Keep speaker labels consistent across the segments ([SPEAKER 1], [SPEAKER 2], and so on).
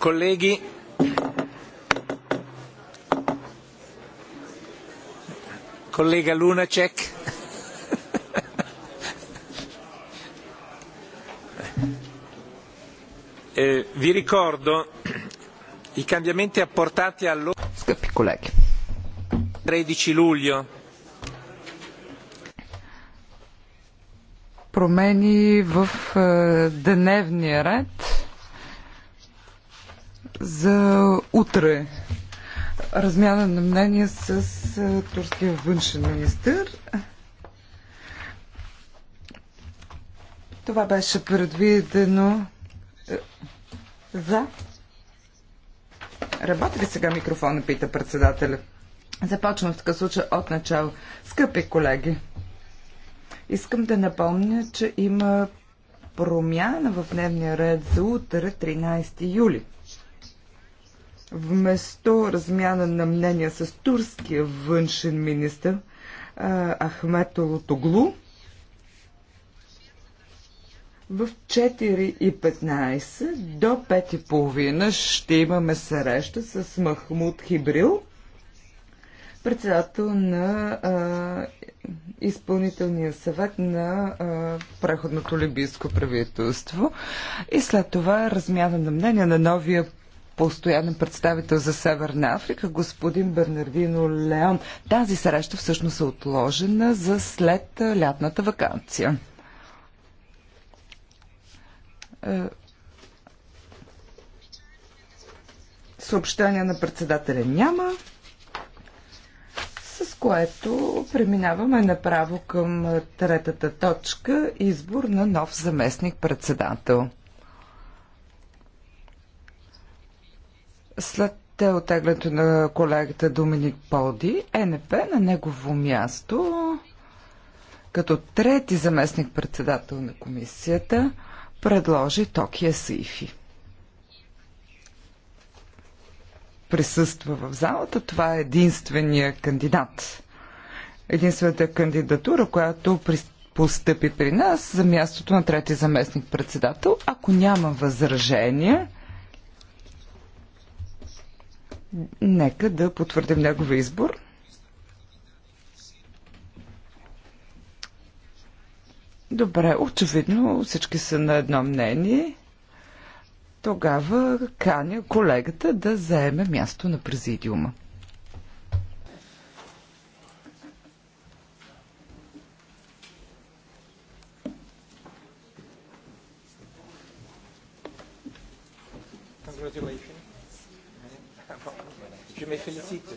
[SPEAKER 1] Colleghi, collega Lunacek. Eh, vi ricordo i cambiamenti apportati all'ora 13 luglio
[SPEAKER 2] промени в дневния ред утре размяна на мнение с турския външен министр. Това беше предвидено е, за... Работи ли сега микрофона, пита председателя. Започвам в такъв случай от начало. Скъпи колеги, искам да напомня, че има промяна в дневния ред за утре, 13 юли. Вместо размяна на мнения с турския външен министр Ахмет Лотоглу, в 4.15 до 5.30 ще имаме среща с Махмуд Хибрил, председател на а, изпълнителния съвет на а, преходното либийско правителство. И след това размяна на мнение на новия постоянен представител за Северна Африка, господин Бернардино Леон. Тази среща всъщност е отложена за след лятната вакансия. Е, Съобщения на председателя няма, с което преминаваме направо към третата точка избор на нов заместник председател. След отеглянето на колегата Доминик Полди, НП на негово място, като трети заместник-председател на комисията, предложи Токия Сейфи. Присъства в залата. Това е единствения кандидат. Единствената кандидатура, която при... постъпи при нас за мястото на трети заместник-председател. Ако няма възражения, Нека да потвърдим неговия избор. Добре, очевидно всички са на едно мнение. Тогава каня колегата да заеме място на президиума.
[SPEAKER 1] me felicito.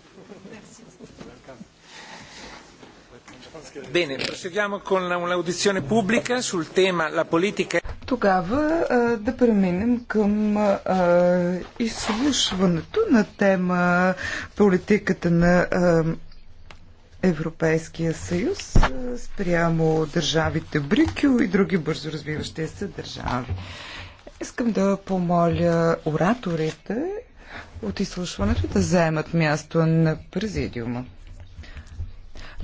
[SPEAKER 1] Bene, proseguiamo con un'audizione pubblica sul tema la politica.
[SPEAKER 2] Тогава да преминем към а, изслушването на тема политиката на а, Европейския съюз спрямо държавите брикю и други бързо развиващи се държави. Искам да помоля ораторите от изслушването да заемат място на президиума.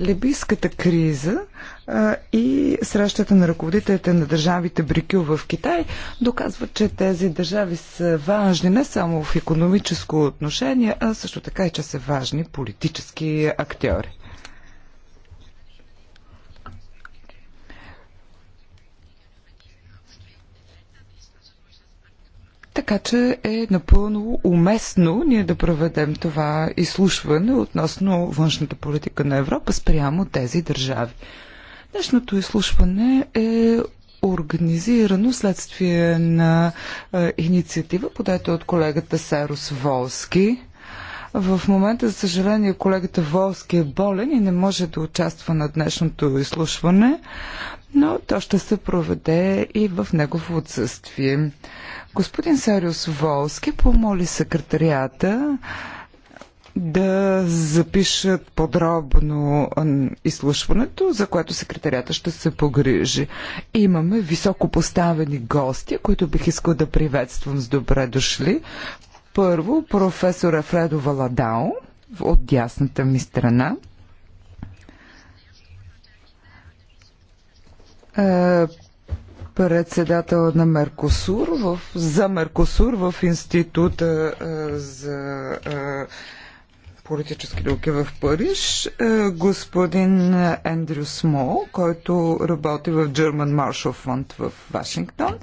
[SPEAKER 2] Либийската криза а, и срещата на ръководителите на държавите Брикю в Китай доказват, че тези държави са важни не само в економическо отношение, а също така и че са важни политически актьори. Така че е напълно уместно ние да проведем това изслушване относно външната политика на Европа спрямо тези държави. Днешното изслушване е организирано следствие на е, инициатива, подета от колегата Сарус Волски. В момента, за съжаление, колегата Волски е болен и не може да участва на днешното изслушване, но то ще се проведе и в негово отсъствие. Господин Сариус Волски помоли секретарията да запишат подробно изслушването, за което секретарията ще се погрижи. Имаме високо поставени гости, които бих искал да приветствам с добре дошли. Първо, професора Фредо Валадао от дясната ми страна. Е, председател на Меркосур в, за Меркосур в Института е, за е, политически науки в Париж, господин Ендрю Смо, който работи в German Marshall Fund в Вашингтон.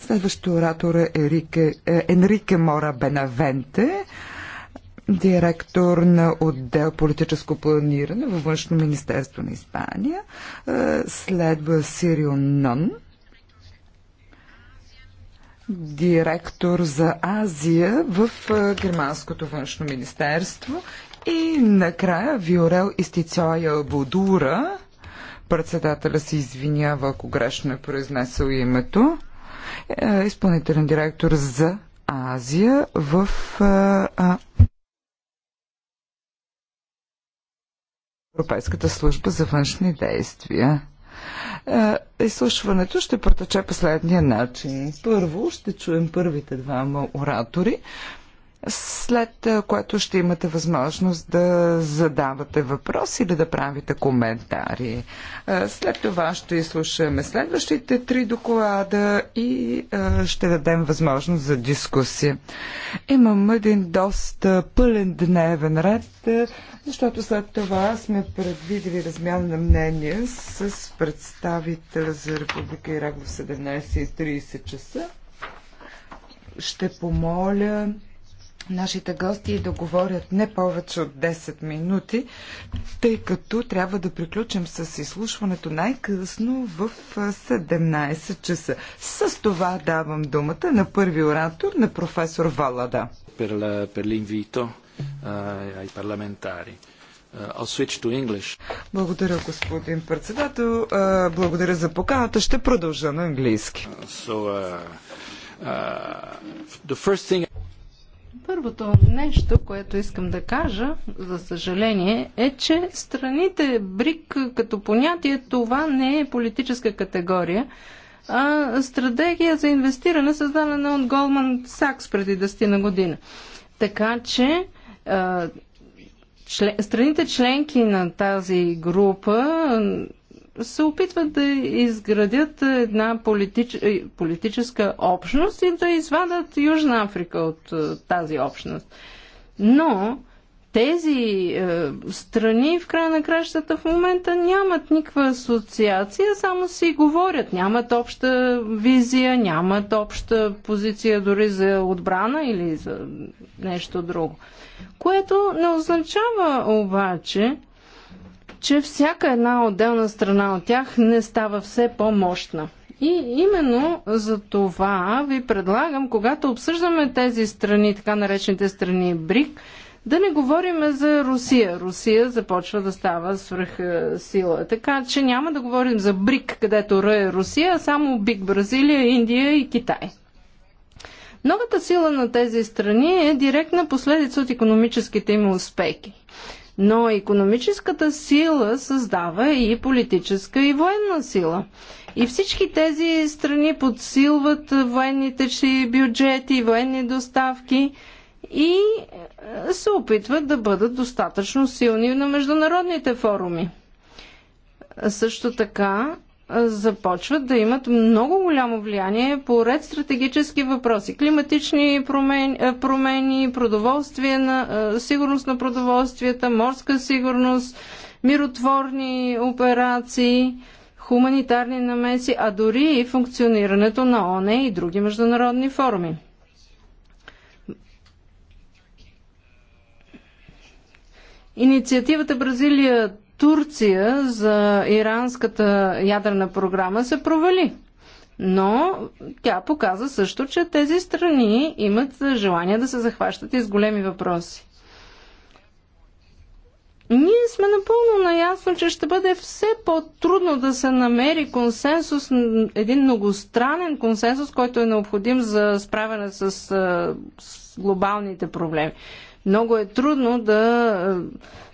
[SPEAKER 2] Следващият оратор е Ерике, Енрике Мора Бенавенте, директор на отдел политическо планиране във Външно министерство на Испания. Е, следва Сирио Нон, директор за Азия в е, Германското външно министерство. И накрая Виорел Истицоя Бодура, председателя се извинява, ако грешно е произнесъл името, е, изпълнителен директор за Азия в а, Европейската служба за външни действия. Е, изслушването ще протече последния начин. Първо ще чуем първите двама оратори след което ще имате възможност да задавате въпроси или да правите коментари. След това ще изслушаме следващите три доклада и ще дадем възможност за дискусия. Имам един доста пълен дневен ред, защото след това сме предвидели размяна на мнение с представител за Република Ирак в 17.30 часа. Ще помоля нашите гости да говорят не повече от 10 минути, тъй като трябва да приключим с изслушването най-късно в 17 часа. С това давам думата на първи оратор, на професор Валада. Uh, благодаря, господин председател. Благодаря за поканата. Ще продължа на английски. Uh, so, uh, uh, thing...
[SPEAKER 3] Първото нещо, което искам да кажа, за съжаление, е, че страните БРИК като понятие това не е политическа категория, а стратегия за инвестиране, създадена от Голман Сакс преди 10 на година. Така че член, страните членки на тази група се опитват да изградят една политич... Е, политическа общност и да извадат Южна Африка от е, тази общност. Но тези е, страни в края на кращата в момента нямат никаква асоциация, само си говорят. Нямат обща визия, нямат обща позиция дори за отбрана или за нещо друго. Което не означава обаче, че всяка една отделна страна от тях не става все по-мощна. И именно за това ви предлагам, когато обсъждаме тези страни, така наречените страни БРИК, да не говорим за Русия. Русия започва да става свръх сила. Така че няма да говорим за БРИК, където Р е Русия, а само БИК Бразилия, Индия и Китай. Новата сила на тези страни е директна последица от економическите им успехи. Но економическата сила създава и политическа и военна сила. И всички тези страни подсилват военните си бюджети, военни доставки и е, се опитват да бъдат достатъчно силни на международните форуми. Също така започват да имат много голямо влияние по ред стратегически въпроси. Климатични промени, е, промени продоволствие на, е, сигурност на продоволствията, морска сигурност, миротворни операции, хуманитарни намеси, а дори и функционирането на ОНЕ и други международни форуми. Инициативата Бразилия Турция за иранската ядрена програма се провали. Но тя показа също, че тези страни имат желание да се захващат и с големи въпроси. Ние сме напълно наясно, че ще бъде все по-трудно да се намери консенсус, един многостранен консенсус, който е необходим за справяне с, с глобалните проблеми. Много е трудно да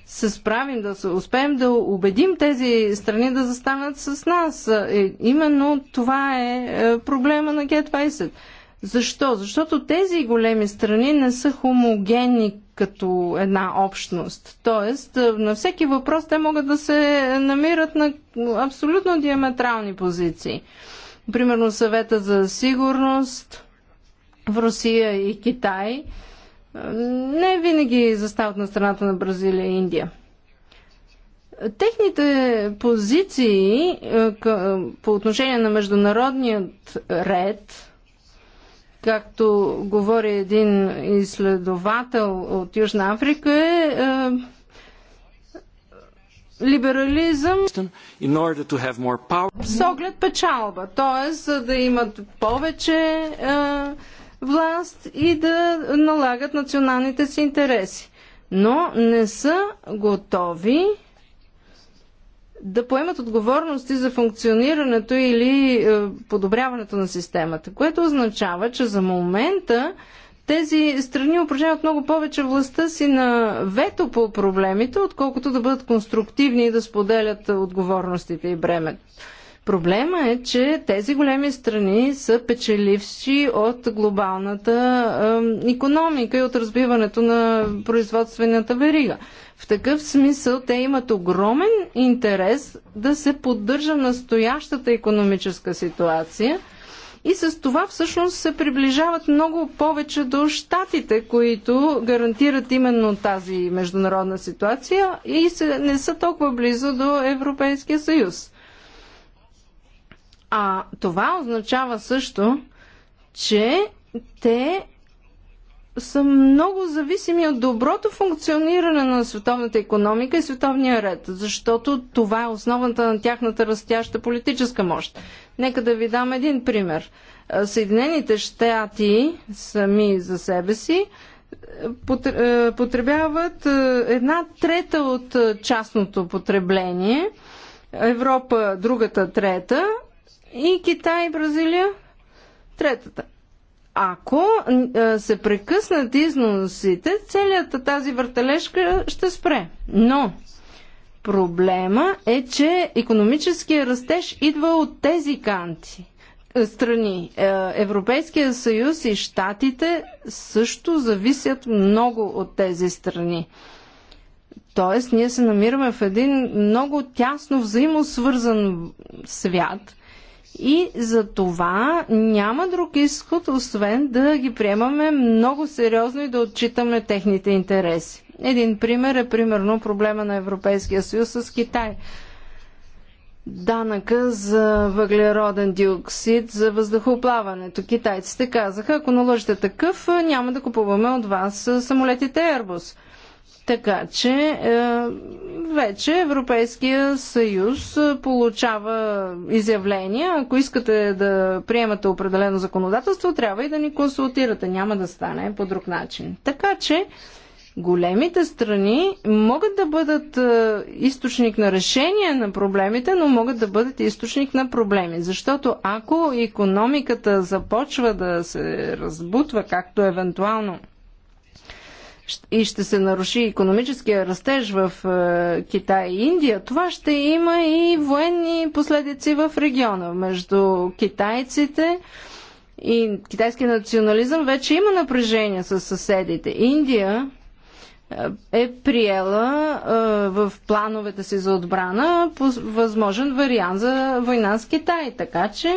[SPEAKER 3] се справим, да се успеем да убедим тези страни да застанат с нас. Е, именно това е, е проблема на Г-20. Защо? Защото тези големи страни не са хомогенни като една общност. Тоест, е, на всеки въпрос те могат да се намират на абсолютно диаметрални позиции. Примерно съвета за сигурност в Русия и Китай – не винаги застават на страната на Бразилия и Индия. Техните позиции е, по отношение на международният ред, както говори един изследовател от Южна Африка, е, е либерализъм с оглед печалба, т.е. за да имат повече е, власт и да налагат националните си интереси. Но не са готови да поемат отговорности за функционирането или е, подобряването на системата, което означава, че за момента тези страни упражняват много повече властта си на вето по проблемите, отколкото да бъдат конструктивни и да споделят отговорностите и бремето. Проблема е, че тези големи страни са печеливши от глобалната е, економика и от разбиването на производствената верига. В такъв смисъл те имат огромен интерес да се поддържа настоящата економическа ситуация и с това всъщност се приближават много повече до щатите, които гарантират именно тази международна ситуация и се, не са толкова близо до Европейския съюз. А това означава също, че те са много зависими от доброто функциониране на световната економика и световния ред, защото това е основата на тяхната растяща политическа мощ. Нека да ви дам един пример. Съединените щати сами за себе си е, е, потребяват е, една трета от частното потребление, Европа другата трета, и Китай и Бразилия. Третата. Ако се прекъснат износите, целият тази въртележка ще спре. Но проблема е, че економическия растеж идва от тези канти е, страни. Е, Европейския съюз и щатите също зависят много от тези страни. Тоест, ние се намираме в един много тясно взаимосвързан свят, и за това няма друг изход, освен да ги приемаме много сериозно и да отчитаме техните интереси. Един пример е примерно проблема на Европейския съюз с Китай. Данъка за въглероден диоксид за въздухоплаването. Китайците казаха, ако наложите такъв, няма да купуваме от вас самолетите Airbus. Така че е, вече Европейския съюз е, получава изявления. Ако искате да приемате определено законодателство, трябва и да ни консултирате. Няма да стане по друг начин. Така че големите страни могат да бъдат е, източник на решение на проблемите, но могат да бъдат източник на проблеми. Защото ако економиката започва да се разбутва, както евентуално и ще се наруши економическия растеж в е, Китай и Индия, това ще има и военни последици в региона между китайците и китайския национализъм. Вече има напрежение с съседите. Индия е, е приела е, в плановете си за отбрана възможен вариант за война с Китай. Така че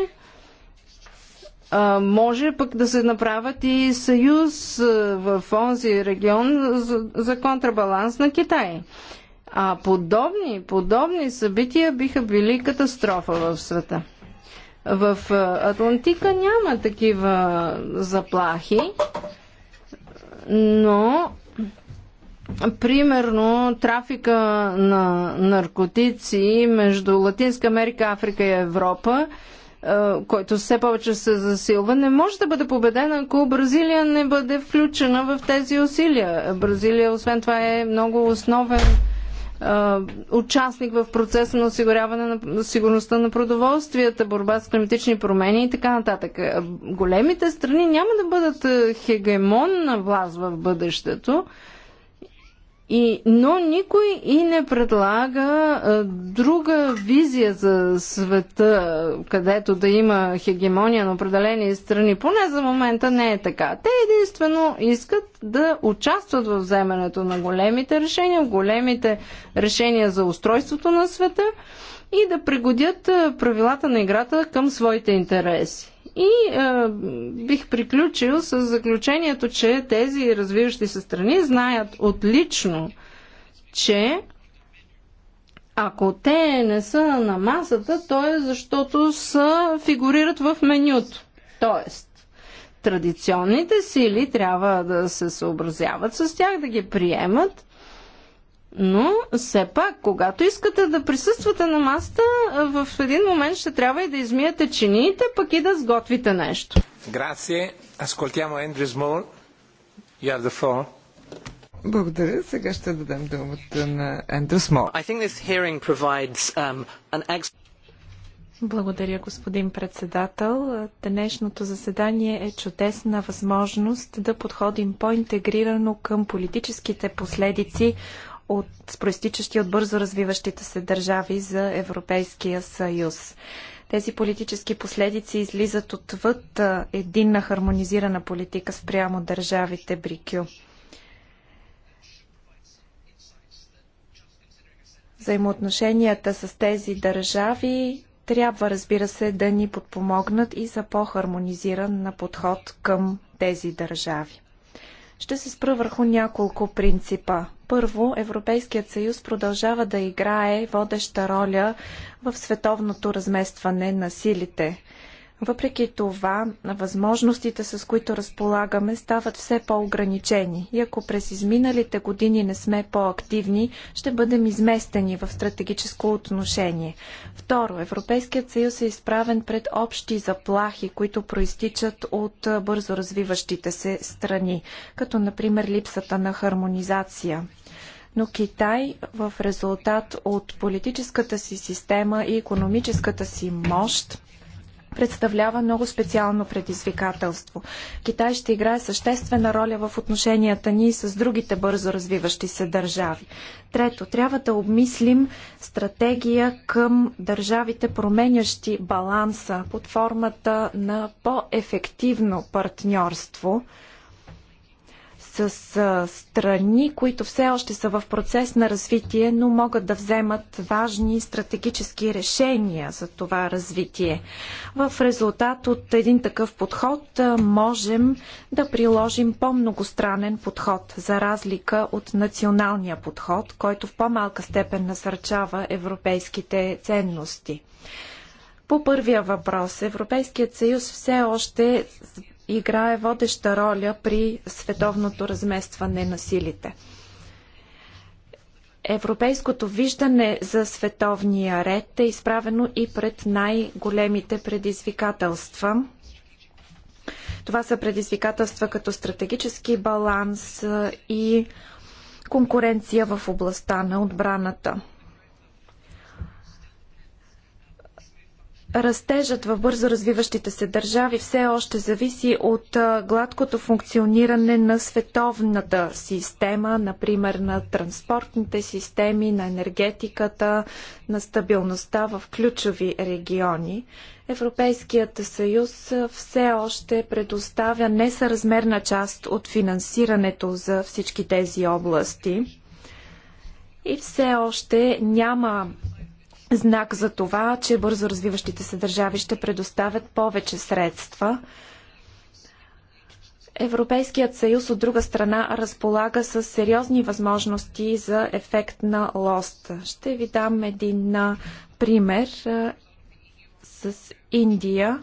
[SPEAKER 3] може пък да се направят и съюз в онзи регион за, за контрабаланс на Китай. А подобни, подобни събития биха били катастрофа в света. В Атлантика няма такива заплахи, но примерно трафика на наркотици между Латинска Америка, Африка и Европа който все повече се засилва, не може да бъде победена, ако Бразилия не бъде включена в тези усилия. Бразилия, освен това, е много основен участник в процеса на осигуряване на сигурността на продоволствията, борба с климатични промени и така нататък. Големите страни няма да бъдат хегемонна власт в бъдещето, и, но никой и не предлага а, друга визия за света, където да има хегемония на определени страни. Поне за момента не е така. Те единствено искат да участват в вземането на големите решения, в големите решения за устройството на света и да пригодят правилата на играта към своите интереси. И а, е, бих приключил с заключението, че тези развиващи се страни знаят отлично, че ако те не са на масата, то е защото са, фигурират в менюто. Тоест, традиционните сили трябва да се съобразяват с тях, да ги приемат но, все пак, когато искате да присъствате на масата, в един момент ще трябва и да измиете чиниите, пък и да сготвите нещо.
[SPEAKER 1] Грация. Аскултямо Andrew Small. You the floor.
[SPEAKER 2] Благодаря. Сега ще дадем думата на Ендрю Смол. Um,
[SPEAKER 4] Благодаря, господин председател. Днешното заседание е чудесна възможност да подходим по-интегрирано към политическите последици от, проистичащи от бързо развиващите се държави за Европейския съюз. Тези политически последици излизат отвъд единна хармонизирана политика спрямо държавите Брикю. Взаимоотношенията с тези държави трябва, разбира се, да ни подпомогнат и за по-хармонизиран на подход към тези държави. Ще се спра върху няколко принципа. Първо, Европейският съюз продължава да играе водеща роля в световното разместване на силите. Въпреки това, възможностите, с които разполагаме, стават все по-ограничени. И ако през изминалите години не сме по-активни, ще бъдем изместени в стратегическо отношение. Второ, Европейският съюз е изправен пред общи заплахи, които проистичат от бързо развиващите се страни, като например липсата на хармонизация но Китай в резултат от политическата си система и економическата си мощ представлява много специално предизвикателство. Китай ще играе съществена роля в отношенията ни с другите бързо развиващи се държави. Трето, трябва да обмислим стратегия към държавите, променящи баланса под формата на по-ефективно партньорство – с страни, които все още са в процес на развитие, но могат да вземат важни стратегически решения за това развитие. В резултат от един такъв подход можем да приложим по-многостранен подход, за разлика от националния подход, който в по-малка степен насърчава европейските ценности. По първия въпрос, Европейският съюз все още играе водеща роля при световното разместване на силите. Европейското виждане за световния ред е изправено и пред най-големите предизвикателства. Това са предизвикателства като стратегически баланс и конкуренция в областта на отбраната. Растежът в бързо развиващите се държави все още зависи от гладкото функциониране на световната система, например на транспортните системи, на енергетиката, на стабилността в ключови региони. Европейският съюз все още предоставя несъразмерна част от финансирането за всички тези области и все още няма знак за това, че бързо развиващите се държави ще предоставят повече средства. Европейският съюз от друга страна разполага с сериозни възможности за ефект на лост. Ще ви дам един пример с Индия.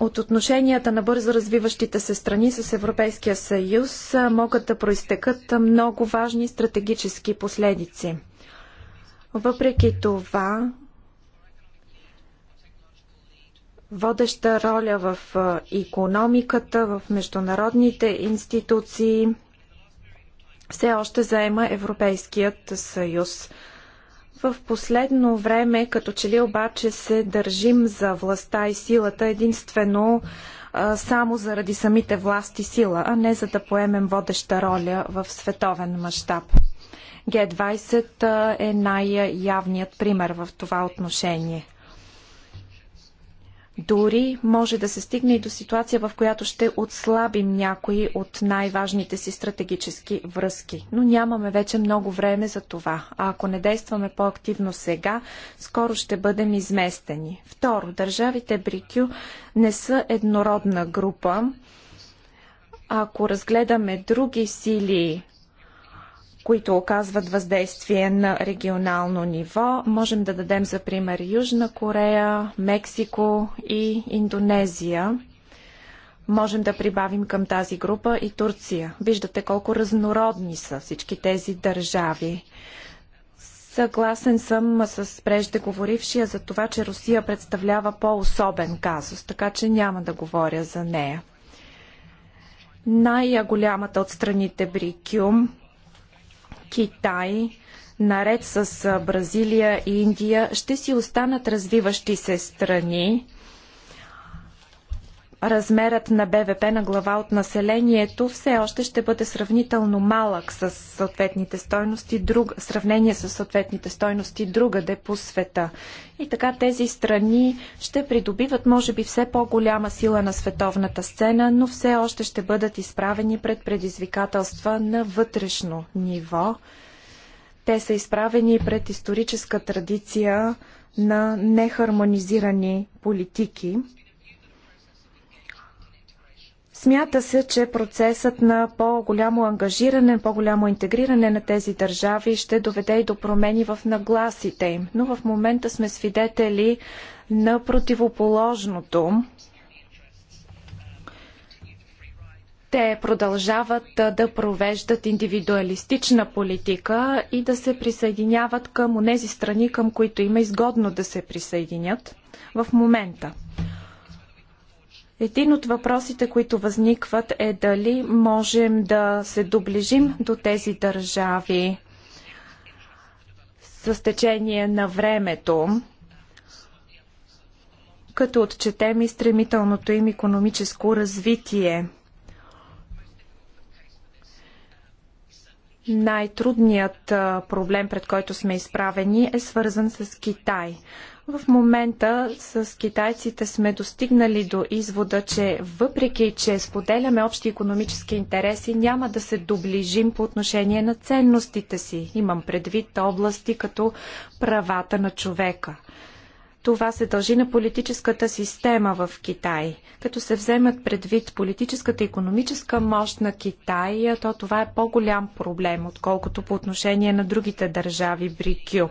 [SPEAKER 4] от отношенията на бързо развиващите се страни с Европейския съюз могат да проистекат много важни стратегически последици. Въпреки това, водеща роля в економиката, в международните институции все още заема Европейският съюз. В последно време, като че ли обаче се държим за властта и силата единствено а, само заради самите власт и сила, а не за да поемем водеща роля в световен мащаб. Г-20 е най-явният пример в това отношение. Дори може да се стигне и до ситуация, в която ще отслабим някои от най-важните си стратегически връзки. Но нямаме вече много време за това. А ако не действаме по-активно сега, скоро ще бъдем изместени. Второ, държавите Брикю не са еднородна група. Ако разгледаме други сили които оказват въздействие на регионално ниво. Можем да дадем за пример Южна Корея, Мексико и Индонезия. Можем да прибавим към тази група и Турция. Виждате колко разнородни са всички тези държави. Съгласен съм с преждеговорившия за това, че Русия представлява по-особен казус, така че няма да говоря за нея. Най-голямата от страните Брикюм Китай, наред с Бразилия и Индия, ще си останат развиващи се страни размерът на БВП на глава от населението все още ще бъде сравнително малък с съответните стойности, друг, сравнение с съответните стойности другаде по света. И така тези страни ще придобиват, може би, все по-голяма сила на световната сцена, но все още ще бъдат изправени пред предизвикателства на вътрешно ниво. Те са изправени пред историческа традиция на нехармонизирани политики Смята се, че процесът на по-голямо ангажиране, по-голямо интегриране на тези държави ще доведе и до промени в нагласите им. Но в момента сме свидетели на противоположното. Те продължават да провеждат индивидуалистична политика и да се присъединяват към онези страни, към които им е изгодно да се присъединят в момента. Един от въпросите, които възникват е дали можем да се доближим до тези държави с течение на времето, като отчетем и стремителното им економическо развитие. Най-трудният проблем, пред който сме изправени, е свързан с Китай. В момента с китайците сме достигнали до извода, че въпреки, че споделяме общи економически интереси, няма да се доближим по отношение на ценностите си. Имам предвид области като правата на човека. Това се дължи на политическата система в Китай. Като се вземат предвид политическата и економическа мощ на Китай, то това е по-голям проблем, отколкото по отношение на другите държави Брикю.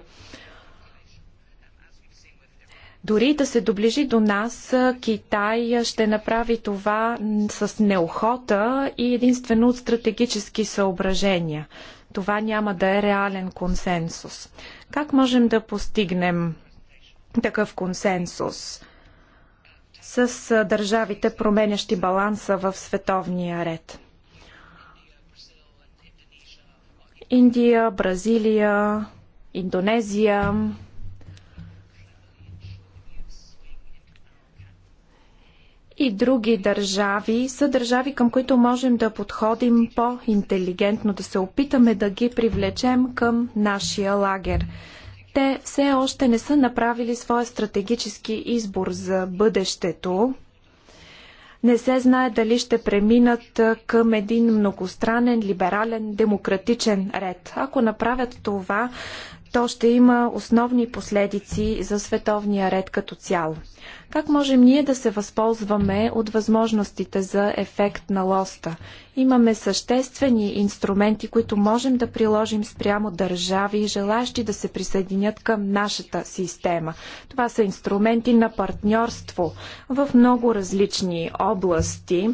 [SPEAKER 4] Дори да се доближи до нас, Китай ще направи това с неохота и единствено от стратегически съображения. Това няма да е реален консенсус. Как можем да постигнем такъв консенсус с държавите, променящи баланса в световния ред? Индия, Бразилия, Индонезия, и други държави са държави, към които можем да подходим по-интелигентно, да се опитаме да ги привлечем към нашия лагер. Те все още не са направили своя стратегически избор за бъдещето. Не се знае дали ще преминат към един многостранен, либерален, демократичен ред. Ако направят това, то ще има основни последици за световния ред като цяло. Как можем ние да се възползваме от възможностите за ефект на лоста? Имаме съществени инструменти, които можем да приложим спрямо държави, желащи да се присъединят към нашата система. Това са инструменти на партньорство в много различни области.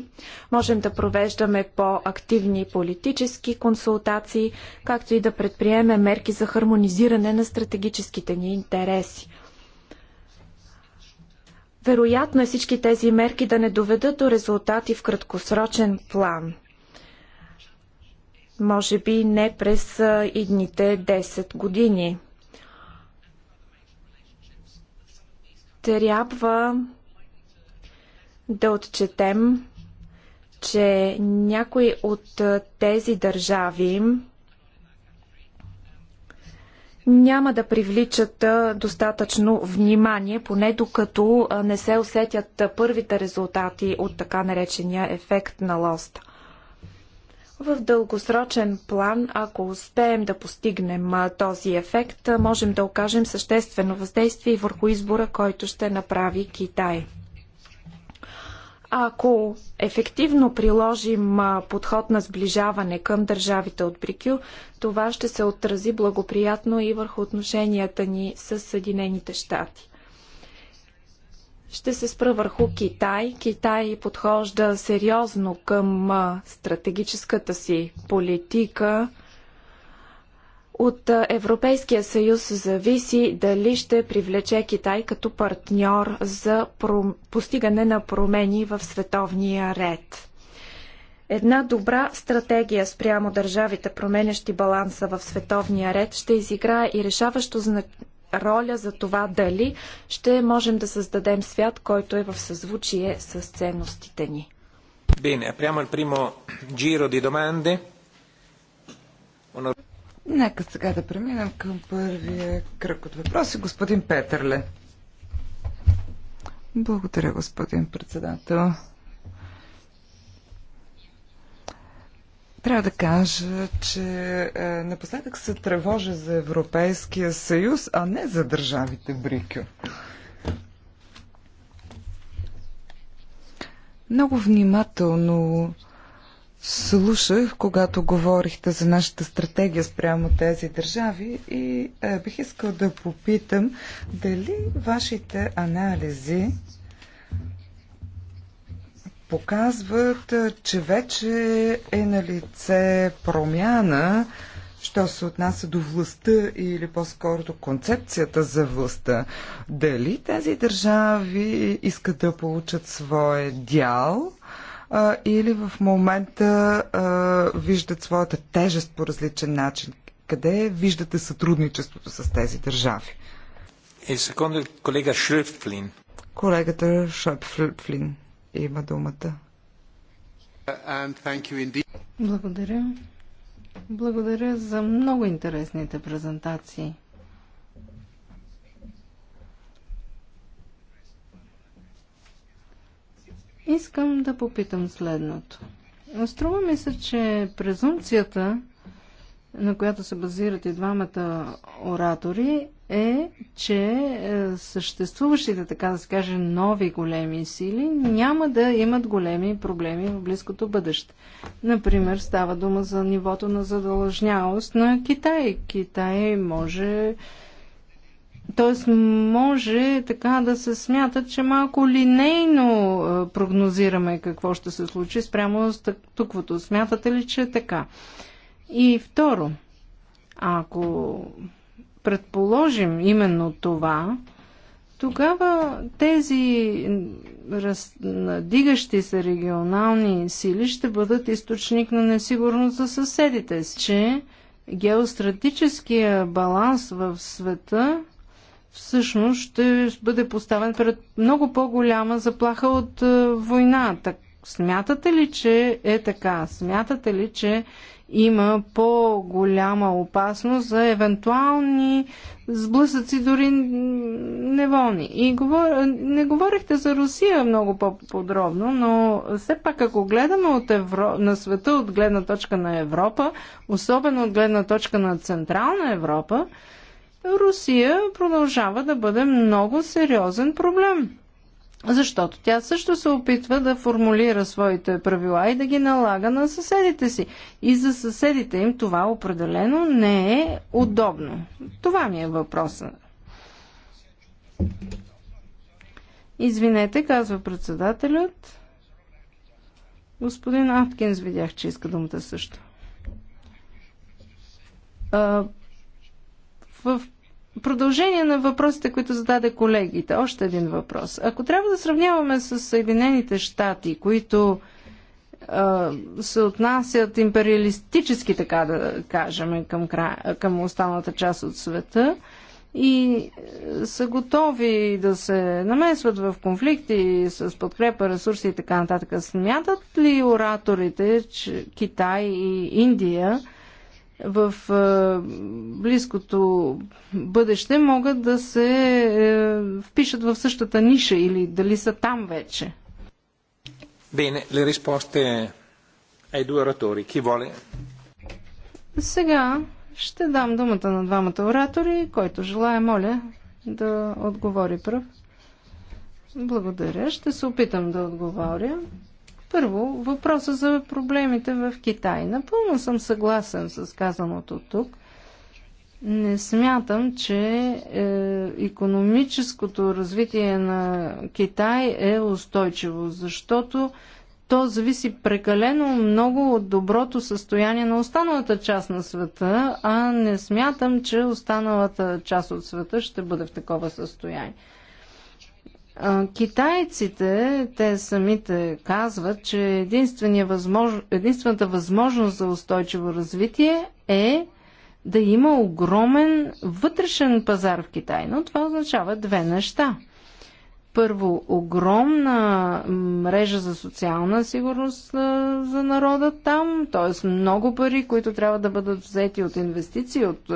[SPEAKER 4] Можем да провеждаме по-активни политически консултации, както и да предприемем мерки за хармонизиране на стратегическите ни интереси. Вероятно е всички тези мерки да не доведат до резултати в краткосрочен план. Може би не през идните 10 години. Трябва да отчетем, че някои от тези държави няма да привличат достатъчно внимание, поне докато не се усетят първите резултати от така наречения ефект на лоста. В дългосрочен план, ако успеем да постигнем този ефект, можем да окажем съществено въздействие върху избора, който ще направи Китай. Ако ефективно приложим подход на сближаване към държавите от Брикю, това ще се отрази благоприятно и върху отношенията ни с Съединените щати. Ще се спра върху Китай. Китай подхожда сериозно към стратегическата си политика – от Европейския съюз зависи дали ще привлече Китай като партньор за постигане на промени в световния ред. Една добра стратегия спрямо държавите, променящи баланса в световния ред, ще изиграе и решаващо роля за това дали ще можем да създадем свят, който е в съзвучие с ценностите ни.
[SPEAKER 1] Bene, apriamo il primo giro di domande.
[SPEAKER 2] Нека сега да преминем към първия кръг от въпроси. Господин Петърле. Благодаря, господин председател. Трябва да кажа, че е, напоследък се тревожа за Европейския съюз, а не за държавите Брикю. Много внимателно слушах, когато говорихте за нашата стратегия спрямо тези държави и е, бих искал да попитам дали вашите анализи показват, е, че вече е на лице промяна, що се отнася до властта или по-скоро до концепцията за властта. Дали тези държави искат да получат своя дял – а, или в момента а, виждат своята тежест по различен начин? Къде виждате сътрудничеството с тези държави? И е, секунда,
[SPEAKER 1] колега Шрифтлин.
[SPEAKER 2] Колегата Шрифтлин има думата.
[SPEAKER 3] Благодаря. Благодаря за много интересните презентации. Искам да попитам следното. Струва ми се, че презумпцията, на която се базират и двамата оратори, е, че е, съществуващите, така да се каже, нови големи сили няма да имат големи проблеми в близкото бъдеще. Например, става дума за нивото на задължнявост на Китай. Китай може Тоест може така да се смята, че малко линейно е, прогнозираме какво ще се случи спрямо с туквото. Смятате ли, че е така? И второ, ако предположим именно това, тогава тези раз... надигащи се регионални сили ще бъдат източник на несигурност за съседите, че геостратическия баланс в света всъщност ще бъде поставен пред много по-голяма заплаха от е, война. Так, смятате ли, че е така? Смятате ли, че има по-голяма опасност за евентуални сблъсъци, дори неволни. И говор... не говорихте за Русия много по-подробно, но все пак ако гледаме от Евро... на света от гледна точка на Европа, особено от гледна точка на Централна Европа, Русия продължава да бъде много сериозен проблем. Защото тя също се опитва да формулира своите правила и да ги налага на съседите си. И за съседите им това определено не е удобно. Това ми е въпросът. Извинете, казва председателят. Господин Аткинс видях, че иска думата също. А, в продължение на въпросите, които зададе колегите, още един въпрос. Ако трябва да сравняваме с Съединените щати, които а, се отнасят империалистически, така да кажем, към, кра... към останалата част от света, и е, са готови да се намесват в конфликти с подкрепа, ресурси и така нататък. Смятат ли ораторите, че Китай и Индия – в е, близкото бъдеще могат да се е, впишат в същата ниша или дали са там вече?
[SPEAKER 1] Bene, le risposte ai due oratori. Chi vuole?
[SPEAKER 3] Сега ще дам думата на двамата оратори, който желая, моля, да отговори пръв. Благодаря. Ще се опитам да отговоря. Първо, въпроса за проблемите в Китай. Напълно съм съгласен с казаното тук. Не смятам, че е, економическото развитие на Китай е устойчиво, защото то зависи прекалено много от доброто състояние на останалата част на света, а не смятам, че останалата част от света ще бъде в такова състояние. Китайците, те самите казват, че възмож... единствената възможност за устойчиво развитие е да има огромен вътрешен пазар в Китай. Но това означава две неща. Първо, огромна мрежа за социална сигурност за народа там, т.е. много пари, които трябва да бъдат взети от инвестиции, от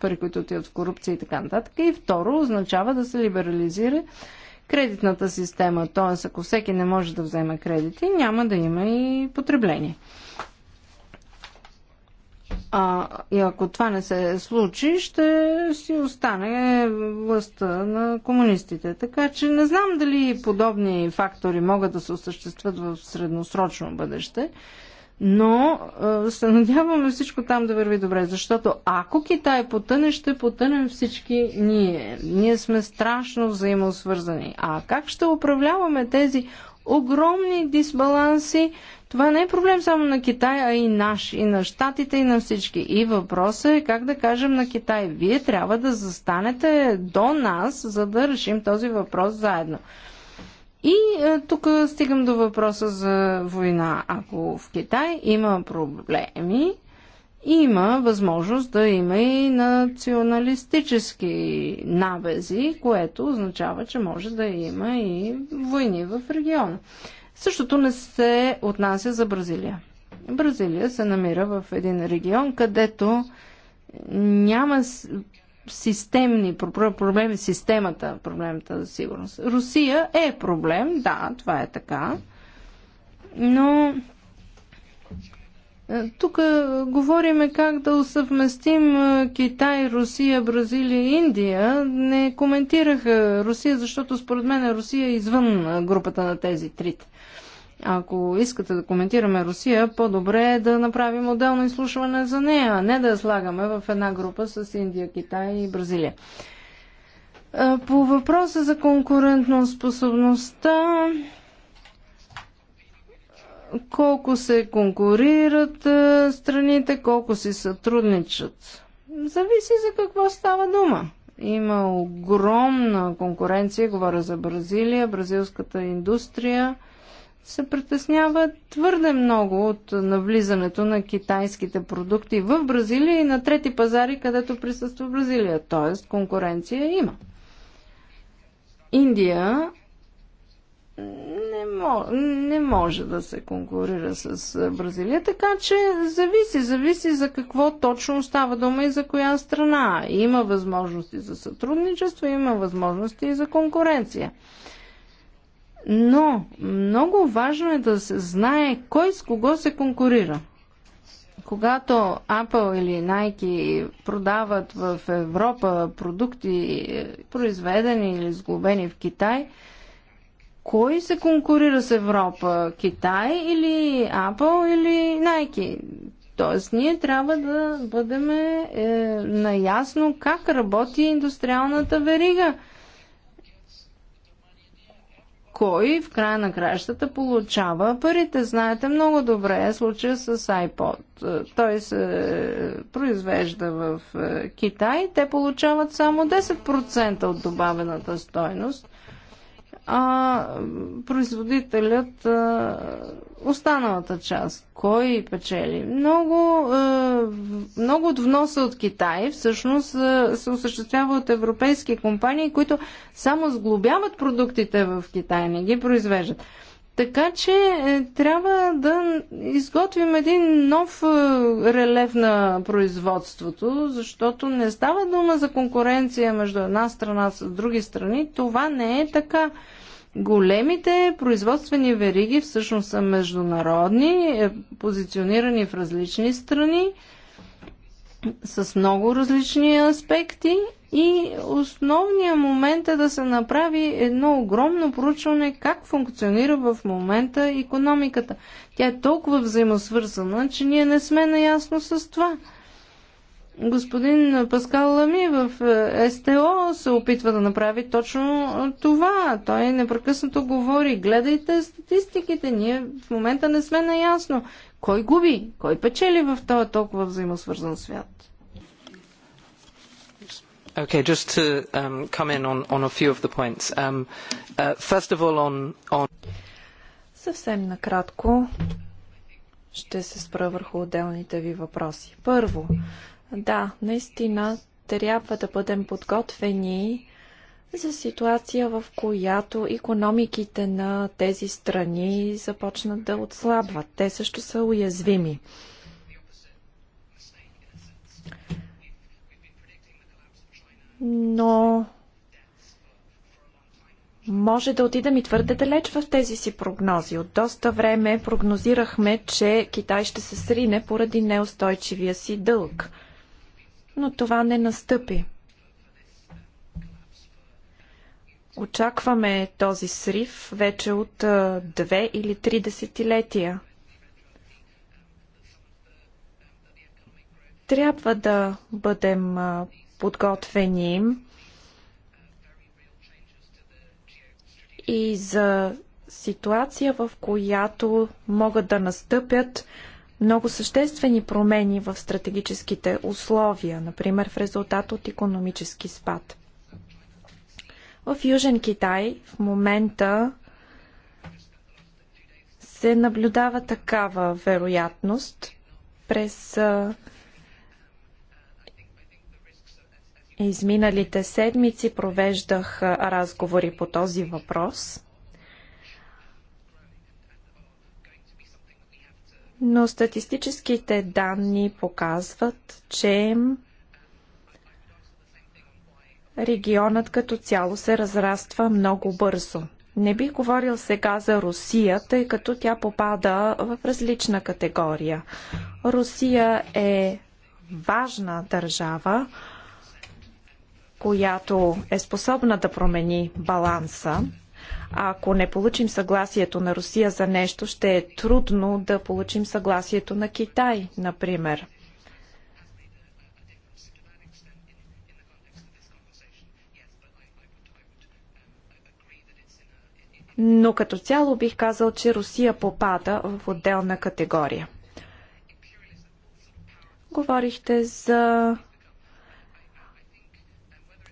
[SPEAKER 3] пари, които отиват в корупция и така нататък. И второ, означава да се либерализира кредитната система. Т.е. ако всеки не може да вземе кредити, няма да има и потребление. А, и ако това не се случи, ще си остане властта на комунистите. Така че не знам дали подобни фактори могат да се осъществят в средносрочно бъдеще но се надяваме всичко там да върви добре, защото ако Китай потъне, ще потънем всички ние. Ние сме страшно взаимосвързани. А как ще управляваме тези огромни дисбаланси? Това не е проблем само на Китай, а и наш, и на щатите, и на всички. И въпросът е как да кажем на Китай, вие трябва да застанете до нас, за да решим този въпрос заедно. И е, тук стигам до въпроса за война. Ако в Китай има проблеми, има възможност да има и националистически набези, което означава, че може да има и войни в региона. Същото не се отнася за Бразилия. Бразилия се намира в един регион, където няма системни проблеми, системата, проблемата за сигурност. Русия е проблем, да, това е така, но е, тук е, говориме как да усъвместим е, Китай, Русия, Бразилия и Индия. Не коментираха Русия, защото според мен Русия е извън групата на тези трите. Ако искате да коментираме Русия, по-добре е да направим отделно изслушване за нея, а не да я слагаме в една група с Индия, Китай и Бразилия. По въпроса за конкурентоспособността, колко се конкурират страните, колко си сътрудничат. Зависи за какво става дума. Има огромна конкуренция, говоря за Бразилия, бразилската индустрия – се притеснява твърде много от навлизането на китайските продукти в Бразилия и на трети пазари, където присъства Бразилия. Тоест, конкуренция има. Индия не, мо, не може да се конкурира с Бразилия, така че зависи, зависи за какво точно става дума и за коя страна. Има възможности за сътрудничество, има възможности и за конкуренция. Но много важно е да се знае кой с кого се конкурира. Когато Apple или Nike продават в Европа продукти, е, произведени или сглобени в Китай, кой се конкурира с Европа? Китай или Apple или Nike? Тоест, ние трябва да бъдем е, наясно как работи индустриалната верига кой в края на кращата получава парите. Знаете много добре случая с iPod. Той се е, произвежда в е, Китай. Те получават само 10% от добавената стойност – а производителят а, останалата част. Кой печели? Много, а, много от вноса от Китай всъщност а, се осъществява от европейски компании, които само сглобяват продуктите в Китай, не ги произвеждат. Така че е, трябва да изготвим един нов релев релеф на производството, защото не става дума за конкуренция между една страна с други страни. Това не е така. Големите производствени вериги всъщност са международни, е, позиционирани в различни страни с много различни аспекти и основният момент е да се направи едно огромно проучване как функционира в момента економиката. Тя е толкова взаимосвързана, че ние не сме наясно с това. Господин Паскал Лами в е, СТО се опитва да направи точно това. Той непрекъснато говори, гледайте статистиките, ние в момента не сме наясно. Кой губи, кой печели в този толкова взаимосвързан свят?
[SPEAKER 5] Okay, just to um, come in on, on a few of the points. Um, uh, first of all on, on...
[SPEAKER 4] Съвсем накратко ще се спра върху отделните ви въпроси. Първо, да, наистина трябва да бъдем подготвени за ситуация, в която економиките на тези страни започнат да отслабват. Те също са уязвими. Но може да отидем и твърде далеч в тези си прогнози. От доста време прогнозирахме, че Китай ще се срине поради неустойчивия си дълг – но това не настъпи. Очакваме този срив вече от две или три десетилетия. Трябва да бъдем подготвени и за ситуация, в която могат да настъпят много съществени промени в стратегическите условия, например в резултат от економически спад. В Южен Китай в момента се наблюдава такава вероятност през изминалите седмици провеждах разговори по този въпрос. но статистическите данни показват, че регионът като цяло се разраства много бързо. Не бих говорил сега за Русия, тъй като тя попада в различна категория. Русия е важна държава, която е способна да промени баланса ако не получим съгласието на Русия за нещо, ще е трудно да получим съгласието на Китай, например. но като цяло бих казал, че Русия попада в отделна категория. Говорихте за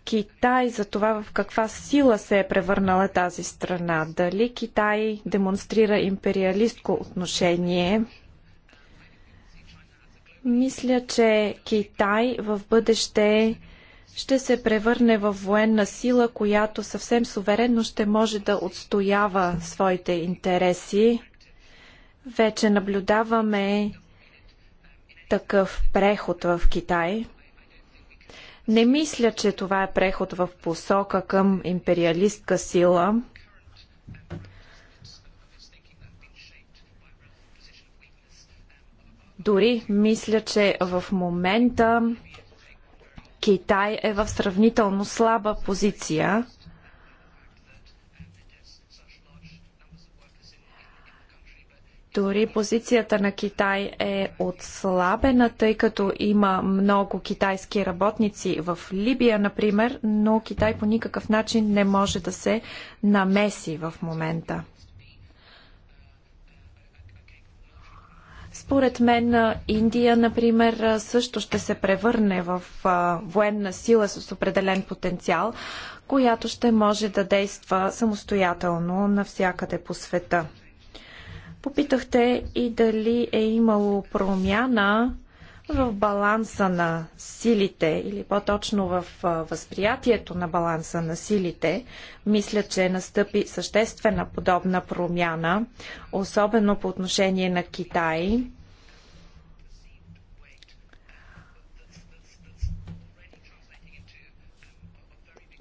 [SPEAKER 4] Китай за това в каква сила се е превърнала тази страна. Дали Китай демонстрира империалистко отношение? Мисля, че Китай в бъдеще ще се превърне в военна сила, която съвсем суверенно ще може да отстоява своите интереси. Вече наблюдаваме такъв преход в Китай. Не мисля, че това е преход в посока към империалистка сила. Дори мисля, че в момента Китай е в сравнително слаба позиция Дори позицията на Китай е отслабена, тъй като има много китайски работници в Либия, например, но Китай по никакъв начин не може да се намеси в момента. Според мен Индия, например, също ще се превърне в военна сила с определен потенциал, която ще може да действа самостоятелно навсякъде по света. Попитахте и дали е имало промяна в баланса на силите или по-точно в възприятието на баланса на силите, мисля, че настъпи съществена подобна промяна, особено по отношение на Китай.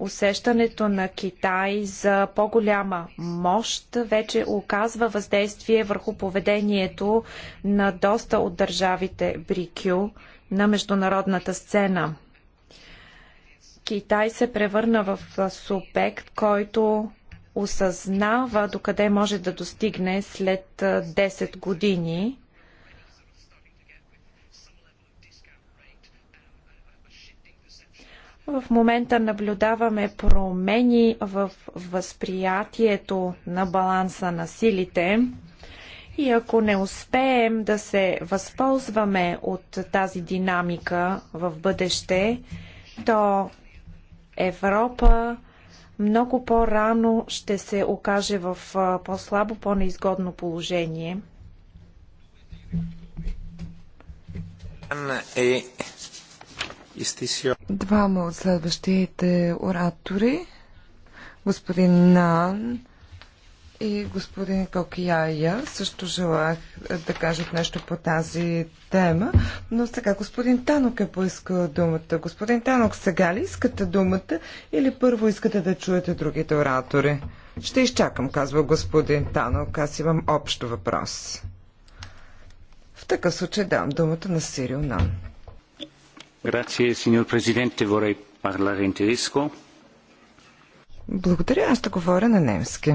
[SPEAKER 4] усещането на Китай за по-голяма мощ вече оказва въздействие върху поведението на доста от държавите БРИКЮ на международната сцена. Китай се превърна в субект, който осъзнава докъде може да достигне след 10 години. В момента наблюдаваме промени в възприятието на баланса на силите. И ако не успеем да се възползваме от тази динамика в бъдеще, то Европа много по-рано ще се окаже в по-слабо, по-неизгодно положение.
[SPEAKER 1] Е,
[SPEAKER 2] Двама от следващите оратори, господин Нан и господин Кокияя, също желах да кажат нещо по тази тема, но сега господин Танок е поискал думата. Господин Танок, сега ли искате думата или първо искате да чуете другите оратори? Ще изчакам, казва господин Танок. Аз имам общо въпрос. В такъв случай дам думата на Сирил Нан. Благодаря, аз да говоря на немски.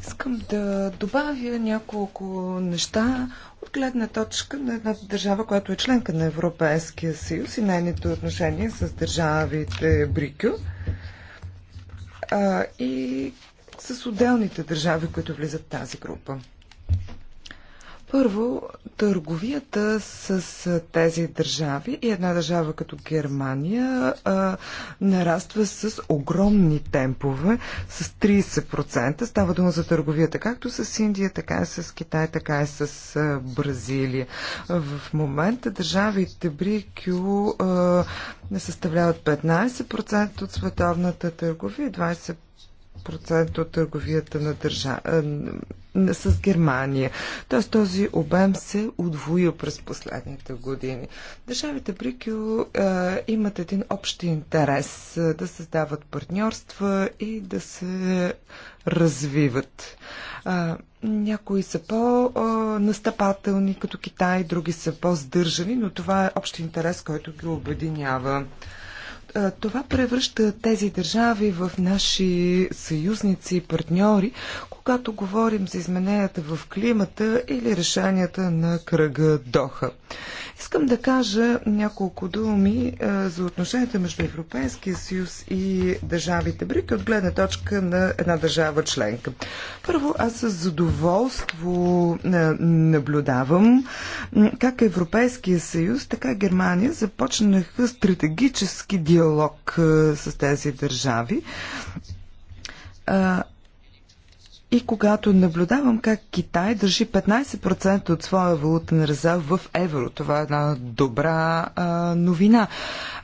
[SPEAKER 2] Искам да добавя няколко неща от гледна точка на една държава, която е членка на Европейския съюз и нейните отношения с държавите Брикю и с отделните държави, които влизат в тази група. Първо, търговията с тези държави и една държава като Германия а, нараства с огромни темпове, с 30%. Става дума за търговията както с Индия, така и с Китай, така и с а, Бразилия. В момента държавите БРИКЮ не съставляват 15% от световната търговия, 20% Процент от търговията на държа... с Германия. Тоест този обем се удвоил през последните години. Държавите Брикю имат един общ интерес да създават партньорства и да се развиват. А, някои са по-настъпателни, като Китай, други са по-здържани, но това е общ интерес, който ги обединява. Това превръща тези държави в наши съюзници и партньори, когато говорим за измененията в климата или решенията на кръга Доха. Искам да кажа няколко думи е, за отношенията между Европейския съюз и държавите БРИК от гледна точка на една държава членка. Първо, аз с задоволство е, наблюдавам как Европейския съюз, така Германия започнаха стратегически диалог е, с тези държави и когато наблюдавам как Китай държи 15% от своя валутен резерв в евро, това е една добра а, новина.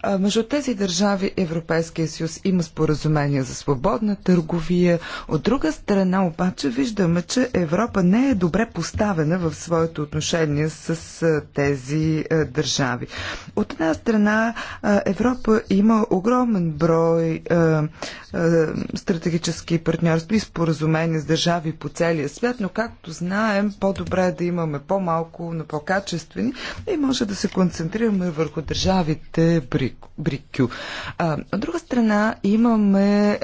[SPEAKER 2] А, между тези държави Европейския съюз има споразумение за свободна търговия. От друга страна обаче виждаме, че Европа не е добре поставена в своето отношение с а, тези а, държави. От една страна а, Европа има огромен брой а, а, стратегически партньорства и споразумения с държави държави по целия свят, но както знаем, по-добре е да имаме по-малко, но по-качествени и може да се концентрираме върху държавите БРИКЮ. От друга страна, имаме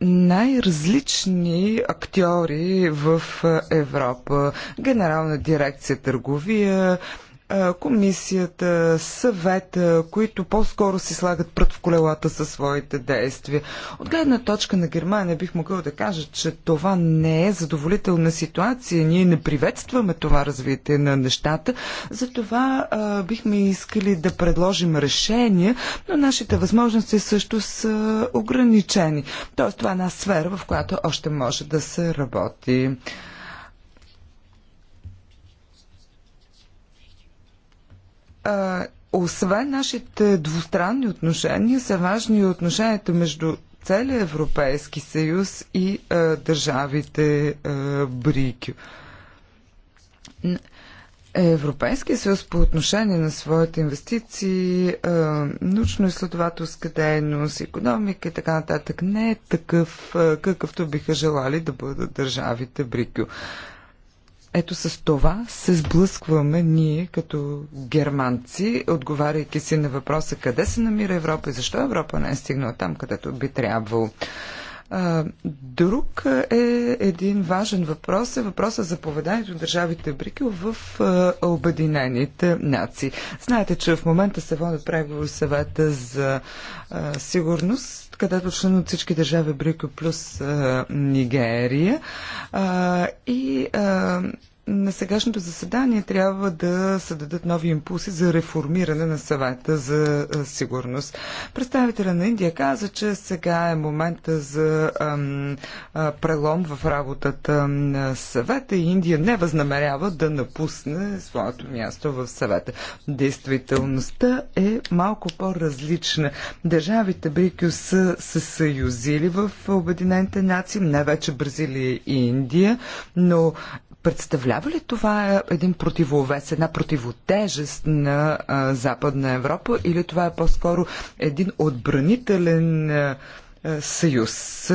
[SPEAKER 2] най-различни актьори в Европа. Генерална дирекция търговия, комисията, съвета, които по-скоро си слагат прът в колелата със своите действия. От гледна точка на Германия бих могъл да кажа, че това не е задоволителна ситуация. Ние не приветстваме това развитие на нещата. Затова а, бихме искали да предложим решения, но нашите възможности също са ограничени. Тоест това е една сфера, в която още може да се работи. освен нашите двустранни отношения, са важни и отношенията между целия Европейски съюз и а, държавите а, Брикю. Европейския съюз по отношение на своите инвестиции, научно-изследователска дейност, економика и така нататък не е такъв, какъвто биха желали да бъдат държавите Брикю. Ето с това се сблъскваме ние като германци, отговаряйки си на въпроса къде се намира Европа и защо Европа не е стигнала там, където би трябвало. Друг е един важен въпрос е въпроса за поведението на държавите Брики в Обединените нации. Знаете, че в момента се водят преговори съвета за сигурност където член от всички държави Брико плюс а, Нигерия. А, и а, на сегашното заседание трябва да се дадат нови импулси за реформиране на съвета за сигурност. Представителя на Индия каза, че сега е момента за ам, а, прелом в работата на съвета и Индия не възнамерява да напусне своето място в съвета. Действителността е малко по-различна. Държавите Брикю са се съюзили в Обединените нации, не вече Бразилия и Индия, но Представлява ли това един противовес, една противотежест на а, Западна Европа или това е по-скоро един отбранителен а, съюз?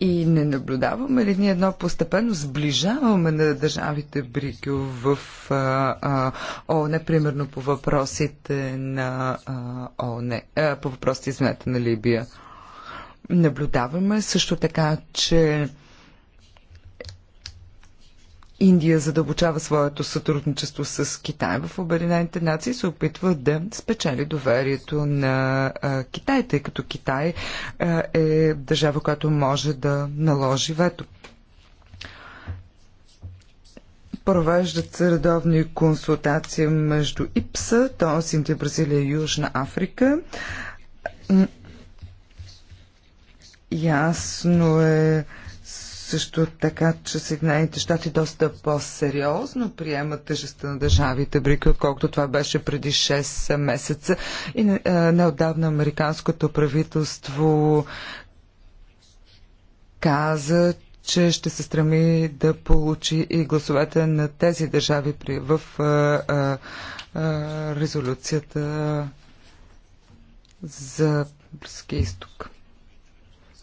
[SPEAKER 2] И не наблюдаваме ли ние едно постепенно сближаваме на държавите Брикю в а, а, ООН, е, примерно по въпросите на а, ООН, е, а, по въпросите, извинете, на Либия? Наблюдаваме също така, че Индия задълбочава своето сътрудничество с Китай в Обединените нации и се опитва да спечели доверието на Китай, тъй като Китай е държава, която може да наложи вето. Провеждат се редовни консултации между ИПСА, т.е. Индия, Бразилия и Южна Африка. Ясно е, също така, че Съединените щати доста по-сериозно приемат тежестта на държавите брики, отколкото това беше преди 6 месеца. И е, неодавна американското правителство каза, че ще се стреми да получи и гласовете на тези държави в е, е, резолюцията за Близкия изток.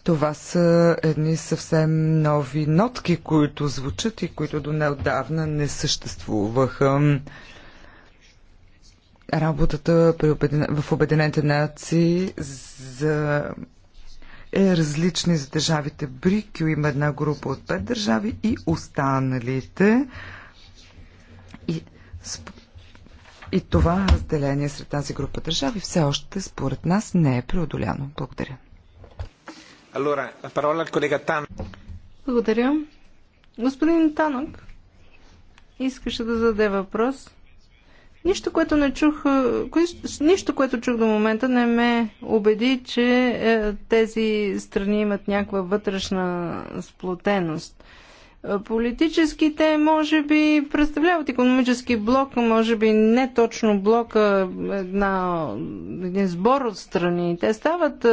[SPEAKER 2] Това са едни съвсем нови нотки, които звучат и които до неодавна не съществуваха. Работата в Обединените нации за е различни за държавите Брикю. Има една група от пет държави и останалите. И, и това разделение сред тази група държави все още според нас не е преодоляно. Благодаря.
[SPEAKER 1] Тан.
[SPEAKER 3] Благодаря. Господин Танок искаше да зададе въпрос. Нищо, което не чух, нищо, което чух до момента не ме убеди, че е, тези страни имат някаква вътрешна сплотеност. Политическите, може би, представляват економически блок, може би не точно а една, един сбор от страни. Те стават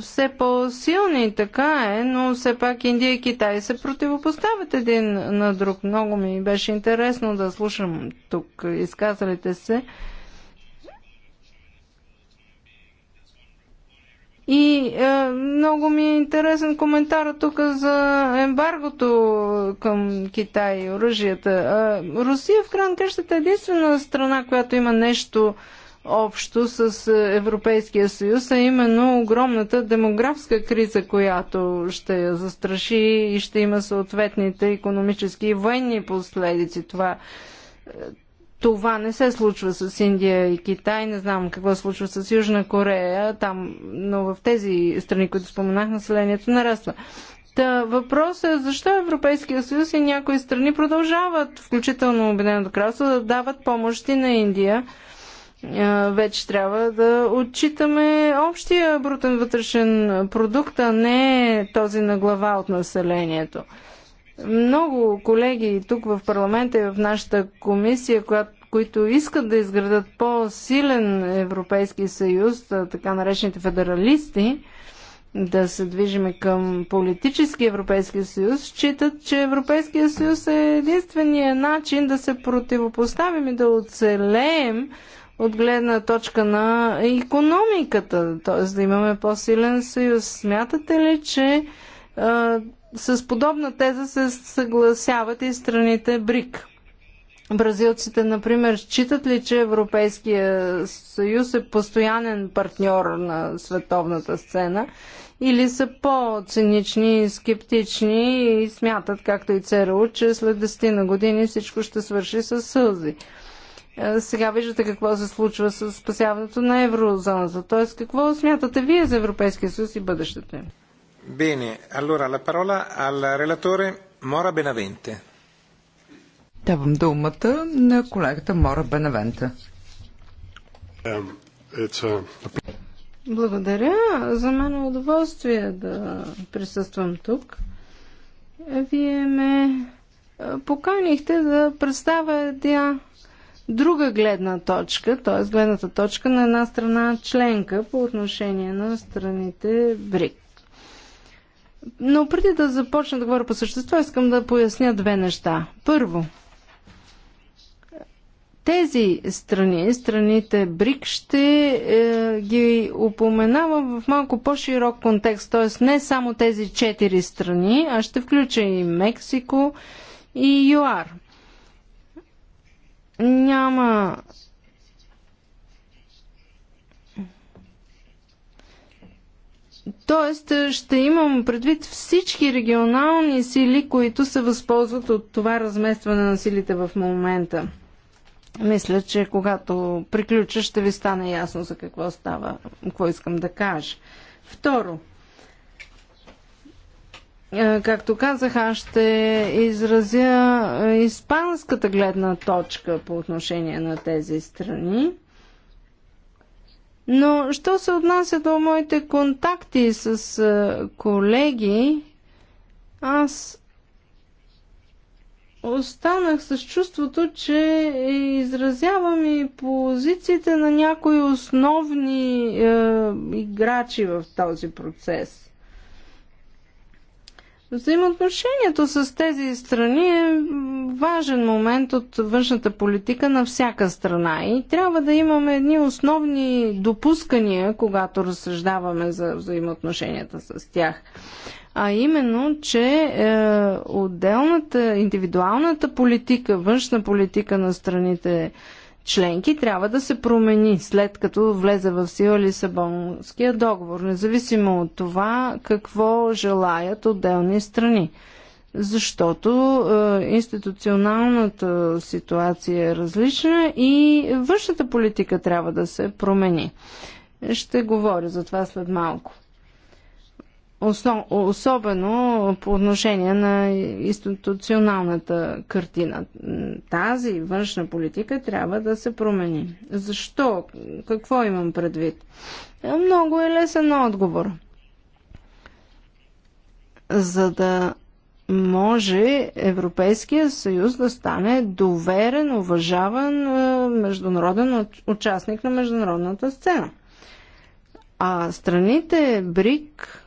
[SPEAKER 3] все по-силни, така е, но все пак Индия и Китай се противопоставят един на друг. Много ми беше интересно да слушам тук изказалите се. И е, много ми е интересен коментар тук за ембаргото към Китай и оръжията. Е, Русия в крайна къщата е единствена страна, която има нещо общо с е, Европейския съюз, а именно огромната демографска криза, която ще я застраши и ще има съответните економически и военни последици. Това, е, това не се случва с Индия и Китай, не знам какво случва с Южна Корея, там, но в тези страни, които споменах, населението нараства. Та въпросът е защо Европейския съюз и някои страни продължават, включително Обединеното кралство, да дават помощи на Индия вече трябва да отчитаме общия брутен вътрешен продукт, а не този на глава от населението. Много колеги тук в парламента и в нашата комисия, които искат да изградат по-силен Европейски съюз, така наречените федералисти, да се движиме към политически Европейски съюз, считат, че Европейския съюз е единствения начин да се противопоставим и да оцелеем от гледна точка на економиката, т.е. да имаме по-силен съюз. Смятате ли, че а, с подобна теза се съгласяват и страните БРИК? Бразилците, например, считат ли, че Европейския съюз е постоянен партньор на световната сцена или са по-цинични и скептични и смятат, както и ЦРУ, че след 10 на години всичко ще свърши с сълзи? Е, сега виждате какво се случва с спасяването на еврозоната. Тоест, какво смятате вие
[SPEAKER 2] за Европейския съюз и бъдещето им?
[SPEAKER 1] Bene, allora la parola al relatore Мора Бенавенте.
[SPEAKER 2] Давам думата на колегата Мора Бенавента. Um,
[SPEAKER 3] Благодаря. За мен е удоволствие да присъствам тук. Вие ме е, поканихте да представя една друга гледна точка, т.е. гледната точка на една страна членка по отношение на страните БРИК. Но преди да започна да говоря по същество, искам да поясня две неща. Първо, тези страни, страните БРИК, ще е, ги упоменава в малко по-широк контекст, т.е. не само тези четири страни, а ще включа и Мексико и ЮАР. Няма Тоест, ще имам предвид всички регионални сили, които се възползват от това разместване на силите в момента. Мисля, че когато приключа, ще ви стане ясно за какво става, какво искам да кажа. Второ, е, както казах, аз ще изразя е, испанската гледна точка по отношение на тези страни. Но, що се отнася до моите контакти с е, колеги, аз останах с чувството, че изразявам и позициите на някои основни е, играчи в този процес. Взаимоотношението с тези страни е важен момент от външната политика на всяка страна и трябва да имаме едни основни допускания, когато разсъждаваме за взаимоотношенията с тях. А именно, че е, отделната, индивидуалната политика, външна политика на страните членки трябва да се промени след като влезе в сила Лисабонския договор, независимо от това какво желаят отделни страни. Защото е, институционалната ситуация е различна и външната политика трябва да се промени. Ще говоря за това след малко особено по отношение на институционалната картина. Тази външна политика трябва да се промени. Защо? Какво имам предвид? Много е лесен отговор. За да може Европейския съюз да стане доверен, уважаван е, международен участник на международната сцена. А страните БРИК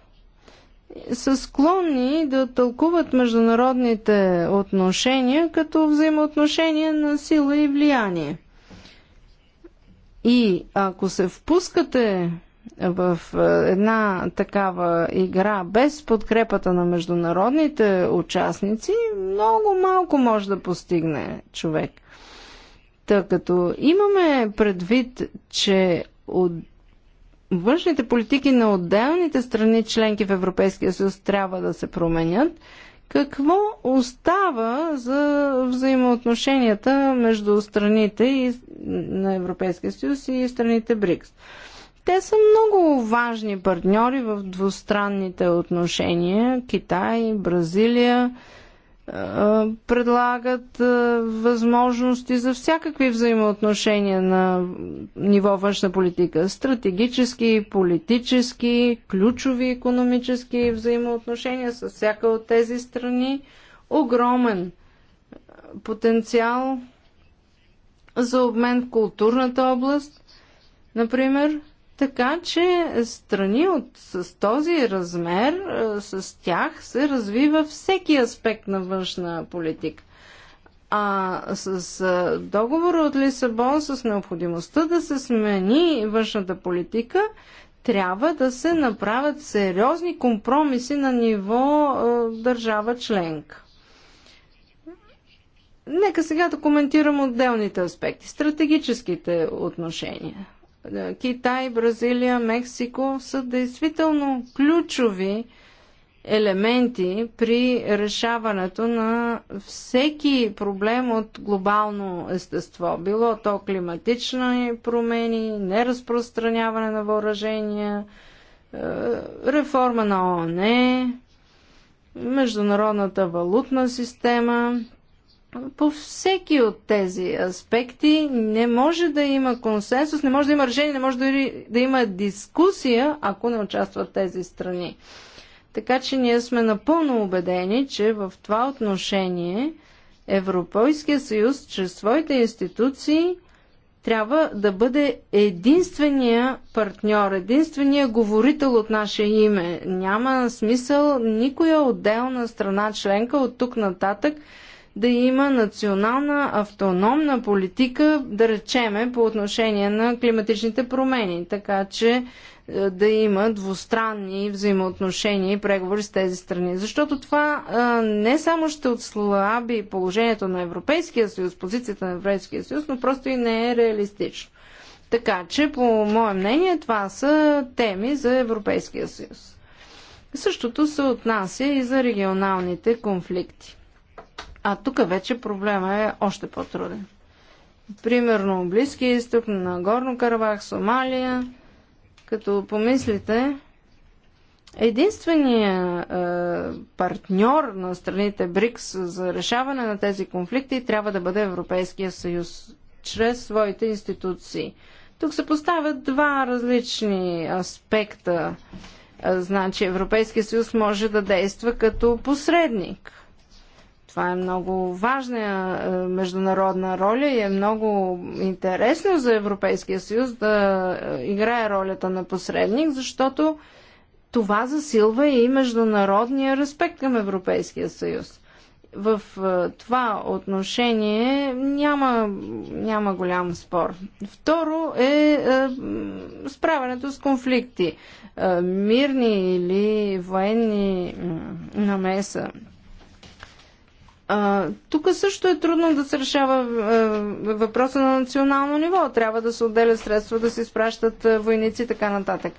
[SPEAKER 3] са склонни да тълкуват международните отношения като взаимоотношения на сила и влияние. И ако се впускате в е, една такава игра без подкрепата на международните участници, много малко може да постигне човек. Тъй като имаме предвид, че от външните политики на отделните страни членки в Европейския съюз трябва да се променят, какво остава за взаимоотношенията между страните и, на Европейския съюз и страните БРИКС? Те са много важни партньори в двустранните отношения Китай, Бразилия, предлагат възможности за всякакви взаимоотношения на ниво външна политика. Стратегически, политически, ключови економически взаимоотношения с всяка от тези страни. Огромен потенциал за обмен в културната област. Например, така че страни от, с този размер, е, с тях се развива всеки аспект на външна политика. А с е, договора от Лисабон, с необходимостта да се смени външната политика, трябва да се направят сериозни компромиси на ниво е, държава членка. Нека сега да коментирам отделните аспекти, стратегическите отношения. Е, Китай, Бразилия, Мексико са действително ключови елементи при решаването на всеки проблем от глобално естество. Било то климатични промени, неразпространяване на въоръжения, е, реформа на ООН, международната валутна система, по всеки от тези аспекти не може да има консенсус, не може да има решение, не може дори да има дискусия, ако не участват тези страни. Така че ние сме напълно убедени, че в това отношение Европейския съюз чрез своите институции трябва да бъде единствения партньор, единствения говорител от наше име. Няма смисъл никоя отделна страна членка от тук нататък да има национална автономна политика, да речеме, по отношение на климатичните промени, така че е, да има двустранни взаимоотношения и преговори с тези страни. Защото това е, не само ще отслаби положението на Европейския съюз, позицията на Европейския съюз, но просто и не е реалистично. Така че, по мое мнение, това са теми за Европейския съюз. Същото се отнася и за регионалните конфликти. А тук вече проблема е още по-труден. Примерно Близки изток, на Горно Карабах, Сомалия. Като помислите, единственият е, партньор на страните БРИКС за решаване на тези конфликти трябва да бъде Европейския съюз чрез своите институции. Тук се поставят два различни аспекта. Е, значи Европейския съюз може да действа като посредник – това е много важна е, международна роля и е много интересно за Европейския съюз да е, играе ролята на посредник, защото това засилва и международния респект към Европейския съюз. В е, това отношение няма, няма голям спор. Второ е, е справянето с конфликти. Е, мирни или военни намеса тук също е трудно да се решава а, е, въпроса на национално ниво. Трябва да се отделят средства да се изпращат е, войници и така нататък.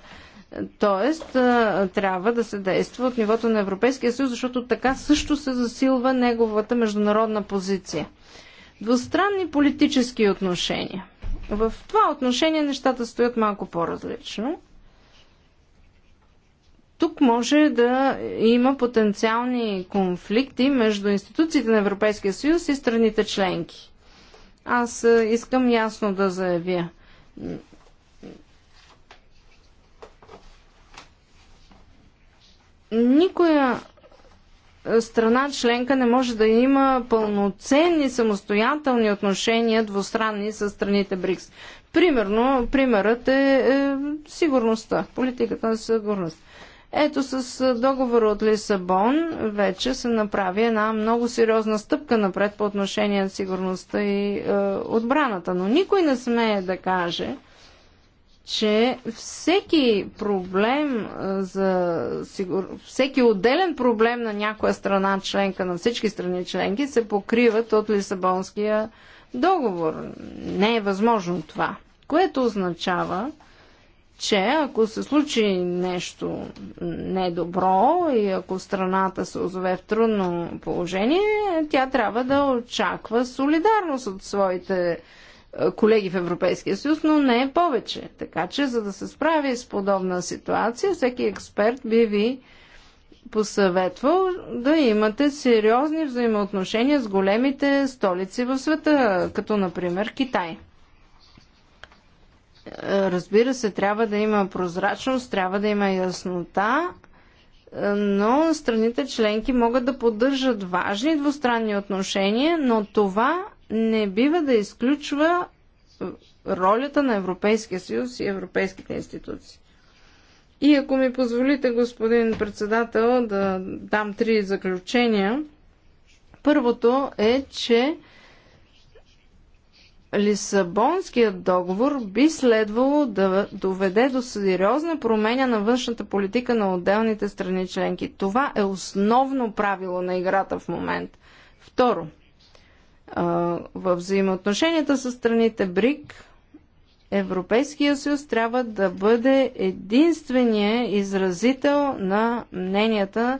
[SPEAKER 3] Тоест, а, е, трябва да се действа от нивото на Европейския съюз, защото така също се засилва неговата международна позиция. Двустранни политически отношения. В това отношение нещата стоят малко по-различно. Тук може да има потенциални конфликти между институциите на Европейския съюз и страните членки. Аз е, искам ясно да заявя. Никоя е, страна членка не може да има пълноценни самостоятелни отношения двустранни с страните БРИКС. Примерно, примерът е, е сигурността, политиката на сигурност. Ето с договора от Лисабон вече се направи една много сериозна стъпка напред по отношение на сигурността и е, отбраната. Но никой не смее да каже, че всеки проблем за сигур... всеки отделен проблем на някоя страна членка, на всички страни членки, се покриват от Лисабонския договор. Не е възможно това. Което означава, че ако се случи нещо недобро и ако страната се озове в трудно положение, тя трябва да очаква солидарност от своите е, колеги в Европейския съюз, но не повече. Така че, за да се справи с подобна ситуация, всеки експерт би ви посъветвал да имате сериозни взаимоотношения с големите столици в света, като например Китай. Разбира се, трябва да има прозрачност, трябва да има яснота, но страните членки могат да поддържат важни двустранни отношения, но това не бива да изключва ролята на Европейския съюз и европейските институции. И ако ми позволите, господин председател, да дам три заключения. Първото е, че Лисабонският договор би следвало да доведе до сериозна променя на външната политика на отделните страни членки. Това е основно правило на играта в момент. Второ, в взаимоотношенията с страните БРИК Европейския съюз трябва да бъде единствения изразител на мненията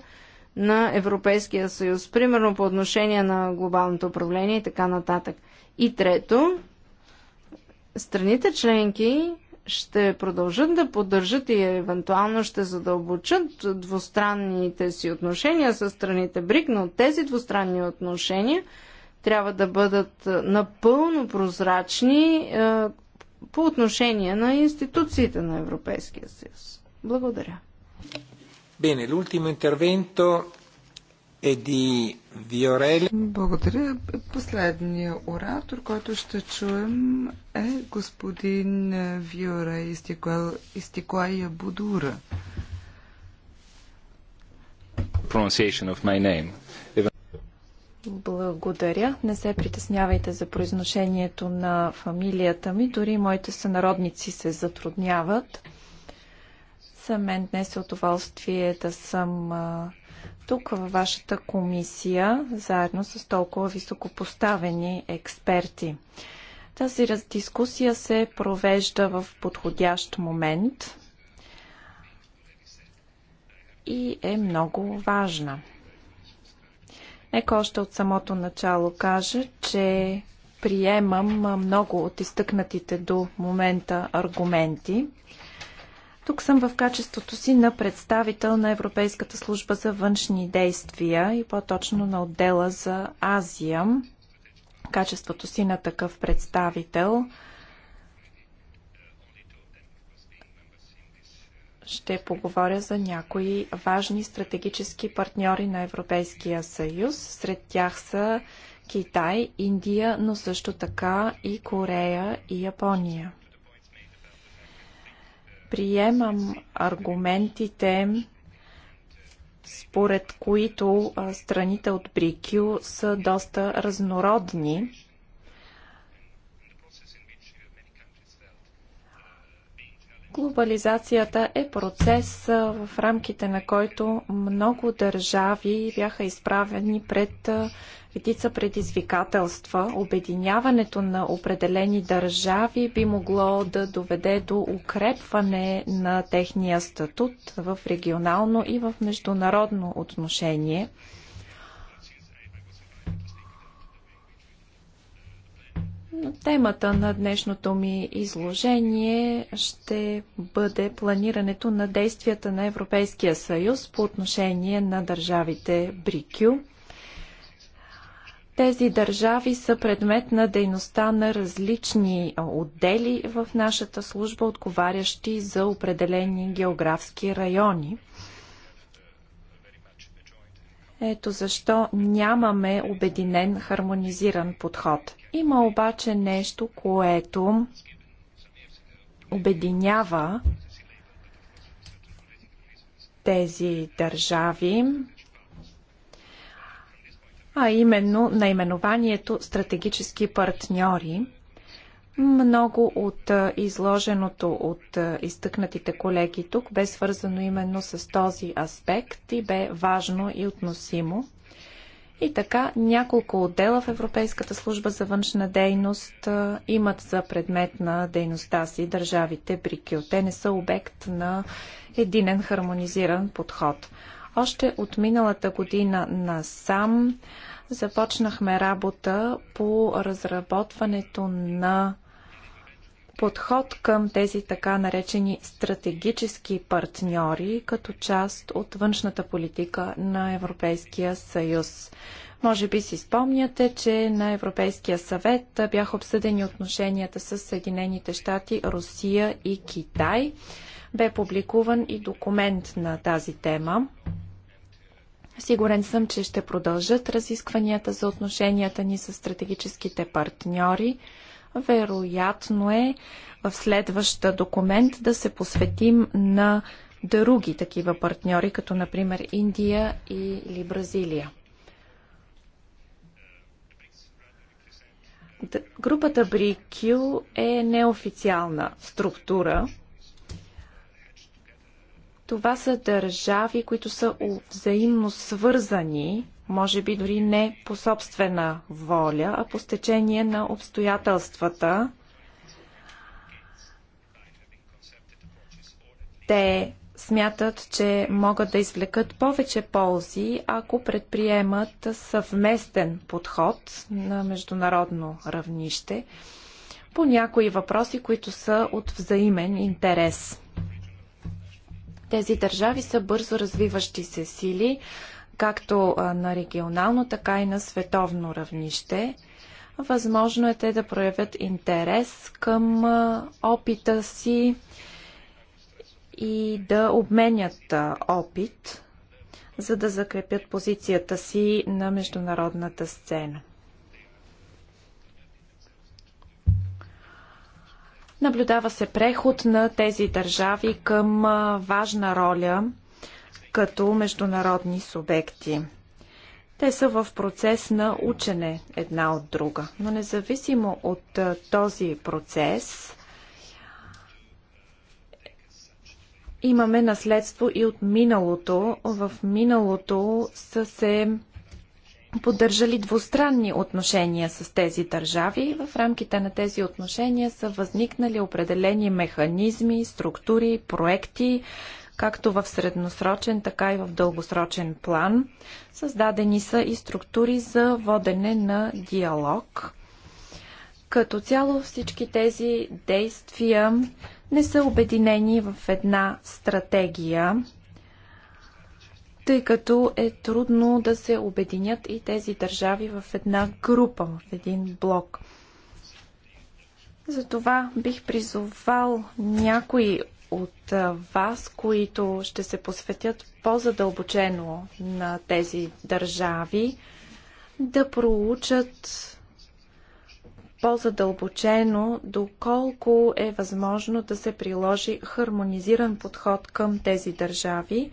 [SPEAKER 3] на Европейския съюз, примерно по отношение на глобалното управление и така нататък. И трето, страните членки ще продължат да поддържат и евентуално ще задълбочат двустранните си отношения с страните БРИК, но тези двустранни отношения трябва да бъдат напълно прозрачни е, по отношение на институциите на Европейския съюз. Благодаря.
[SPEAKER 1] Bene, l'ultimo intervento Еди Виорели.
[SPEAKER 2] Благодаря. Последният оратор, който ще чуем е господин Виора Истиклая Будура.
[SPEAKER 1] Pronunciation of my name.
[SPEAKER 4] Благодаря. Не се притеснявайте за произношението на фамилията ми. Дори моите сънародници се затрудняват. За мен днес е удоволствие да съм тук във вашата комисия, заедно с толкова високопоставени експерти. Тази дискусия се провежда в подходящ момент и е много важна. Нека още от самото начало кажа, че приемам много от изтъкнатите до момента аргументи. Тук съм в качеството си на представител на Европейската служба за външни действия и по-точно на отдела за Азия. Качеството си на такъв представител ще поговоря за някои важни стратегически партньори на Европейския съюз. Сред тях са Китай, Индия, но също така и Корея и Япония приемам аргументите, според които страните от БРИКЮ са доста разнородни Глобализацията е процес, в рамките на който много държави бяха изправени пред редица предизвикателства. Обединяването на определени държави би могло да доведе до укрепване на техния статут в регионално и в международно отношение. Темата на днешното ми изложение ще бъде планирането на действията на Европейския съюз по отношение на държавите БРИКЮ. Тези държави са предмет на дейността на различни отдели в нашата служба, отговарящи за определени географски райони – ето защо нямаме обединен, хармонизиран подход. Има обаче нещо, което обединява тези държави, а именно наименованието стратегически партньори. Много от изложеното от изтъкнатите колеги тук бе свързано именно с този аспект и бе важно и относимо. И така, няколко отдела в Европейската служба за външна дейност имат за предмет на дейността си държавите брикил. Те не са обект на единен хармонизиран подход. Още от миналата година на сам започнахме работа по разработването на подход към тези така наречени стратегически партньори като част от външната политика на Европейския съюз. Може би си спомняте, че на Европейския съвет бяха обсъдени отношенията с Съединените щати, Русия и Китай. Бе публикуван и документ на тази тема. Сигурен съм, че ще продължат разискванията за отношенията ни с стратегическите партньори. Вероятно е в следваща документ да се посветим на други такива партньори, като например Индия или Бразилия. Групата BRIQ е неофициална структура. Това са държави, които са взаимно свързани може би дори не по собствена воля, а по стечение на обстоятелствата. Те смятат, че могат да извлекат повече ползи, ако предприемат съвместен подход на международно равнище по някои въпроси, които са от взаимен интерес. Тези държави са бързо развиващи се сили, както на регионално, така и на световно равнище. Възможно е те да проявят интерес към опита си и да обменят опит, за да закрепят позицията си на международната сцена. Наблюдава се преход на тези държави към важна роля – като международни субекти. Те са в процес на учене една от друга. Но независимо от този процес, имаме наследство и от миналото. В миналото са се поддържали двустранни отношения с тези държави. В рамките на тези отношения са възникнали определени механизми, структури, проекти, както в средносрочен, така и в дългосрочен план. Създадени са и структури за водене на диалог. Като цяло всички тези действия не са обединени в една стратегия, тъй като е трудно да се обединят и тези държави в една група, в един блок. Затова бих призовал някои от вас, които ще се посветят по-задълбочено на тези държави, да проучат по-задълбочено, доколко е възможно да се приложи хармонизиран подход към тези държави,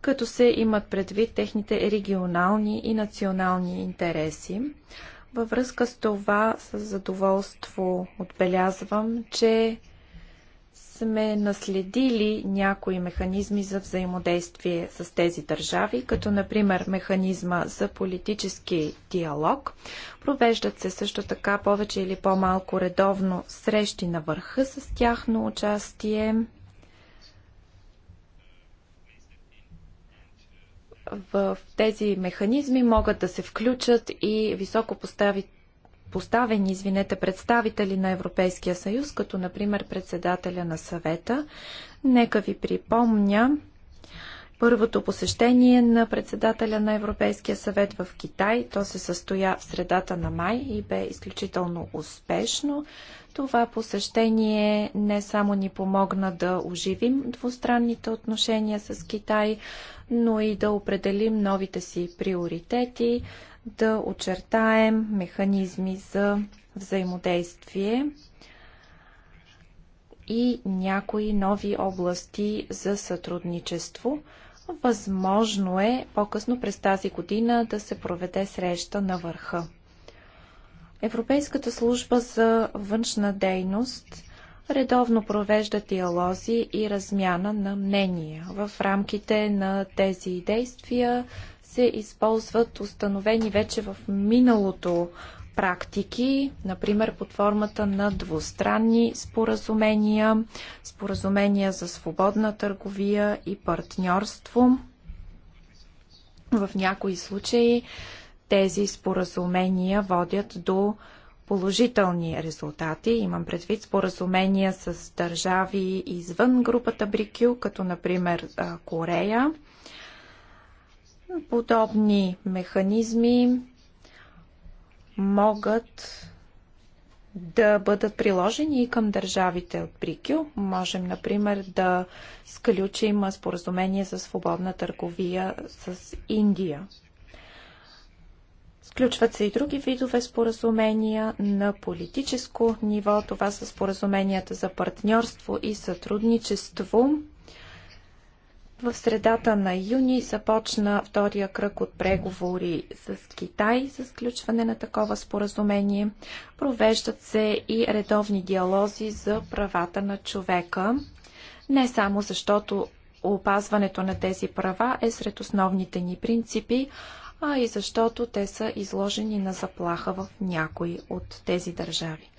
[SPEAKER 4] като се имат предвид техните регионални и национални интереси. Във връзка с това, с задоволство отбелязвам, че сме наследили някои механизми за взаимодействие с тези държави, като например механизма за политически диалог. Провеждат се също така повече или по-малко редовно срещи на върха с тяхно участие. В тези механизми могат да се включат и високо постави, Поставени, извинете, представители на Европейския съюз, като например председателя на съвета. Нека ви припомня първото посещение на председателя на Европейския съвет в Китай. То се състоя в средата на май и бе изключително успешно. Това посещение не само ни помогна да оживим двустранните отношения с Китай, но и да определим новите си приоритети, да очертаем механизми за взаимодействие и някои нови области за сътрудничество. Възможно е по-късно през тази година да се проведе среща на върха. Европейската служба за външна дейност редовно провежда диалози и размяна на мнения. В рамките на тези действия се използват установени вече в миналото практики, например под формата на двустранни споразумения, споразумения за свободна търговия и партньорство. В някои случаи тези споразумения водят до положителни резултати. Имам предвид споразумения с държави извън групата Брикю, като например Корея. Подобни механизми могат да бъдат приложени и към държавите от ПРИКЮ. Можем, например, да сключим споразумение за свободна търговия с Индия. Сключват се и други видове споразумения на политическо ниво. Това са споразуменията за партньорство и сътрудничество. В средата на юни започна втория кръг от преговори с Китай за сключване на такова споразумение. Провеждат се и редовни диалози за правата на човека. Не само защото опазването на тези права е сред основните ни принципи, а и защото те са изложени на заплаха в някои от тези държави.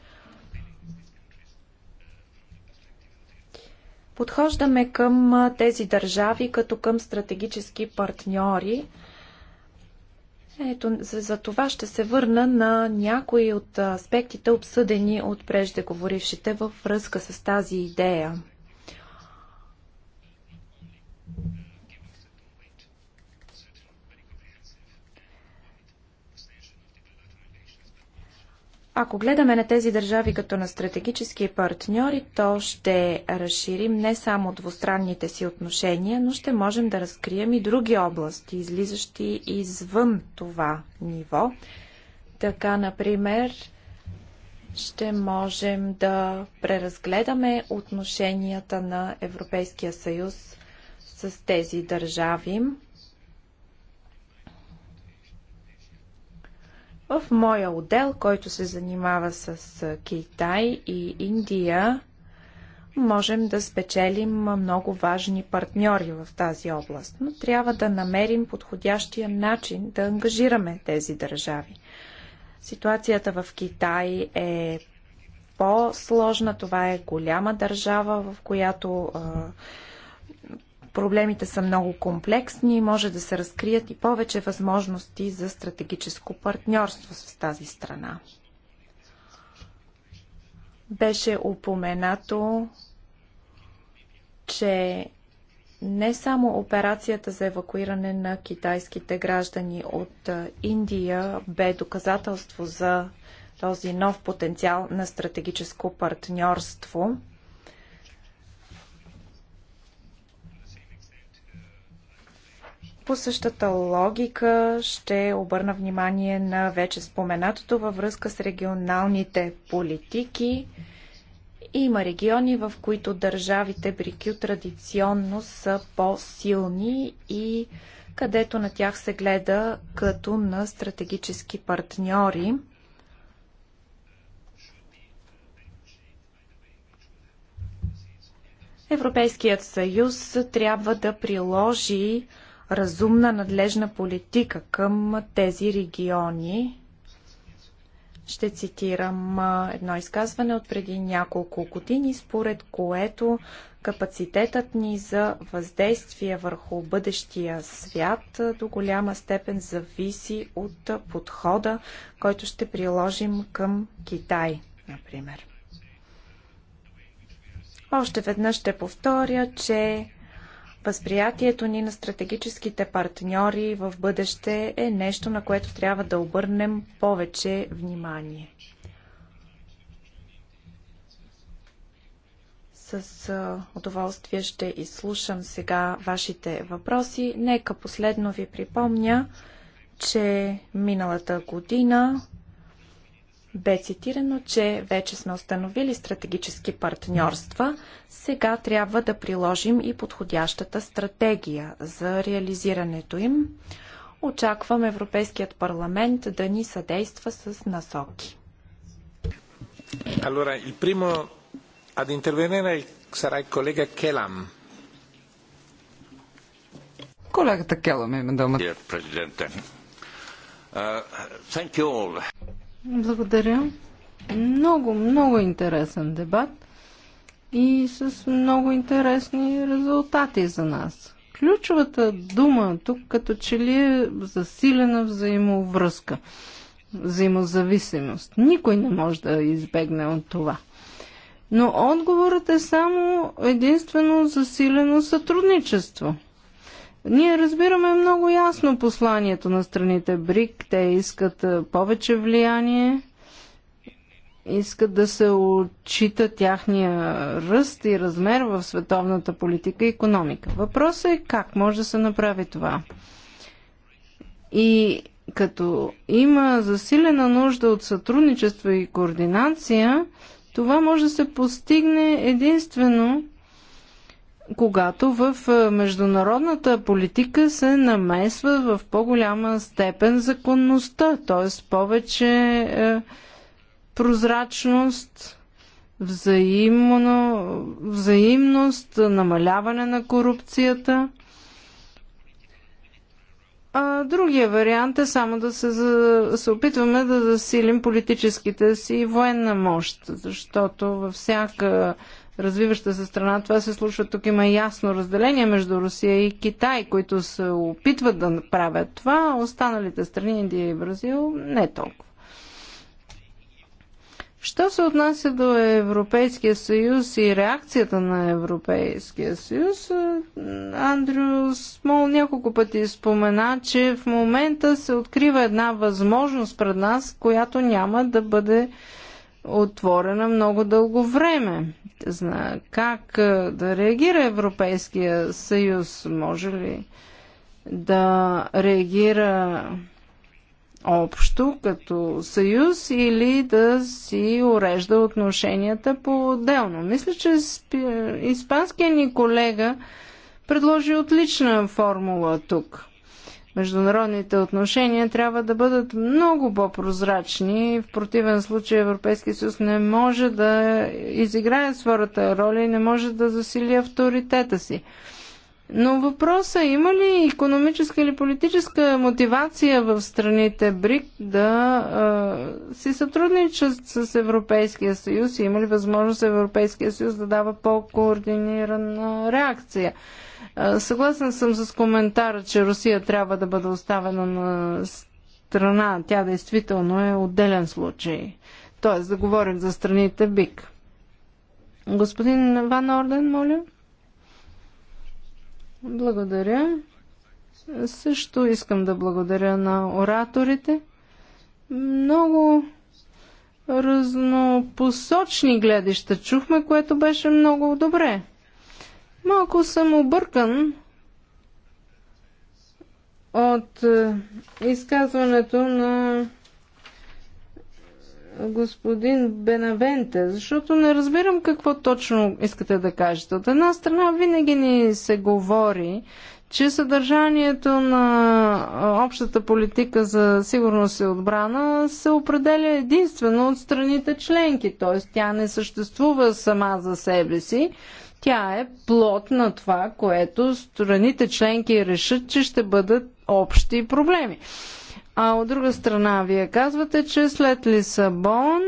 [SPEAKER 4] Подхождаме към тези държави като към стратегически партньори. Ето, за, за това ще се върна на някои от аспектите, обсъдени от преждеговорившите във връзка с тази идея. Ако гледаме на тези държави като на стратегически партньори, то ще разширим не само двустранните си отношения, но ще можем да разкрием и други области, излизащи извън това ниво. Така, например, ще можем да преразгледаме отношенията на Европейския съюз с тези държави. В моя отдел, който се занимава с Китай и Индия, можем да спечелим много важни партньори в тази област, но трябва да намерим подходящия начин да ангажираме тези държави. Ситуацията в Китай е по-сложна. Това е голяма държава, в която Проблемите са много комплексни, и може да се разкрият и повече възможности за стратегическо партньорство с тази страна. Беше упоменато, че не само операцията за евакуиране на китайските граждани от Индия бе доказателство за този нов потенциал на стратегическо партньорство – По същата логика ще обърна внимание на вече споменатото във връзка с регионалните политики. Има региони, в които държавите Брикю традиционно са по-силни и където на тях се гледа като на стратегически партньори. Европейският съюз трябва да приложи разумна надлежна политика към тези региони. Ще цитирам едно изказване от преди няколко години, според което капацитетът ни за въздействие върху бъдещия свят до голяма степен зависи от подхода, който ще приложим към Китай, например. Още веднъж ще повторя, че Възприятието ни на стратегическите партньори в бъдеще е нещо, на което трябва да обърнем повече внимание. С удоволствие ще изслушам сега вашите въпроси. Нека последно ви припомня, че миналата година бе цитирано, че вече сме установили стратегически партньорства. Сега трябва да приложим и подходящата стратегия за реализирането им. Очаквам Европейският парламент да ни съдейства с насоки.
[SPEAKER 1] Allora, il primo ad intervenire sarà il collega Kelam.
[SPEAKER 2] Колегата Келам има думата.
[SPEAKER 3] Благодаря. Много, много интересен дебат и с много интересни резултати за нас. Ключовата дума тук като че ли е засилена взаимовръзка, взаимозависимост. Никой не може да избегне от това. Но отговорът е само единствено засилено сътрудничество – ние разбираме много ясно посланието на страните БРИК. Те искат повече влияние, искат да се отчита тяхния ръст и размер в световната политика и економика. Въпросът е как може да се направи това. И като има засилена нужда от сътрудничество и координация, това може да се постигне единствено когато в е, международната политика се намесва в по-голяма степен законността, т.е. повече е, прозрачност, взаимно, взаимност, намаляване на корупцията. А другия вариант е само да се, се опитваме да засилим политическите си военна мощ, защото във всяка развиваща се страна това се случва. Тук има ясно разделение между Русия и Китай, които се опитват да направят това. Останалите страни, Индия и Бразил, не толкова. Що се отнася до Европейския съюз и реакцията на Европейския съюз, Андрю Смол няколко пъти спомена, че в момента се открива една възможност пред нас, която няма да бъде отворена много дълго време. Зна как да реагира Европейския съюз? Може ли да реагира общо като съюз или да си урежда отношенията по-отделно? Мисля, че испанският ни колега предложи отлична формула тук – международните отношения трябва да бъдат много по-прозрачни. В противен случай Европейския съюз не може да изиграе своята роля и не може да засили авторитета си. Но въпросът е, има ли економическа или политическа мотивация в страните БРИК да а, си сътрудничат с Европейския съюз и има ли възможност Европейския съюз да дава по-координирана реакция? Съгласен съм с коментара, че Русия трябва да бъде оставена на страна. Тя действително е отделен случай. Тоест да говорим за страните БИК. Господин Ван Орден, моля. Благодаря. Също искам да благодаря на ораторите. Много разнопосочни гледища чухме, което беше много добре. Малко съм объркан от е, изказването на господин Бенавенте, защото не разбирам какво точно искате да кажете. От една страна винаги ни се говори, че съдържанието на е, общата политика за сигурност и отбрана се определя единствено от страните членки, т.е. тя не съществува сама за себе си, тя е плод на това, което страните членки решат, че ще бъдат общи проблеми. А от друга страна, вие казвате, че след Лисабон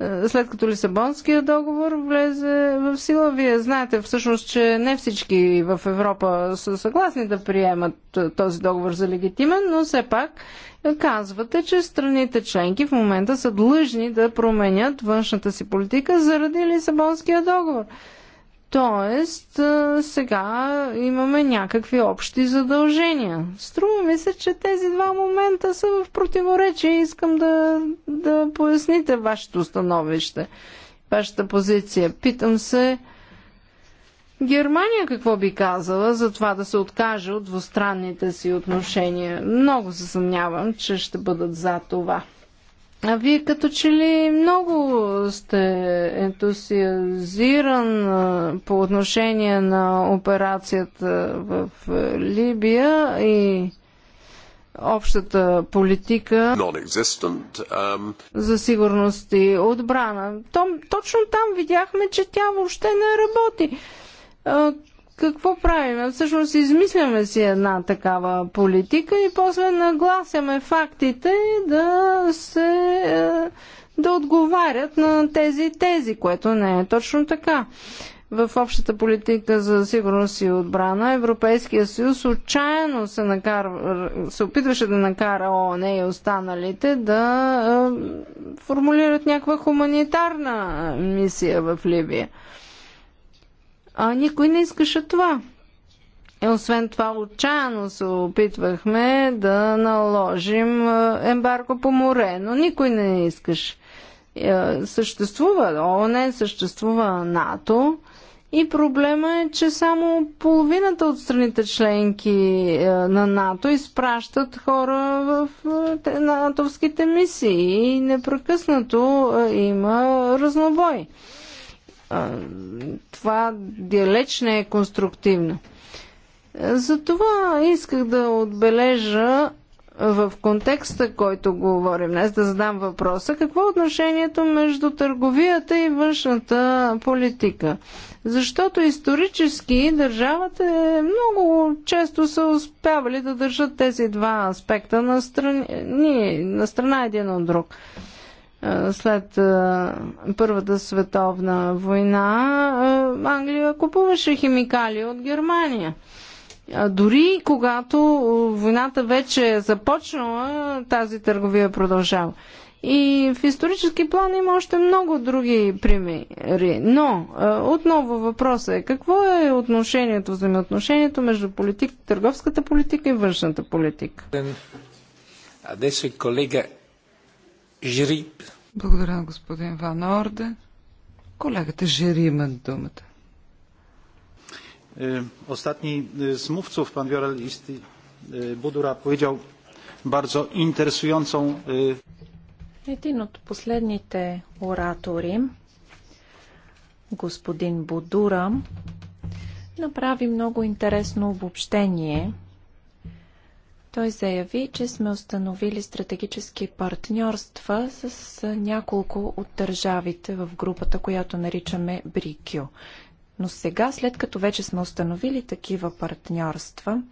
[SPEAKER 3] е, след като Лисабонския договор влезе в сила, вие знаете всъщност, че не всички в Европа са съгласни да приемат е, този договор за легитимен, но все пак казвате, че страните членки в момента са длъжни да променят външната си политика заради Лисабонския договор. Тоест, сега имаме някакви общи задължения. Струва ми се, че тези два момента са в противоречие. Искам да, да поясните вашето становище, вашата позиция. Питам се, Германия какво би казала за това да се откаже от двустранните си отношения? Много се съмнявам, че ще бъдат за това. А вие като че ли много сте ентусиазиран по отношение на операцията в Либия и общата политика um... за сигурност и отбрана. Том, точно там видяхме, че тя въобще не работи какво правим? Всъщност измисляме си една такава политика и после нагласяме фактите да се е, да отговарят на тези тези, което не е точно така. В общата политика за сигурност и отбрана Европейския съюз отчаяно се, накар... се опитваше да накара ООН и останалите да е, формулират някаква хуманитарна мисия в Либия. А никой не искаше това. И е, освен това, отчаяно се опитвахме да наложим ембарго по море, но никой не искаше. Е, съществува ООН, съществува НАТО и проблема е, че само половината от страните членки е, на НАТО изпращат хора в натовските мисии и непрекъснато има разнобой това далеч не е конструктивно. Затова исках да отбележа в контекста, който говорим днес, да задам въпроса, какво е отношението между търговията и външната политика? Защото исторически държавата е много често са успявали да държат тези два аспекта на на страна един от друг след Първата световна война Англия купуваше химикали от Германия. Дори когато войната вече е започнала, тази търговия продължава. И в исторически план има още много други примери. Но, отново въпросът е, какво е отношението, взаимоотношението между политик,
[SPEAKER 2] търговската политика и външната политика?
[SPEAKER 1] Adesso колега. Жириб.
[SPEAKER 2] Благодаря господин Ван Орден. Колегата Жири има думата.
[SPEAKER 1] Ostatni z mówców, pan Wiorel Budura, powiedział bardzo interesującą...
[SPEAKER 4] Jeden е, od последните оратори, господин Budura, направи много интересно обобщение – той заяви, че сме установили стратегически партньорства с няколко от държавите в групата, която наричаме БРИКЮ. Но сега, след като вече сме установили такива партньорства,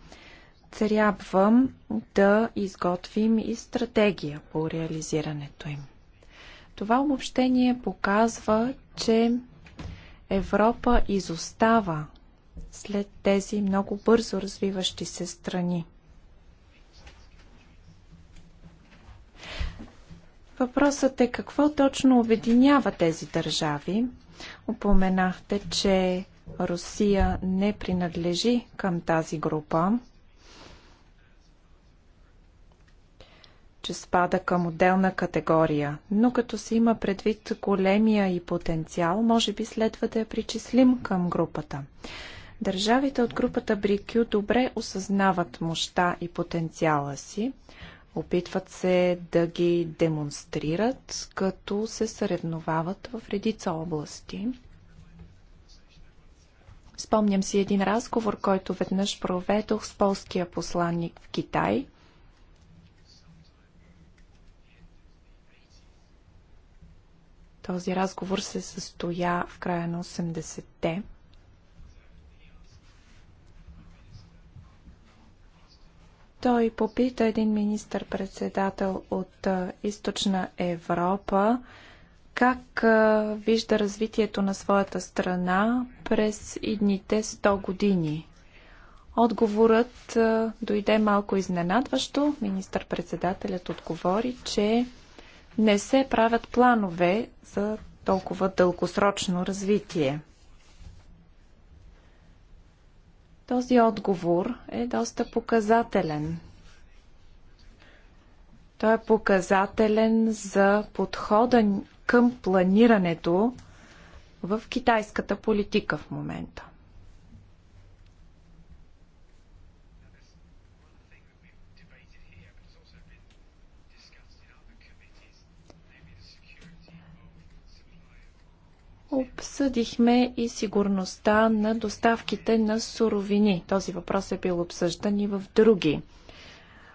[SPEAKER 4] трябва да изготвим и стратегия по реализирането им. Това обобщение показва, че Европа изостава след тези много бързо развиващи се страни. Въпросът е какво точно обединява тези държави. Упоменахте, че Русия не принадлежи към тази група, че спада към отделна категория, но като се има предвид големия и потенциал, може би следва да я причислим към групата. Държавите от групата Брикю добре осъзнават мощта и потенциала си, Опитват се да ги демонстрират, като се съревновават в редица области. Спомням си един разговор, който веднъж проведох с полския посланник в Китай. Този разговор се състоя в края на 80-те. Той попита един министър-председател от източна Европа как вижда развитието на своята страна през идните 100 години. Отговорът дойде малко изненадващо. Министър-председателят отговори, че не се правят планове за толкова дългосрочно развитие. Този отговор е доста показателен. Той е показателен за подхода към планирането в китайската политика в момента. Обсъдихме и сигурността на доставките на суровини. Този въпрос е бил обсъждан и в други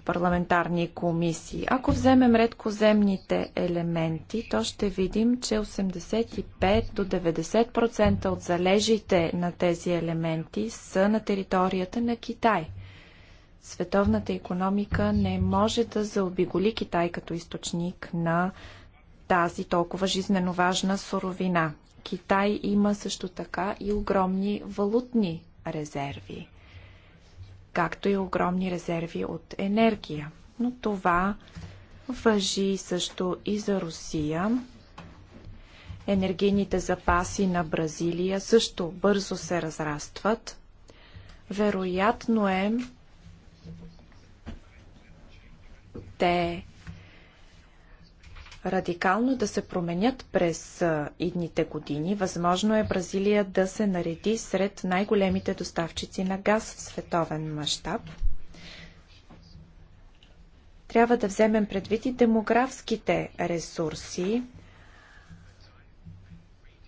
[SPEAKER 4] парламентарни комисии. Ако вземем редкоземните елементи, то ще видим, че 85 до 90% от залежите на тези елементи са на територията на Китай. Световната економика не може да заобиголи Китай като източник на тази толкова жизненоважна суровина. Китай има също така и огромни валутни резерви, както и огромни резерви от енергия. Но това въжи също и за Русия. Енергийните запаси на Бразилия също бързо се разрастват. Вероятно е те радикално да се променят през идните години. Възможно е Бразилия да се нареди сред най-големите доставчици на газ в световен мащаб. Трябва да вземем предвид и демографските ресурси,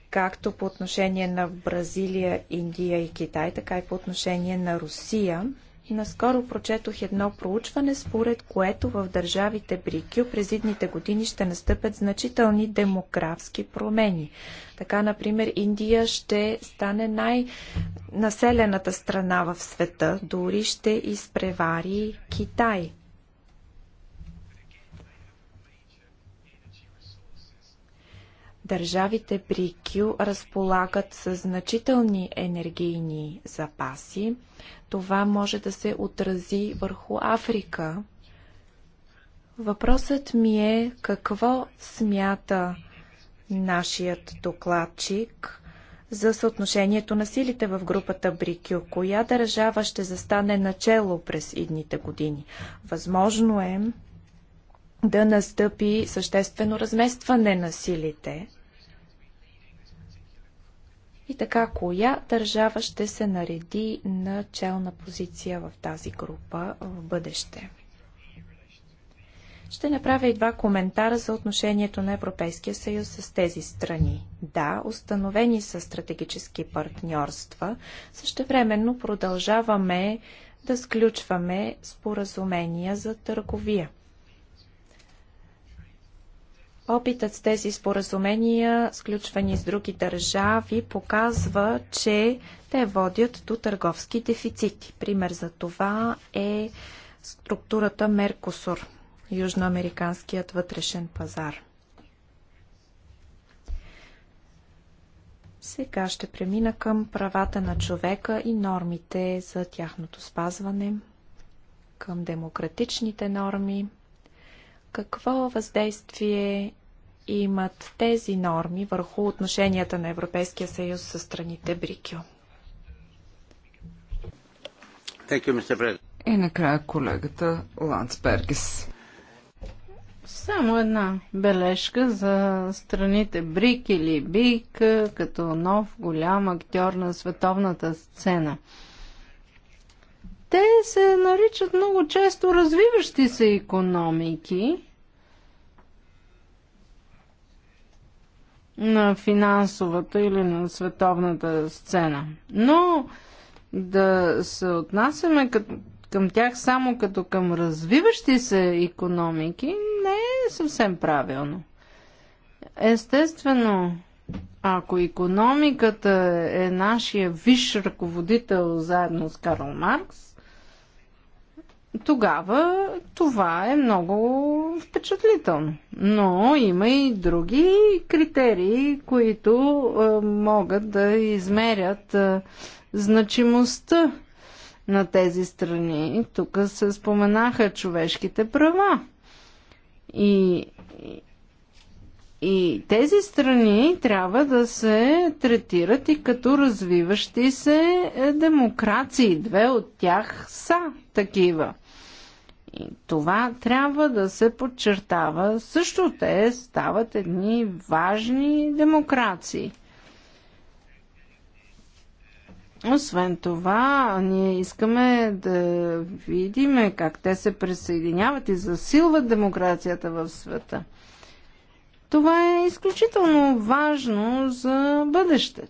[SPEAKER 4] както по отношение на Бразилия, Индия и Китай, така и по отношение на Русия. Наскоро прочетох едно проучване, според което в държавите БРИКЮ през идните години ще настъпят значителни демографски промени. Така, например, Индия ще стане най-населената страна в света, дори ще изпревари Китай. Държавите при разполагат с значителни енергийни запаси, това може да се отрази върху Африка. Въпросът ми е какво смята нашият докладчик за съотношението на силите в групата Брикю. Коя държава ще застане начело през идните години? Възможно е да настъпи съществено разместване на силите. И така, коя държава ще се нареди на челна позиция в тази група в бъдеще? Ще направя и два коментара за отношението на Европейския съюз с тези страни. Да, установени са стратегически партньорства, същевременно продължаваме да сключваме споразумения за търговия. Опитът с тези споразумения, сключвани с други държави, показва, че те водят до търговски дефицити. Пример за това е структурата Меркосур, южноамериканският вътрешен пазар. Сега ще премина към правата на човека и нормите за тяхното спазване, към демократичните норми – какво въздействие имат тези норми върху отношенията на Европейския съюз с страните Брикио?
[SPEAKER 2] И накрая колегата Ландсбергес.
[SPEAKER 3] Само една бележка за страните Брик или Бик, като нов голям актьор на световната сцена – те се наричат много често развиващи се економики на финансовата или на световната сцена. Но да се отнасяме към тях само като към развиващи се економики не е съвсем правилно. Естествено, ако економиката е нашия висш ръководител заедно с Карл Маркс, тогава това е много впечатлително. Но има и други критерии, които а, е, могат да измерят а, е, значимостта на тези страни. Тук се споменаха човешките права. И, и тези страни трябва да се третират и като развиващи се е, демокрации. Две от тях са такива това трябва да се подчертава. Също те стават едни важни демокрации. Освен това, ние искаме да видим как те се присъединяват и засилват демокрацията в света. Това е изключително важно за бъдещето.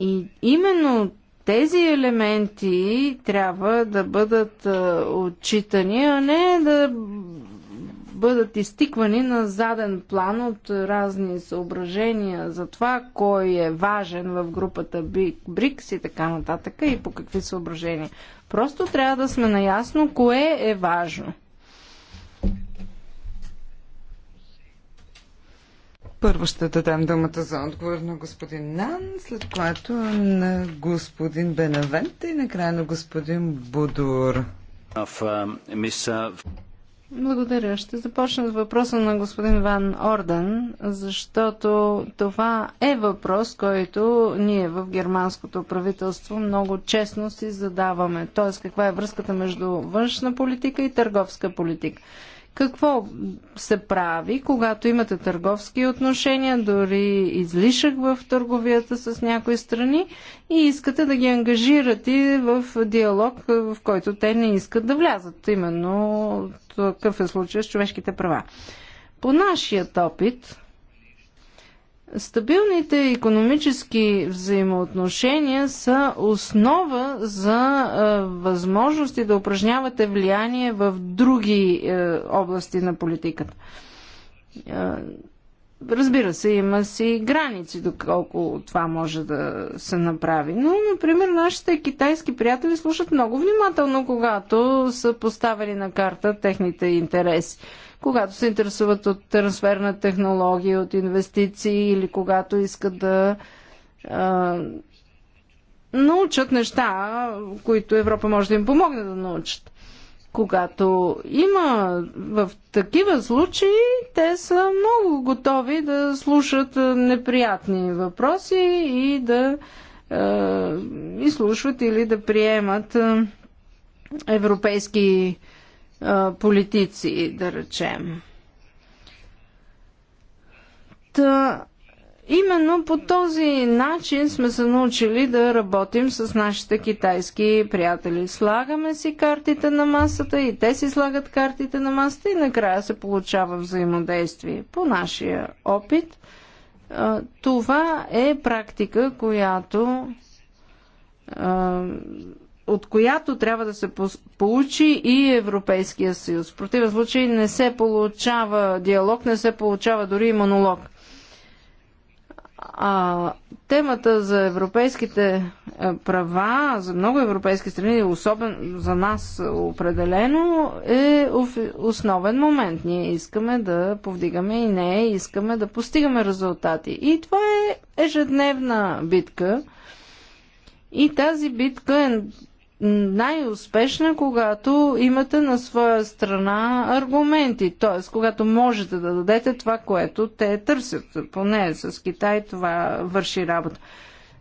[SPEAKER 3] И именно тези елементи трябва да бъдат е, отчитани, а не да бъдат изтиквани на заден план от разни съображения за това кой е важен в групата Big Bricks и така нататък и по какви съображения. Просто трябва да сме наясно кое е важно.
[SPEAKER 2] Първо ще дадем думата за отговор на господин Нан, след което на господин Бенавент и накрая на господин Будур. Um, Благодаря. Ще
[SPEAKER 3] започна с въпроса на господин Ван Орден, защото това е въпрос, който ние в германското правителство много честно си задаваме. Тоест, каква е връзката между външна политика и търговска политика. Какво се прави, когато имате търговски отношения, дори излишък в търговията с някои страни и искате да ги ангажирате в диалог, в който те не искат да влязат? Именно такъв е случай с човешките права. По нашият опит, Стабилните економически взаимоотношения са основа за е, възможности да упражнявате влияние в други е, области на политиката. Е, разбира се, има си граници доколко това може да се направи. Но, например, нашите китайски приятели слушат много внимателно, когато са поставили на карта техните интереси когато се интересуват от трансферна технология от инвестиции или когато искат да а, научат неща, които Европа може да им помогне да научат. Когато има в такива случаи, те са много готови да слушат неприятни въпроси и да е, изслушват или да приемат европейски е, политици, да речем. Та, именно по този начин сме се научили да работим с нашите китайски приятели. Слагаме си картите на масата и те си слагат картите на масата и накрая се получава взаимодействие. По нашия опит, това е практика, която от която трябва да се получи и Европейския съюз. В противен случай не се получава диалог, не се получава дори и монолог. А, темата за европейските е, права, за много европейски страни, особено за нас определено, е основен момент. Ние искаме да повдигаме и не, искаме да постигаме резултати. И това е ежедневна битка. И тази битка е най-успешна, когато имате на своя страна аргументи, т.е. когато можете да дадете това, което те търсят. Поне с Китай това върши работа.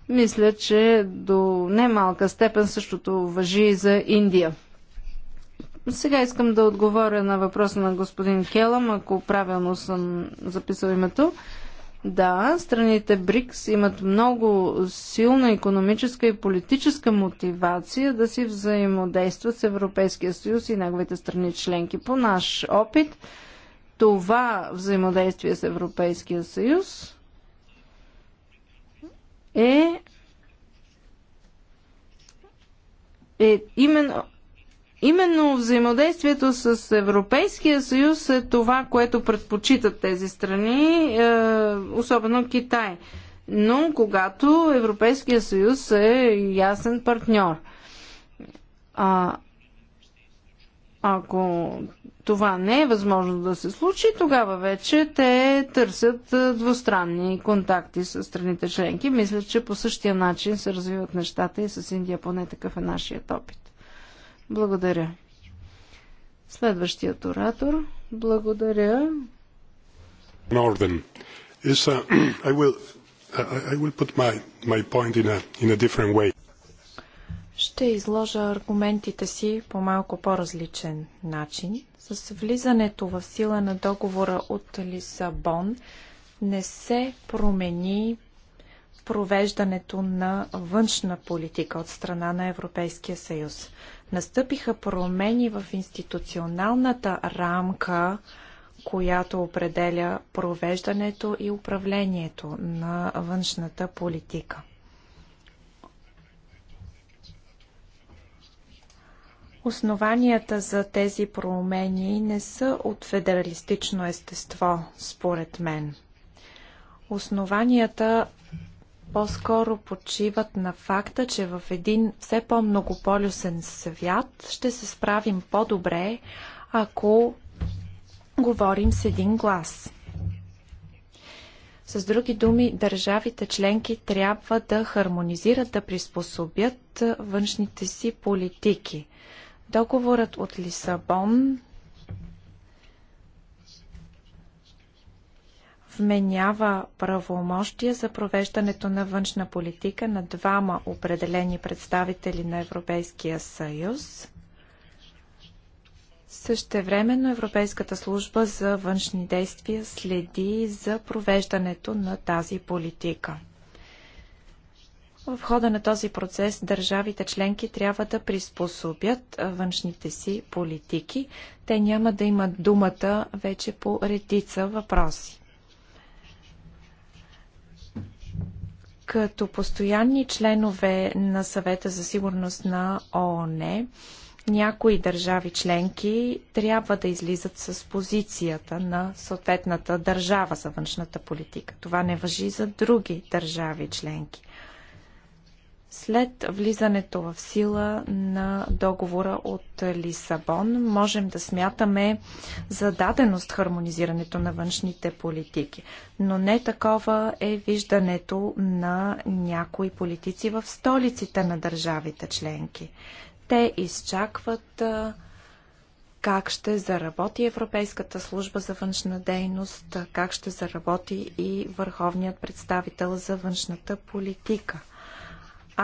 [SPEAKER 3] Мисля, че до немалка степен същото въжи и за Индия. Сега искам да отговоря на въпроса на господин Келам, ако правилно съм записал името. Да, страните БРИКС имат много силна економическа и политическа мотивация да си взаимодействат с Европейския съюз и неговите страни членки. По наш опит, това взаимодействие с Европейския съюз е, е именно Именно взаимодействието с Европейския съюз е това, което предпочитат тези страни, е, особено Китай. Но когато Европейския съюз е ясен партньор. А, ако това не е възможно да се случи, тогава вече те търсят е, двустранни контакти с страните членки. Мисля, че по същия начин се развиват нещата и с Индия, поне такъв е нашият опит. Благодаря. Следващият оратор. Благодаря.
[SPEAKER 5] Northern. Uh, Is, uh, I will, I will put my, my point in a, in a different way.
[SPEAKER 4] Ще изложа аргументите си по малко по-различен начин. С влизането в сила на договора от Лисабон не се промени провеждането на външна политика от страна на Европейския съюз. Настъпиха промени в институционалната рамка, която определя провеждането и управлението на външната политика. Основанията за тези промени не са от федералистично естество, според мен. Основанията по-скоро почиват на факта, че в един все по-многополюсен свят ще се справим по-добре, ако говорим с един глас. С други думи, държавите членки трябва да хармонизират, да приспособят външните си политики. Договорът от Лисабон вменява правомощия за провеждането на външна политика на двама определени представители на Европейския съюз. Същевременно Европейската служба за външни действия следи за провеждането на тази политика. В хода на този процес държавите членки трябва да приспособят външните си политики. Те няма да имат думата вече по редица въпроси. Като постоянни членове на съвета за сигурност на ООН, някои държави членки трябва да излизат с позицията на съответната държава за външната политика. Това не въжи за други държави членки. След влизането в сила на договора от Лисабон, можем да смятаме за даденост хармонизирането на външните политики. Но не такова е виждането на някои политици в столиците на държавите членки. Те изчакват как ще заработи Европейската служба за външна дейност, как ще заработи и върховният представител за външната политика –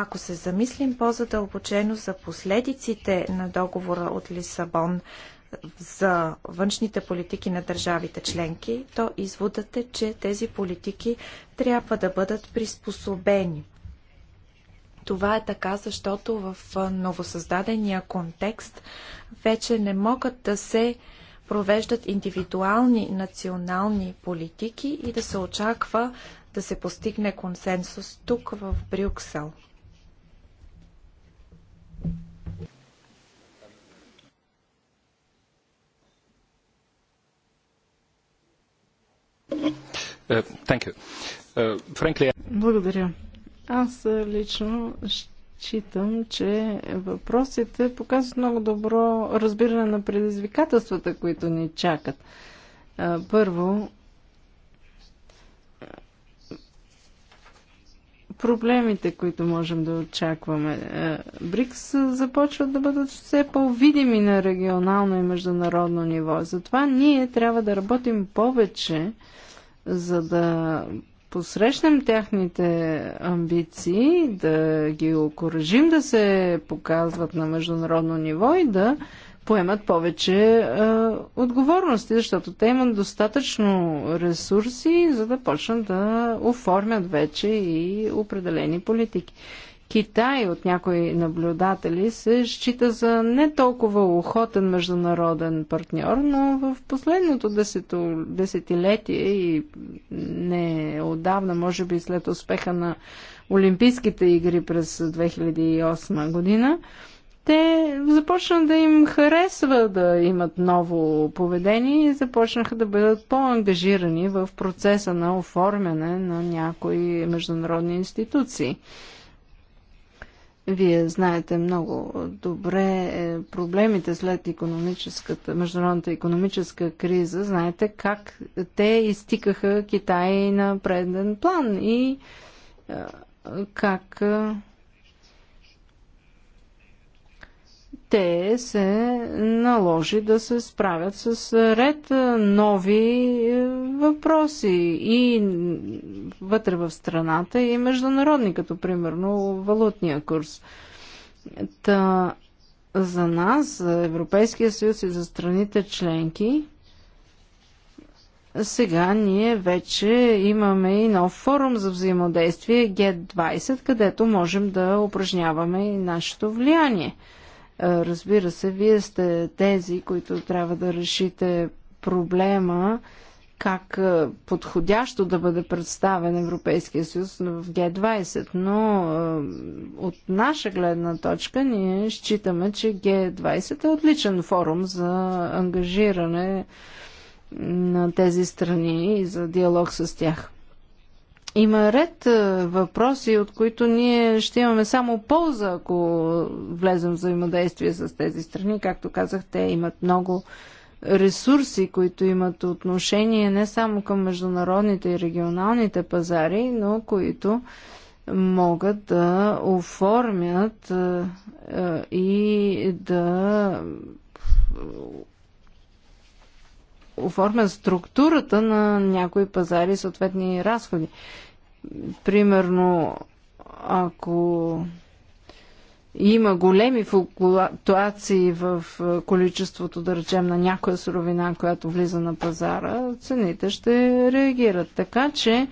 [SPEAKER 4] ако се замислим по-задълбочено за последиците на договора от Лисабон за външните политики на държавите членки, то изводът е, че тези политики трябва да бъдат приспособени. Това е така, защото в новосъздадения контекст вече не могат да се провеждат индивидуални национални политики и да се очаква да се постигне консенсус тук в Брюксел.
[SPEAKER 1] Uh,
[SPEAKER 3] Благодаря. Аз лично считам, че въпросите показват много добро разбиране на предизвикателствата, които ни чакат. Първо, проблемите, които можем да очакваме. Е, БРИКС започват да бъдат все по-видими на регионално и международно ниво. Затова ние трябва да работим повече, за да посрещнем тяхните амбиции, да ги окоръжим да се показват на международно ниво и да поемат повече а, отговорности, защото те имат достатъчно ресурси, за да почнат да оформят вече и определени политики. Китай от някои наблюдатели се счита за не толкова охотен международен партньор, но в последното десето, десетилетие и не отдавна, може би след успеха на Олимпийските игри през 2008 година, те започна да им харесва да имат ново поведение и започнаха да бъдат по-ангажирани в процеса на оформяне на някои международни институции. Вие знаете много добре е, проблемите след економическата, международната економическа криза. Знаете как те изтикаха Китай на преден план и е, как е, те се наложи да се справят с ред нови е, въпроси и вътре в страната е и международни, като примерно валутния курс. Та, за нас, за Европейския съюз и за страните членки, сега ние вече имаме и нов форум за взаимодействие G20, където можем да упражняваме и нашето влияние – Разбира се, вие сте тези, които трябва да решите проблема как подходящо да бъде представен Европейския съюз в Г20, но от наша гледна точка ние считаме, че Г20 е отличен форум за ангажиране на тези страни и за диалог с тях. Има ред е, въпроси, от които ние ще имаме само полза, ако влезем в взаимодействие с тези страни. Както казах, те имат много ресурси, които имат отношение не само към международните и регионалните пазари, но които могат да оформят е, е, и да оформят структурата на някои пазари и съответни разходи примерно, ако има големи флуктуации в количеството, да речем, на някоя суровина, която влиза на пазара, цените ще реагират. Така че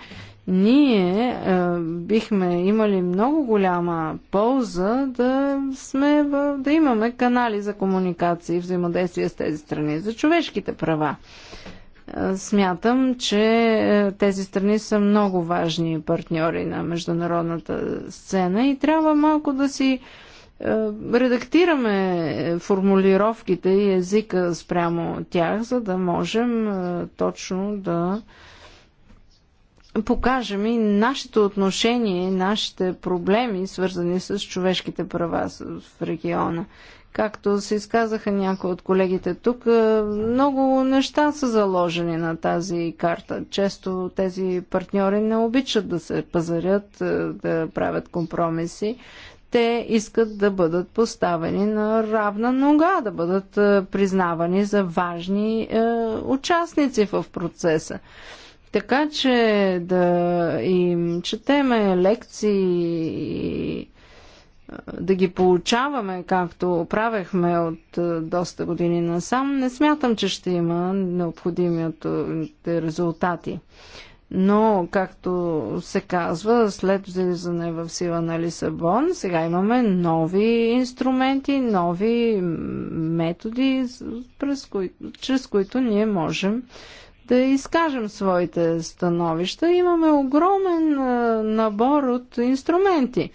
[SPEAKER 3] ние е, бихме имали много голяма полза да, сме в, да имаме канали за комуникации и взаимодействие с тези страни за човешките права. Смятам, че е, тези страни са много важни партньори на международната сцена и трябва малко да си е, редактираме формулировките и езика спрямо тях, за да можем е, точно да покажем и нашето отношение, нашите проблеми, свързани с човешките права в региона. Както се изказаха някои от колегите тук, е, много неща са заложени на тази карта. Често тези партньори не обичат да се пазарят, е, да правят компромиси. Те искат да бъдат поставени на равна нога, да бъдат е, признавани за важни участници в процеса. Така че да им четеме лекции и да ги получаваме, както правехме от е, доста години насам, не смятам, че ще има необходимите резултати. Но, както се казва, след влизане в сила на Лисабон, сега имаме нови инструменти, нови методи, през кои, чрез които ние можем да изкажем своите становища. Имаме огромен е, набор от инструменти.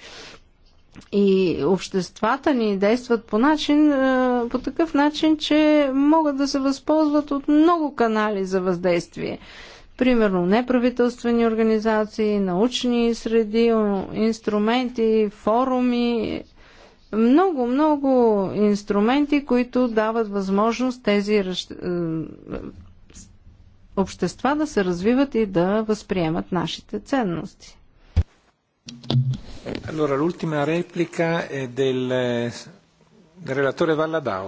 [SPEAKER 3] И обществата ни действат по, начин, е, по такъв начин, че могат да се възползват от много канали за въздействие. Примерно неправителствени организации, научни среди, инструменти, форуми, много, много инструменти, които дават възможност тези е, общества да се развиват и да възприемат нашите ценности.
[SPEAKER 1] Allora, l'ultima реплика е del, del relatore Valladao.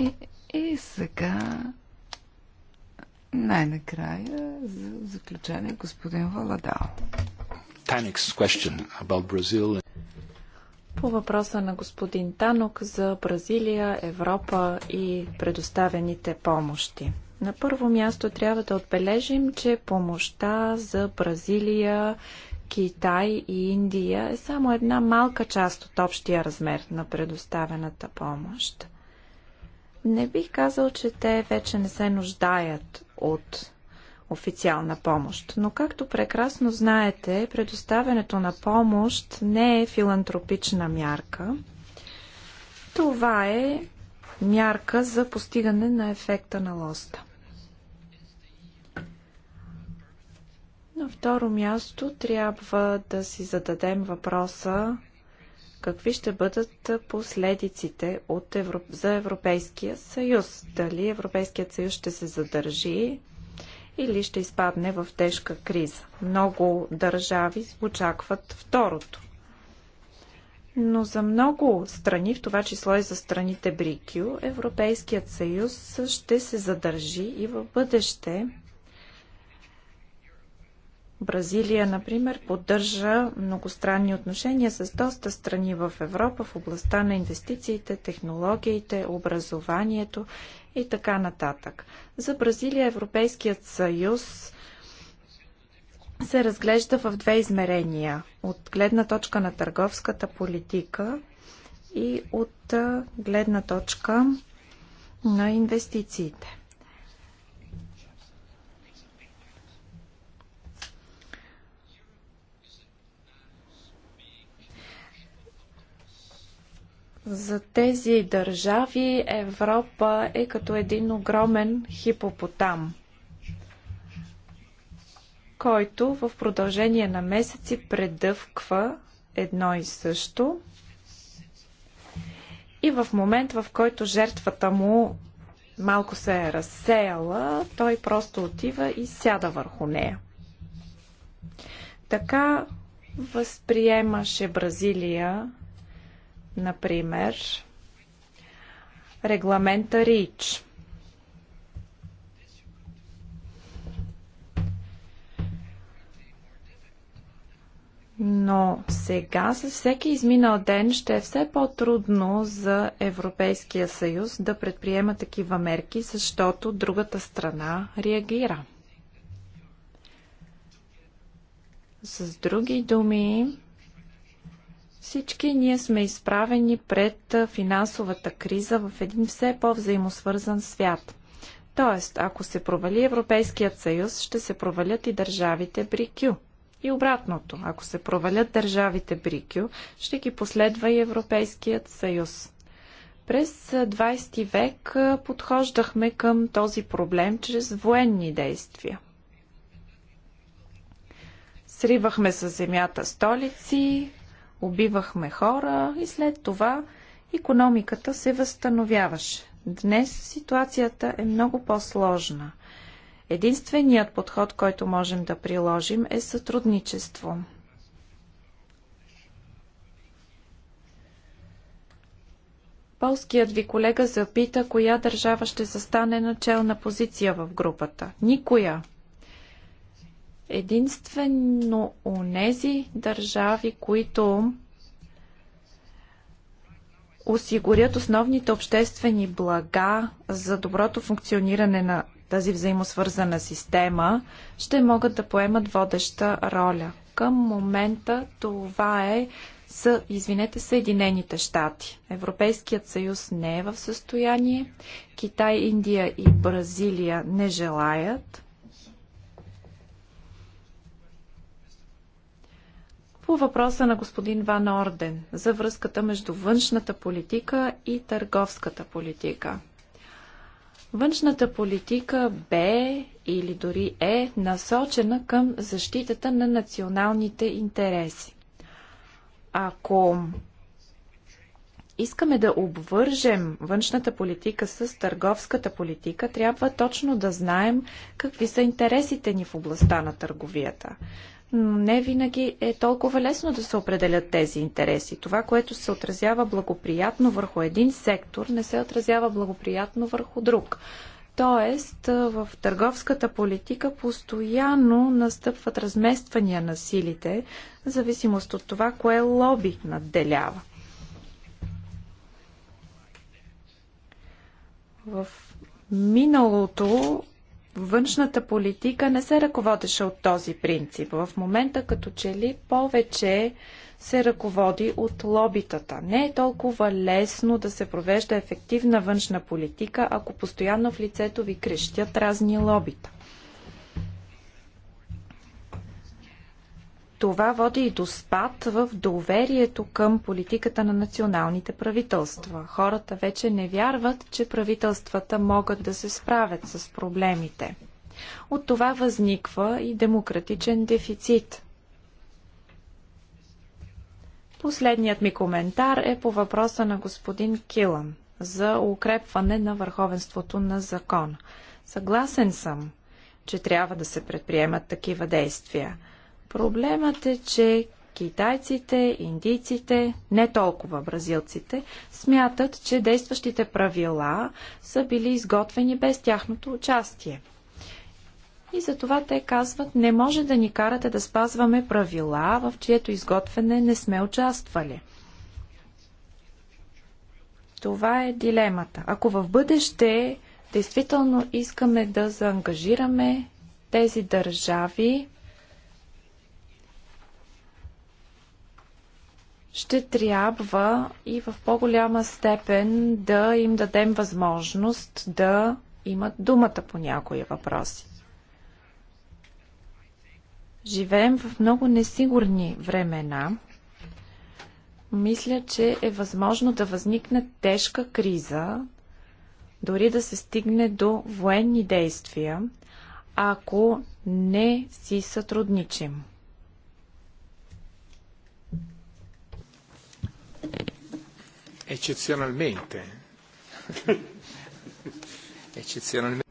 [SPEAKER 2] И, и сега най-накрая за заключение господин Валадао.
[SPEAKER 1] Tanik's
[SPEAKER 5] question about Brazil.
[SPEAKER 4] По въпроса на господин Танок за Бразилия, Европа и предоставените помощи. На първо място трябва да отбележим, че помощта за Бразилия Китай и Индия е само една малка част от общия размер на предоставената помощ. Не бих казал, че те вече не се нуждаят от официална помощ. Но както прекрасно знаете, предоставянето на помощ не е филантропична мярка. Това е мярка за постигане на ефекта на лоста. На второ място трябва да си зададем въпроса какви ще бъдат последиците от Евро... за Европейския съюз. Дали Европейският съюз ще се задържи или ще изпадне в тежка криза. Много държави очакват второто. Но за много страни, в това число и за страните Брикю, Европейският съюз ще се задържи и в бъдеще Бразилия, например, поддържа многостранни отношения с доста страни в Европа в областта на инвестициите, технологиите, образованието и така нататък. За Бразилия Европейският съюз се разглежда в две измерения от гледна точка на търговската политика и от гледна точка на инвестициите. За тези държави Европа е като един огромен хипопотам, който в продължение на месеци предъвква едно и също. И в момент, в който жертвата му малко се е разсеяла, той просто отива и сяда върху нея. Така възприемаше Бразилия Например, регламента РИЧ. Но сега с всеки изминал ден ще е все по-трудно за Европейския съюз да предприема такива мерки, защото другата страна реагира. С други думи, всички ние сме изправени пред финансовата криза в един все по-взаимосвързан свят. Тоест, ако се провали Европейският съюз, ще се провалят и държавите БРИКЮ. И обратното, ако се провалят държавите БРИКЮ, ще ги последва и Европейският съюз. През 20 век подхождахме към този проблем чрез военни действия. Сривахме с земята столици, убивахме хора и след това економиката се възстановяваше. Днес ситуацията е много по-сложна. Единственият подход, който можем да приложим е сътрудничество. Полският ви колега запита, коя държава ще застане начална позиция в групата. Никоя. Единствено онези държави, които осигурят основните обществени блага за доброто функциониране на тази взаимосвързана система, ще могат да поемат водеща роля. Към момента това е са, извинете, Съединените щати. Европейският съюз не е в състояние. Китай, Индия и Бразилия не желаят. По въпроса на господин Ван Орден за връзката между външната политика и търговската политика. Външната политика бе или дори е насочена към защитата на националните интереси. Ако искаме да обвържем външната политика с търговската политика, трябва точно да знаем какви са интересите ни в областта на търговията но не винаги е толкова лесно да се определят тези интереси. Това, което се отразява благоприятно върху един сектор, не се отразява благоприятно върху друг. Тоест, в търговската политика постоянно настъпват размествания на силите, в зависимост от това, кое лоби надделява. В миналото външната политика не се ръководеше от този принцип. В момента като че ли повече се ръководи от лобитата. Не е толкова лесно да се провежда ефективна външна политика, ако постоянно в лицето ви крещят разни лобита. Това води и до спад в доверието към политиката на националните правителства. Хората вече не вярват, че правителствата могат да се справят с проблемите. От това възниква и демократичен дефицит. Последният ми коментар е по въпроса на господин Килан за укрепване на върховенството на закон. Съгласен съм, че трябва да се предприемат такива действия – Проблемът е, че китайците, индийците, не толкова бразилците, смятат, че действащите правила са били изготвени без тяхното участие. И затова те казват, не може да ни карате да спазваме правила, в чието изготвяне не сме участвали. Това е дилемата. Ако в бъдеще действително искаме да заангажираме тези държави ще трябва и в по-голяма степен да им дадем възможност да имат думата по някои въпроси. Живеем в много несигурни времена. Мисля, че е възможно да възникне тежка криза, дори да се стигне до военни действия, ако не си сътрудничим.
[SPEAKER 1] Ексцепционалменте.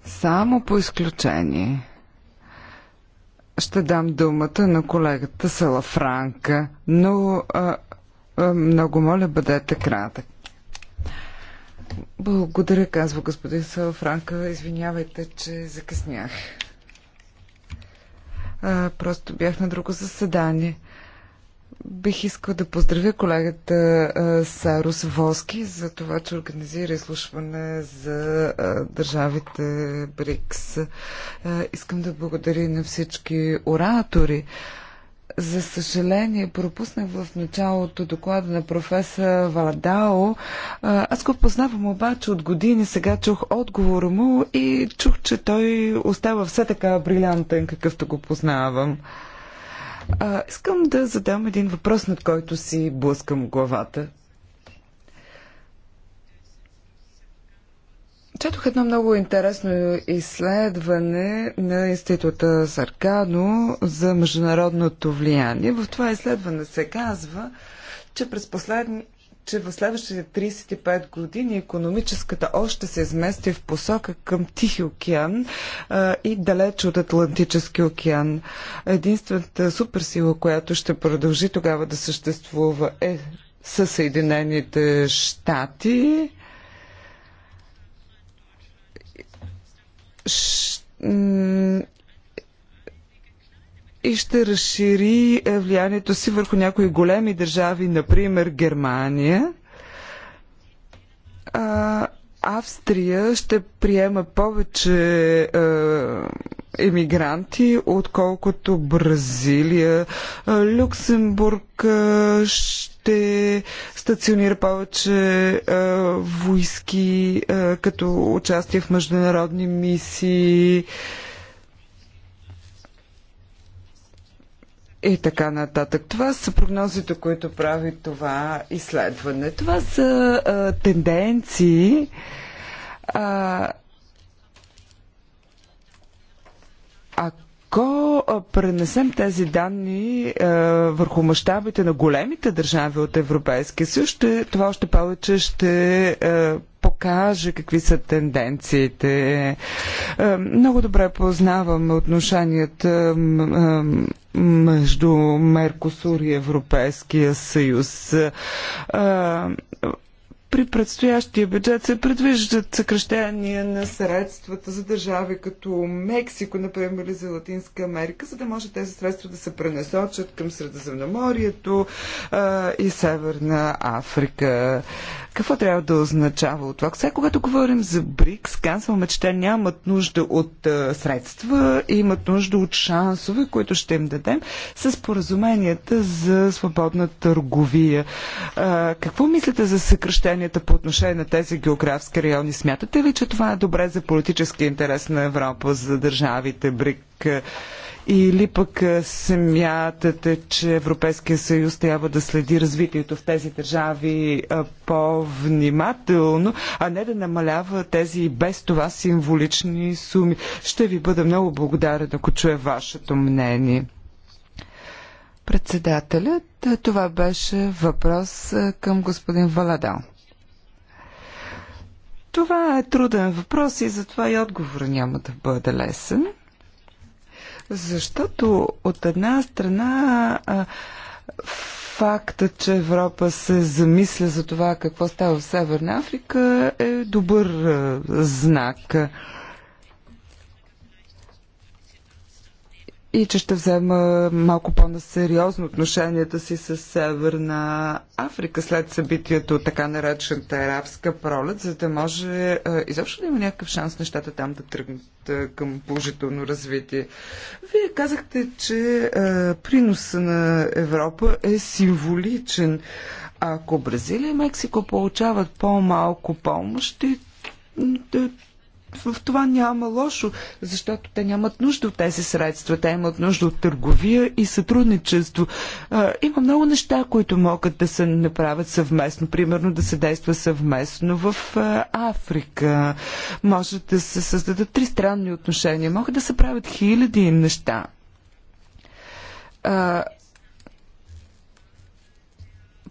[SPEAKER 2] Само по изключение ще дам думата на колегата Салафранка, но а, а, много моля бъдете кратък. Благодаря, казва господин Салафранка. Извинявайте, че закъснях. А, просто бях на друго заседание. Бих искал да поздравя колегата Сарус Волски за това, че организира изслушване за държавите БРИКС. Искам да благодаря на всички оратори. За съжаление, пропуснах в началото доклада на професор Валадао. Аз го познавам обаче от години. Сега чух отговора му и чух, че той остава все така брилянтен, какъвто го познавам. А, искам да задам един въпрос, над който си блъскам главата. Четох едно много интересно изследване на института Саркано за международното влияние. В това изследване се казва, че през последните че в следващите 35 години економическата още се измести в посока към Тихи океан а, и далеч от Атлантически океан. Единствената суперсила, която ще продължи тогава да съществува е със Съединените щати. Ш и ще разшири е, влиянието си върху някои големи държави, например Германия. А, Австрия ще приема повече е, емигранти, отколкото Бразилия. Люксембург е, ще стационира повече войски, като участие в международни мисии. и така нататък. Това са прогнозите, които прави това изследване. Това са а, тенденции. А, ако пренесем тези данни а, върху мащабите на големите държави от Европейския съюз, това още повече ще а, покаже какви са тенденциите. А, много добре познавам отношенията. А, между Меркосур и Европейския съюз. При предстоящия бюджет се предвиждат съкрещения на средствата за държави като Мексико, например, или за Латинска Америка, за да може тези средства да се пренасочат към Средиземноморието а, и Северна Африка. Какво трябва да означава от това? Сега, когато говорим за БРИКС, казваме, че те нямат нужда от а, средства, имат нужда от шансове, които ще им дадем с поразуменията за свободна търговия. А, какво мислите за съкръщенията по отношение на тези географски райони? Смятате ли, че това е добре за политически интерес на Европа, за държавите БРИК? Или пък е, смятате, че Европейския съюз трябва да следи развитието в тези държави е, по-внимателно, а не да намалява тези и без това символични суми. Ще ви бъда много благодарен, ако чуя вашето мнение. Председателят, е, това беше въпрос към господин Валадал. Това е труден въпрос и затова и отговор няма да бъде лесен. Защото от една страна фактът, че Европа се замисля за това какво става в Северна Африка е добър знак. и че ще взема малко по-насериозно отношенията си с Северна Африка след събитието от така наречената арабска пролет, за да може изобщо да има някакъв шанс нещата там да тръгнат към положително развитие. Вие казахте, че приноса на Европа е символичен. Ако Бразилия и Мексико получават по-малко помощ, в това няма лошо, защото те нямат нужда от тези средства, те имат нужда от търговия и сътрудничество. Има много неща, които могат да се направят съвместно, примерно да се действа съвместно в Африка. Може да се създадат тристранни отношения, могат да се правят хиляди неща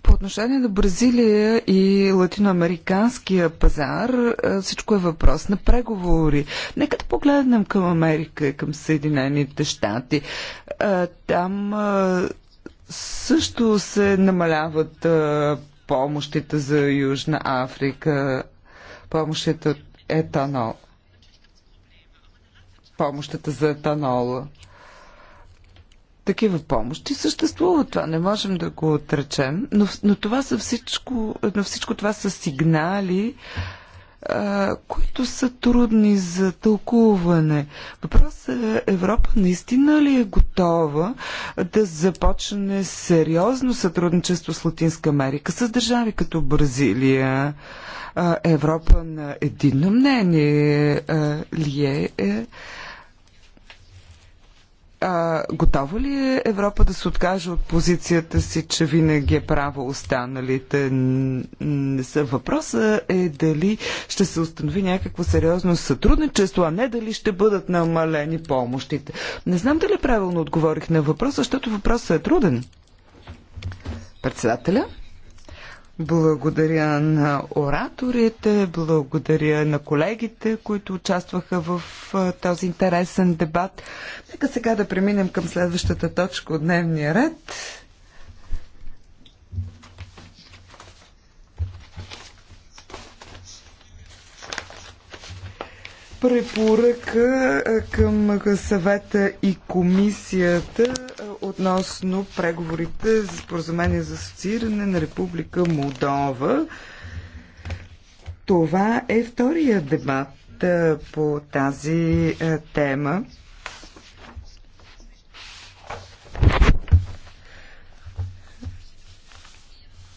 [SPEAKER 2] по отношение на Бразилия и латиноамериканския пазар, е, всичко е въпрос на преговори. Нека да погледнем към Америка и към Съединените щати. Е, там е, също се намаляват помощите за Южна Африка, помощите от етанол, помощите за етанола. Такива помощи съществуват, това не можем да го отречем, но, но това са всичко, но всичко това са сигнали, а, които са трудни за тълкуване. Въпросът е, Европа наистина ли е готова да започне сериозно сътрудничество с Латинска Америка, с държави като Бразилия, а, Европа на единно мнение а, ли е? е а, готова ли е Европа да се откаже от позицията си, че винаги е права останалите? Не са. Въпросът е дали ще се установи някакво сериозно сътрудничество, а не дали ще бъдат намалени помощите. Не знам дали правилно отговорих на въпроса, защото въпросът е труден. Председателя? Благодаря на ораторите, благодаря на колегите, които участваха в този интересен дебат. Нека сега да преминем към следващата точка от дневния ред. препоръка към съвета и комисията относно преговорите за споразумение за асоцииране на Република Молдова. Това е втория дебат по тази тема.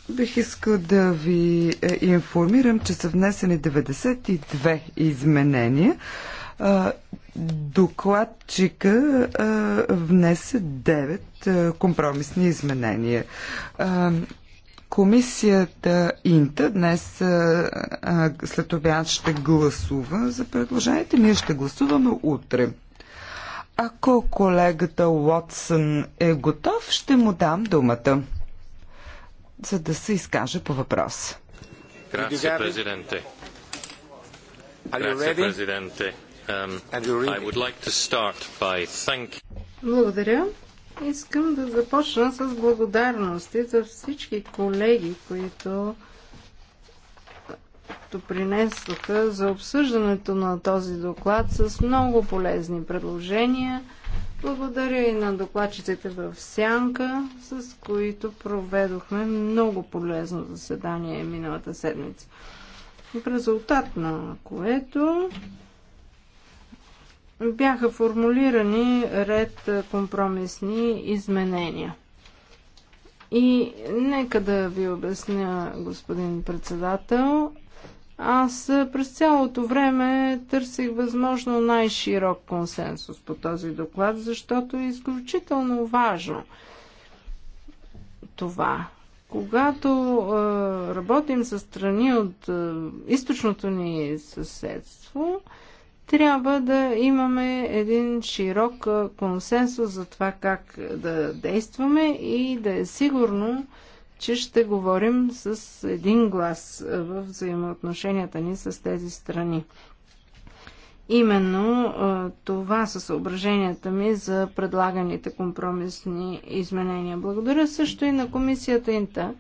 [SPEAKER 2] Бих искал да ви е, информирам, че са внесени 92 изменения. Докладчика внесе 9 компромисни изменения. Комисията Инта днес след обяд ще гласува за предложението. Ние ще гласуваме утре. Ако колегата Уотсън е готов, ще му дам думата за да се изкаже по въпрос.
[SPEAKER 1] Um,
[SPEAKER 3] Благодаря. Искам да започна с благодарности за всички колеги, които допринесоха за обсъждането на този доклад с много полезни предложения – благодаря и на докладчиците в Сянка, с които проведохме много полезно заседание миналата седмица. В резултат на което бяха формулирани ред компромисни изменения. И нека да ви обясня, господин председател, аз е, през цялото време търсих възможно най-широк консенсус по този доклад, защото е изключително важно това. Когато е, работим с страни от е, източното ни съседство, трябва да имаме един широк е, консенсус за това как да действаме и да е сигурно, е, че ще говорим с един глас в взаимоотношенията ни с тези страни. Именно това са съображенията ми за предлаганите компромисни изменения. Благодаря също и на комисията Инта,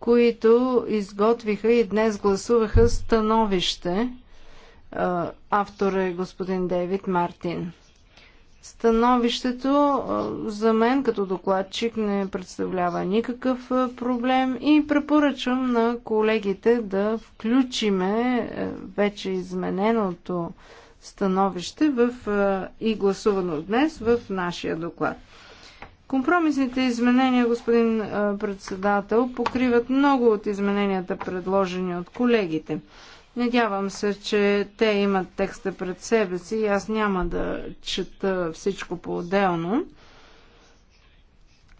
[SPEAKER 3] които изготвиха и днес гласуваха становище. Автора е господин Дейвид Мартин. Становището за мен като докладчик не представлява никакъв проблем и препоръчвам на колегите да включиме вече измененото становище в, и гласувано днес в нашия доклад. Компромисните изменения, господин председател, покриват много от измененията, предложени от колегите. Надявам се, че те имат текста пред себе си и аз няма да чета всичко по-отделно.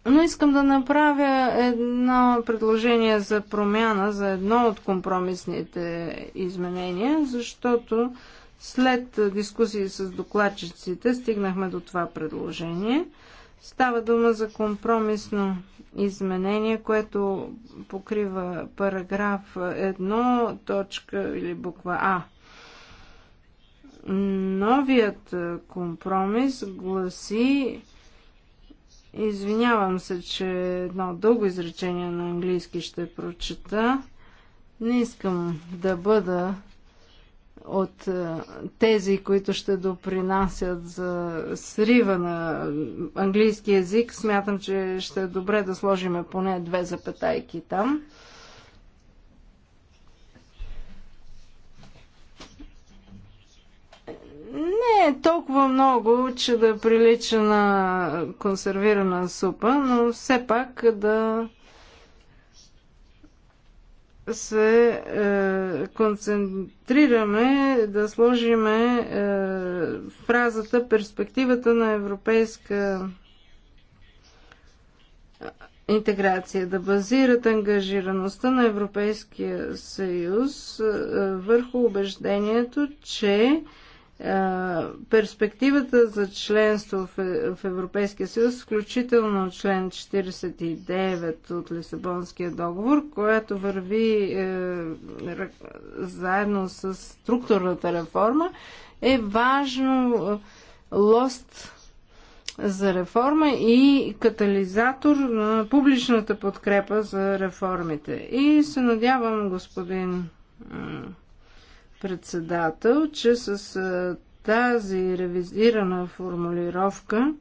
[SPEAKER 3] Но искам да направя едно предложение за промяна за едно от компромисните изменения, защото след дискусии с докладчиците стигнахме до това предложение – Става дума за компромисно изменение, което покрива параграф 1, точка или буква А. Новият компромис гласи Извинявам се, че едно дълго изречение на английски ще прочета. Не искам да бъда от е, тези, които ще допринасят за срива на английски язик, смятам, че ще е добре да сложиме поне две запетайки там. не е толкова много, че да прилича на консервирана супа, но все пак да се е, концентрираме да сложиме е, фразата перспективата на европейска интеграция, да базират ангажираността на Европейския съюз е, върху убеждението, че е, перспективата за членство в Европейския съюз, включително член 49 от Лисабонския договор, която върви е, заедно с структурната реформа, е важно е, лост за реформа и катализатор на публичната подкрепа за реформите. И се надявам, господин председател, че с тази ревизирана формулировка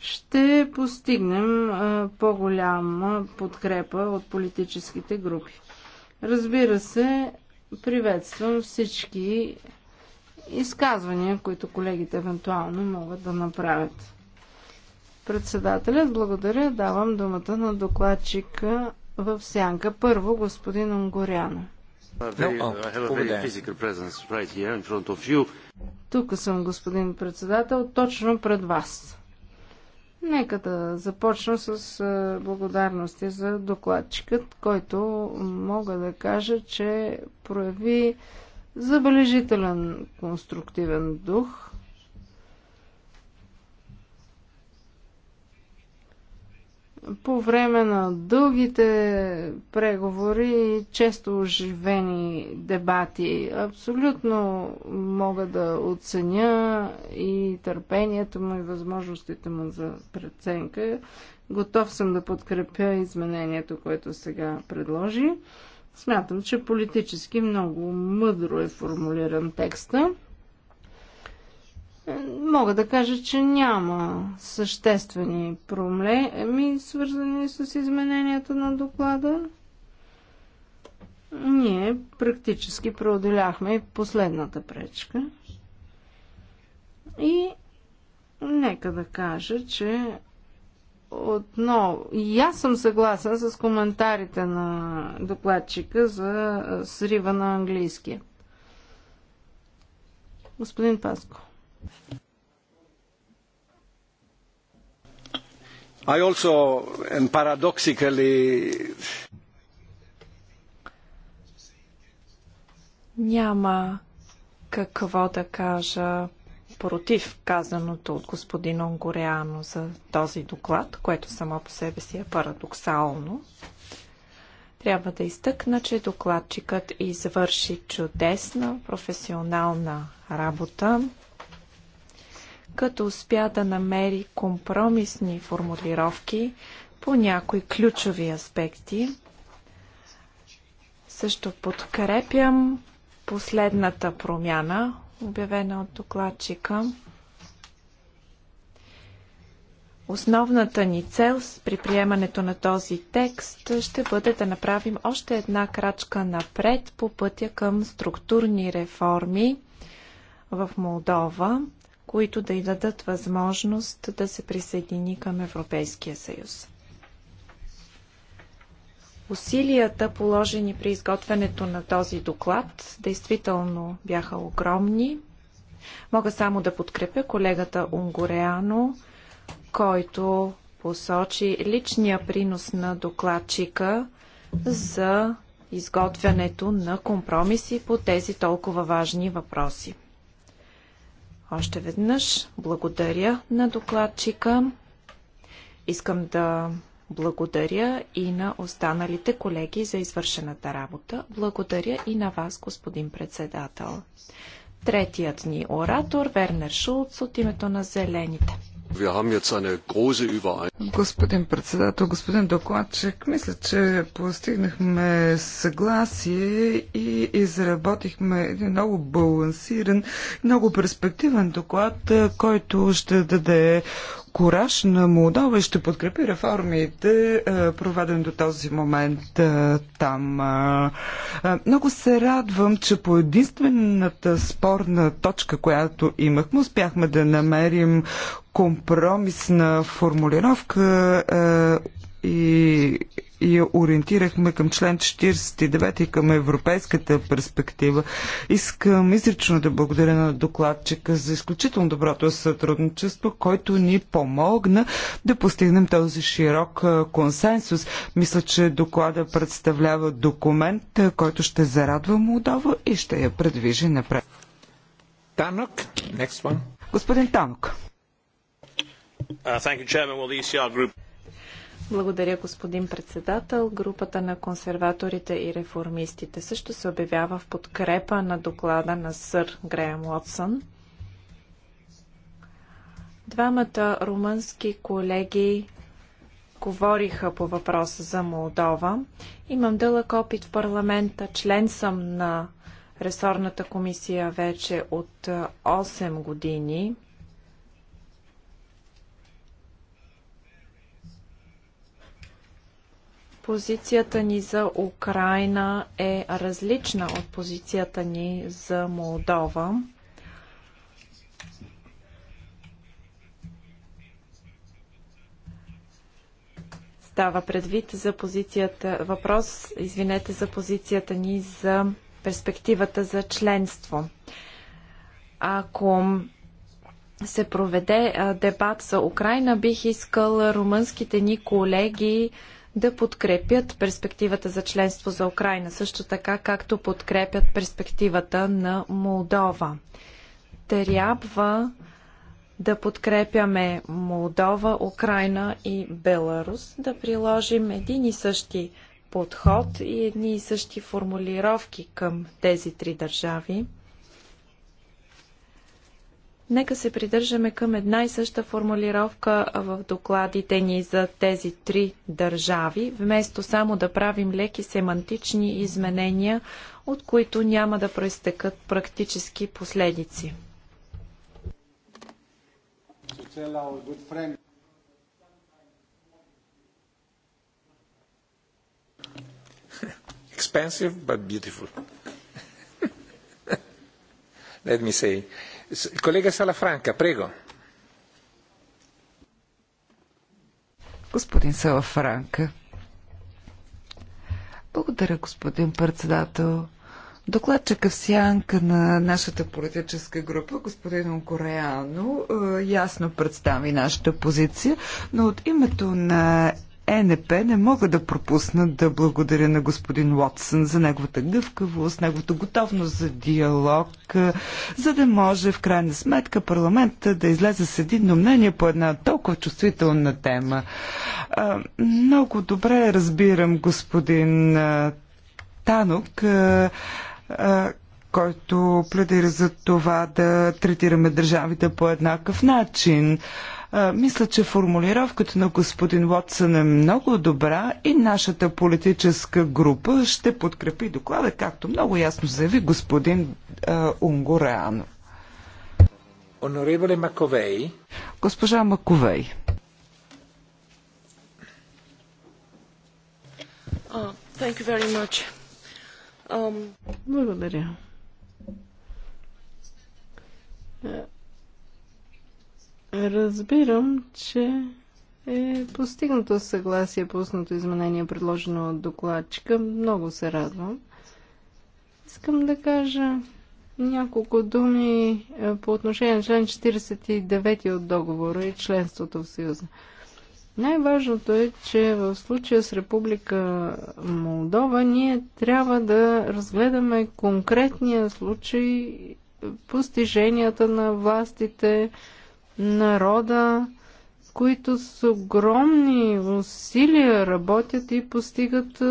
[SPEAKER 3] ще постигнем по-голяма подкрепа от политическите групи. Разбира се, приветствам всички изказвания, които колегите евентуално могат да направят. Председателят, благодаря, давам думата на докладчика в сянка. Първо, господин Унгоряно.
[SPEAKER 5] Oh,
[SPEAKER 3] Тук съм, господин председател, точно пред вас. Нека да започна с е, благодарности за докладчикът, който мога да кажа, че прояви забележителен конструктивен дух по време на дългите преговори често оживени дебати. Абсолютно мога да оценя и търпението му и възможностите му за преценка. Готов съм да подкрепя изменението, което сега предложи. Смятам, че политически много мъдро е формулиран текста мога да кажа, че няма съществени проблеми, свързани с измененията на доклада. Ние практически преодоляхме последната пречка. И нека да кажа, че отново. И аз съм съгласен с коментарите на докладчика за срива на английския. Господин Паско.
[SPEAKER 1] I also and paradoxically
[SPEAKER 4] Няма какво да кажа против казаното от господин Онгоряно за този доклад, което само по себе си е парадоксално. Трябва да изтъкна, че докладчикът извърши чудесна професионална работа като успя да намери компромисни формулировки по някои ключови аспекти. Също подкрепям последната промяна, обявена от докладчика. Основната ни цел при приемането на този текст ще бъде да направим още една крачка напред по пътя към структурни реформи в Молдова които да й дадат възможност да се присъедини към Европейския съюз. Усилията, положени при изготвянето на този доклад, действително бяха огромни. Мога само да подкрепя колегата Унгореано, който посочи личния принос на докладчика за изготвянето на компромиси по тези толкова важни въпроси. Още веднъж благодаря на докладчика. Искам да благодаря и на останалите колеги за извършената работа. Благодаря и на вас, господин председател. Третият ни оратор Вернер Шулц от името на Зелените.
[SPEAKER 2] Господин председател, господин докладчик, мисля, че постигнахме съгласие и изработихме един много балансиран, много перспективен доклад, който ще даде кураж на Молдова и ще подкрепи реформите, е, проведени до този момент е, там. Е, много се радвам, че по единствената спорна точка, която имахме, успяхме да намерим компромисна формулировка и я ориентирахме към член 49 и към европейската перспектива. Искам изрично да благодаря на докладчика за изключително доброто сътрудничество, който ни помогна да постигнем този широк консенсус. Мисля, че доклада представлява документ, който ще зарадва Молдова и ще я предвижи напред. Танок, next one. Господин Танок.
[SPEAKER 3] Uh, thank you, Chairman. Well, the ECR group...
[SPEAKER 4] Благодаря, господин председател. Групата на консерваторите и реформистите също се обявява в подкрепа на доклада на сър Греъм Уотсън. Двамата румънски колеги говориха по въпроса за Молдова. Имам дълъг опит в парламента, член съм на ресорната комисия вече от 8 години. Позицията ни за Украина е различна от позицията ни за Молдова. става предвид за позицията, въпрос, извинете, за позицията ни за перспективата за членство. Ако се проведе дебат за Украина, бих искал румънските ни колеги да подкрепят перспективата за членство за Украина, също така както подкрепят перспективата на Молдова. Трябва да подкрепяме Молдова, Украина и Беларус, да приложим един и същи подход и едни и същи формулировки към тези три държави. Нека се придържаме към една и съща формулировка в докладите ни за тези три държави, вместо само да правим леки семантични изменения, от които няма да проистекат практически последици.
[SPEAKER 1] Expensive but beautiful. Let me say. Il collega Salafranca, prego.
[SPEAKER 2] Господин Салафранка. Благодаря, господин председател. Докладчика в сянка на нашата политическа група, господин Кореано, е, ясно представи нашата позиция, но от името на ЕНП не мога да пропусна да благодаря на господин Уотсън за неговата гъвкавост, неговата готовност за диалог, за да може в крайна сметка парламента да излезе с единно мнение по една толкова чувствителна тема. Много добре разбирам господин Танок, който пледира за това да третираме държавите по еднакъв начин. Мисля, че формулировката на господин Уотсън е много добра и нашата политическа група ще подкрепи доклада, както много ясно заяви господин Унгореано. Оноревале Маковей. Госпожа Маковей.
[SPEAKER 3] Oh, thank you very much. Um... Благодаря. Разбирам, че е постигнато съгласие по устното изменение, предложено от докладчика. Много се радвам. Искам да кажа няколко думи е, по отношение на член 49 от договора и членството в Съюза. Най-важното е, че в случая с Република Молдова ние трябва да разгледаме конкретния случай, постиженията на властите, народа, които с огромни усилия работят и постигат е,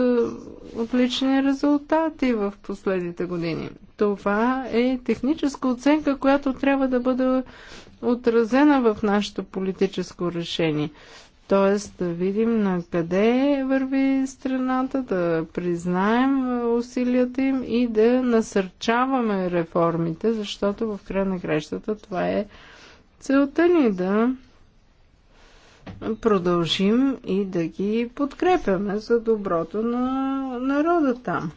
[SPEAKER 3] отлични резултати в последните години. Това е техническа оценка, която трябва да бъде отразена в нашето политическо решение. Тоест да видим на къде върви страната, да признаем усилията им и да насърчаваме реформите, защото в края на кращата това е Целта ни е да продължим и да ги подкрепяме за доброто на народа там.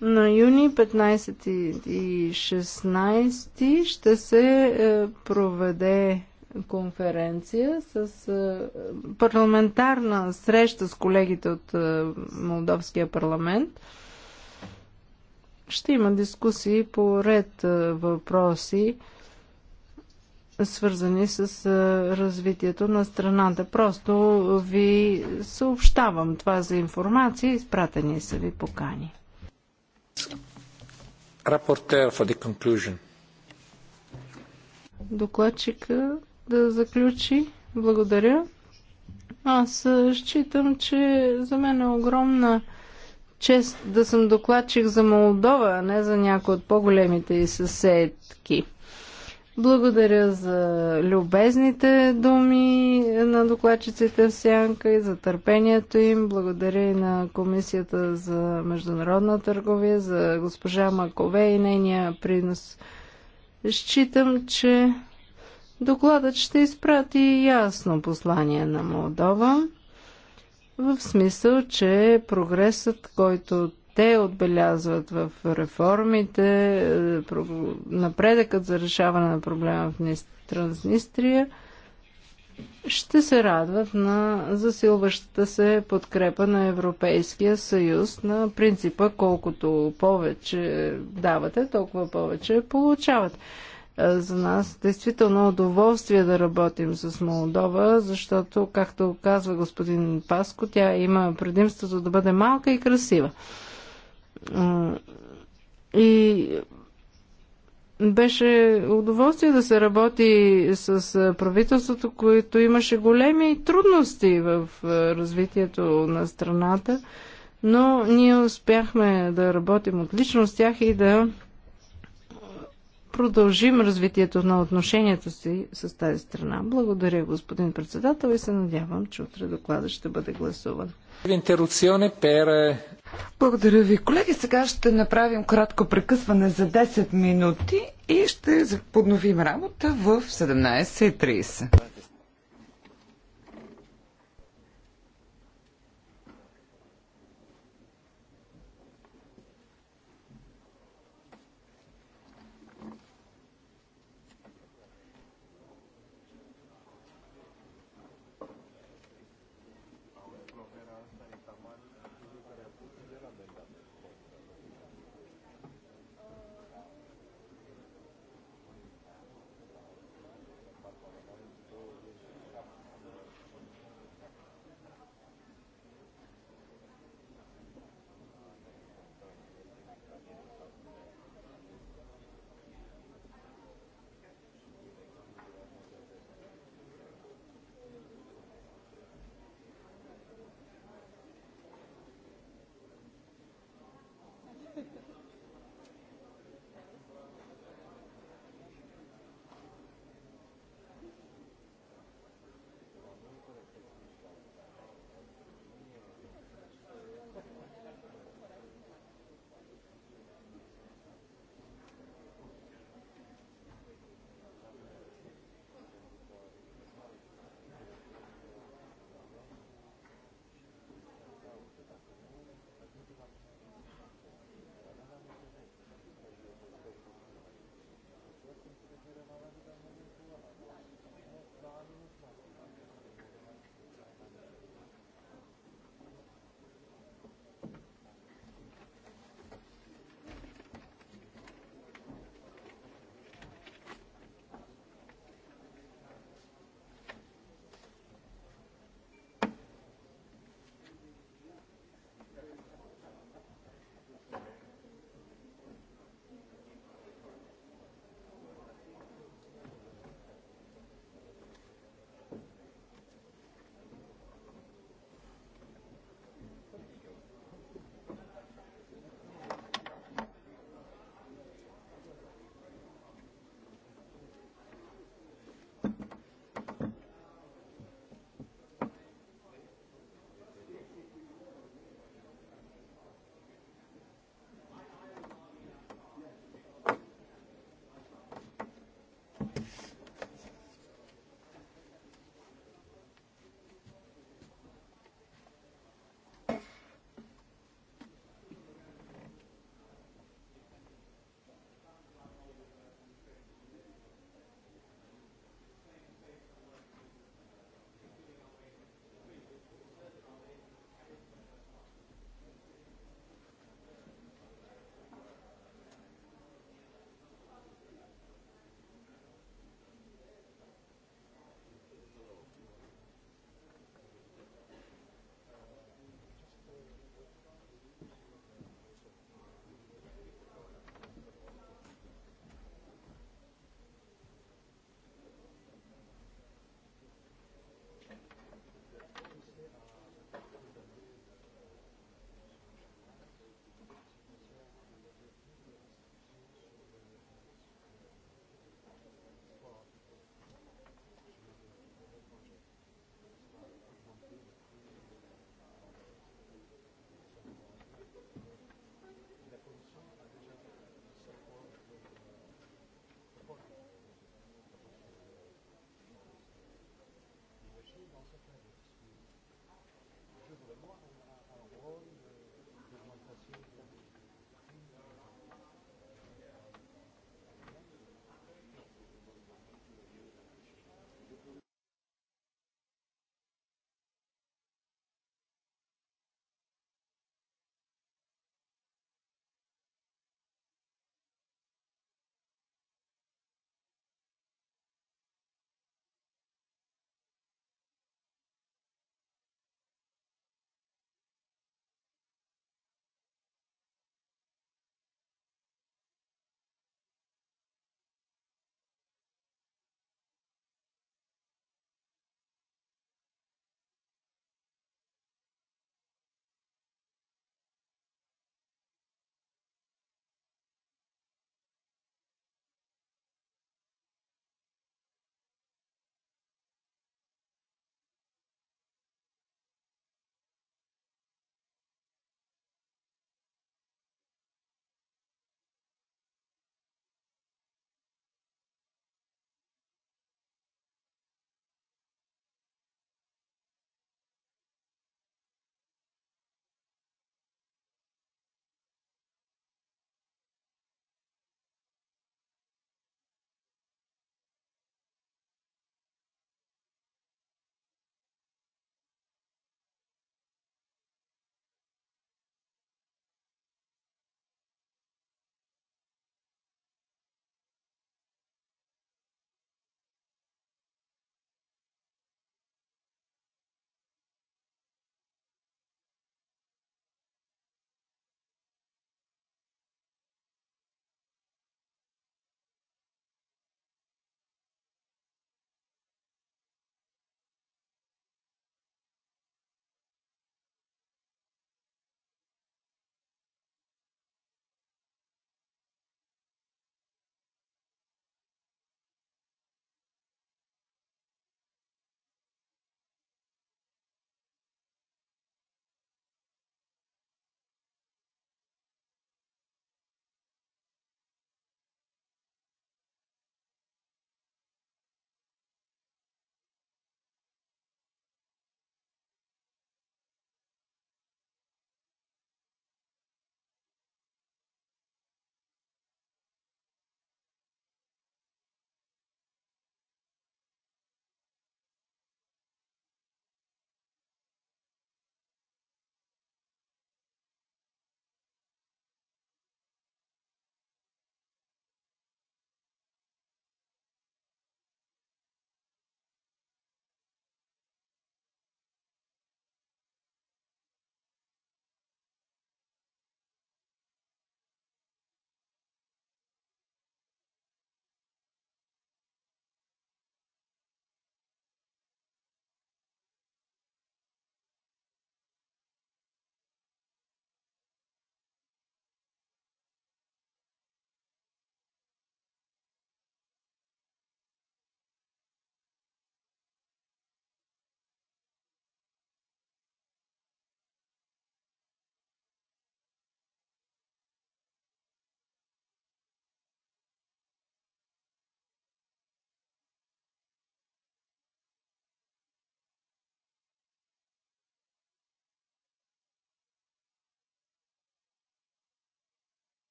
[SPEAKER 3] На юни 15 и 16 ще се е, проведе конференция с е, парламентарна среща с колегите от е, Молдовския парламент. Ще има дискусии по ред въпроси свързани с развитието на страната. Просто ви съобщавам това за информация, изпратени са ви покани.
[SPEAKER 1] Рапортер for the conclusion.
[SPEAKER 3] Докладчика да заключи. Благодаря. Аз считам, че за мен е огромна чест да съм докладчик за Молдова, а не за някои от по-големите и съседки. Благодаря за любезните думи на докладчиците в Сянка и за търпението им. Благодаря и на Комисията за международна търговия, за госпожа Макове и нейния принос. Считам, че докладът ще изпрати ясно послание на Молдова в смисъл, че прогресът, който те отбелязват в реформите, е, напредъкът за решаване на проблема в Транснистрия, ще се радват на засилващата се подкрепа на Европейския съюз на принципа колкото повече давате, толкова повече получават. Е, за нас действително удоволствие да работим с Молдова, защото, както казва господин Паско, тя има предимството да бъде малка и красива. И беше удоволствие да се работи с правителството, което имаше големи трудности в развитието на страната, но ние успяхме да работим отлично с тях и да продължим развитието на отношенията си с тази страна. Благодаря, господин председател, и се надявам, че утре доклада ще бъде гласуван.
[SPEAKER 2] Благодаря ви, колеги. Сега ще направим кратко прекъсване за 10 минути и ще подновим работа в 17.30.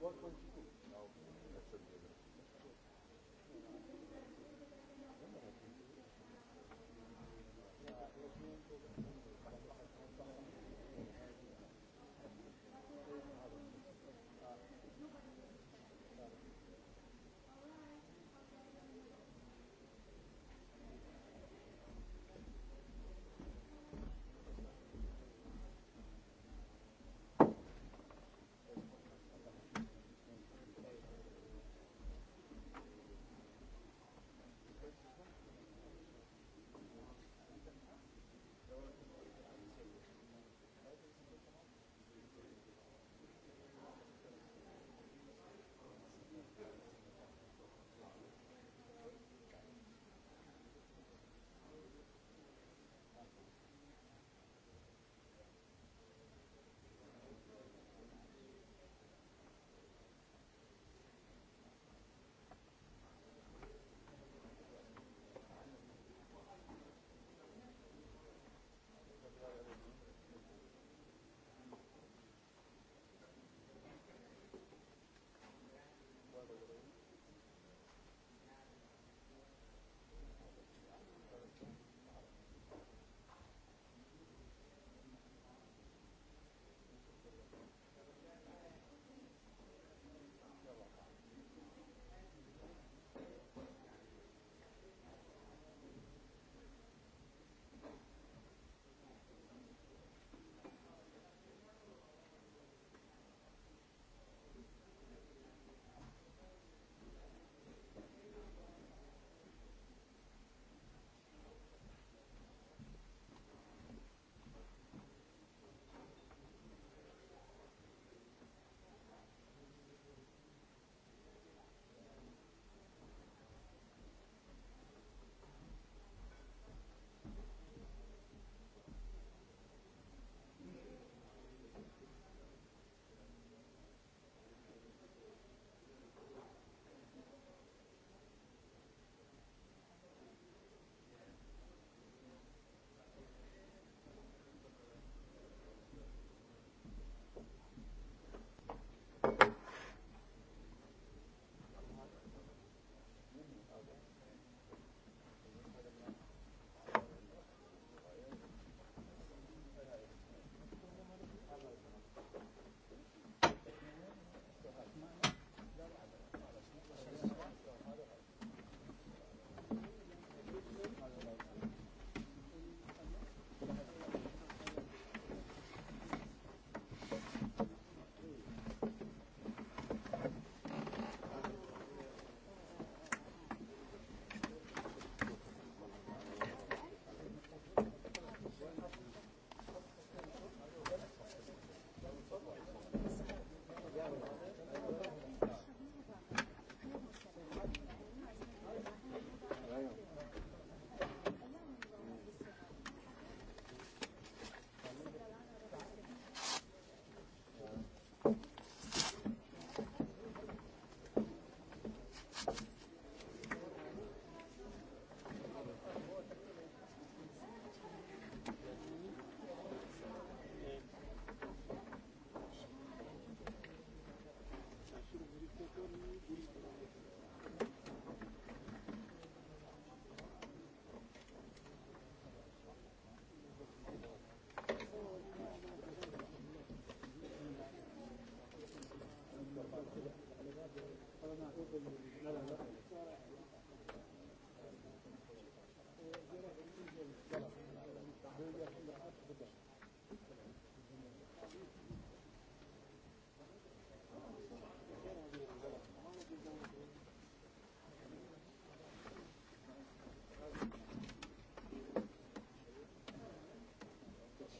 [SPEAKER 5] What would you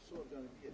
[SPEAKER 5] Sorgan bir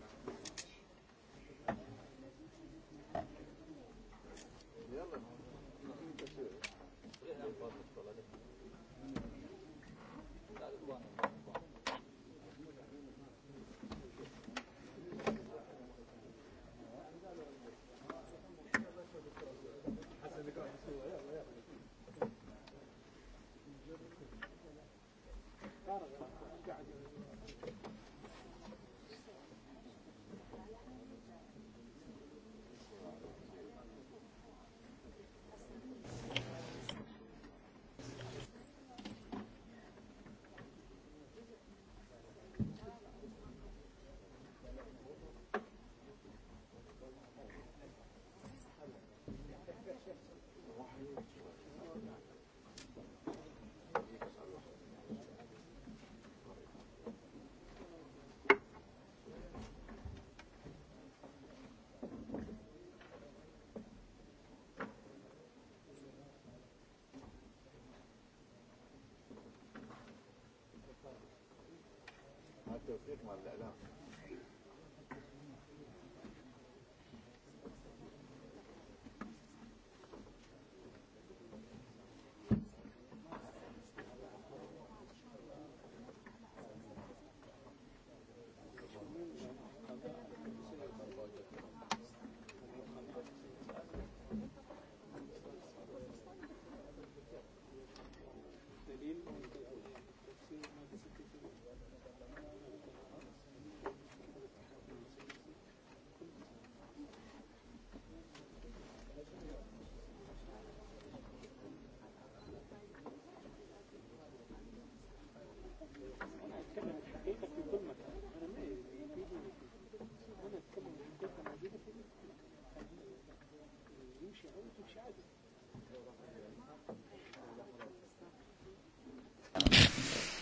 [SPEAKER 5] التوفيق مع الإعلام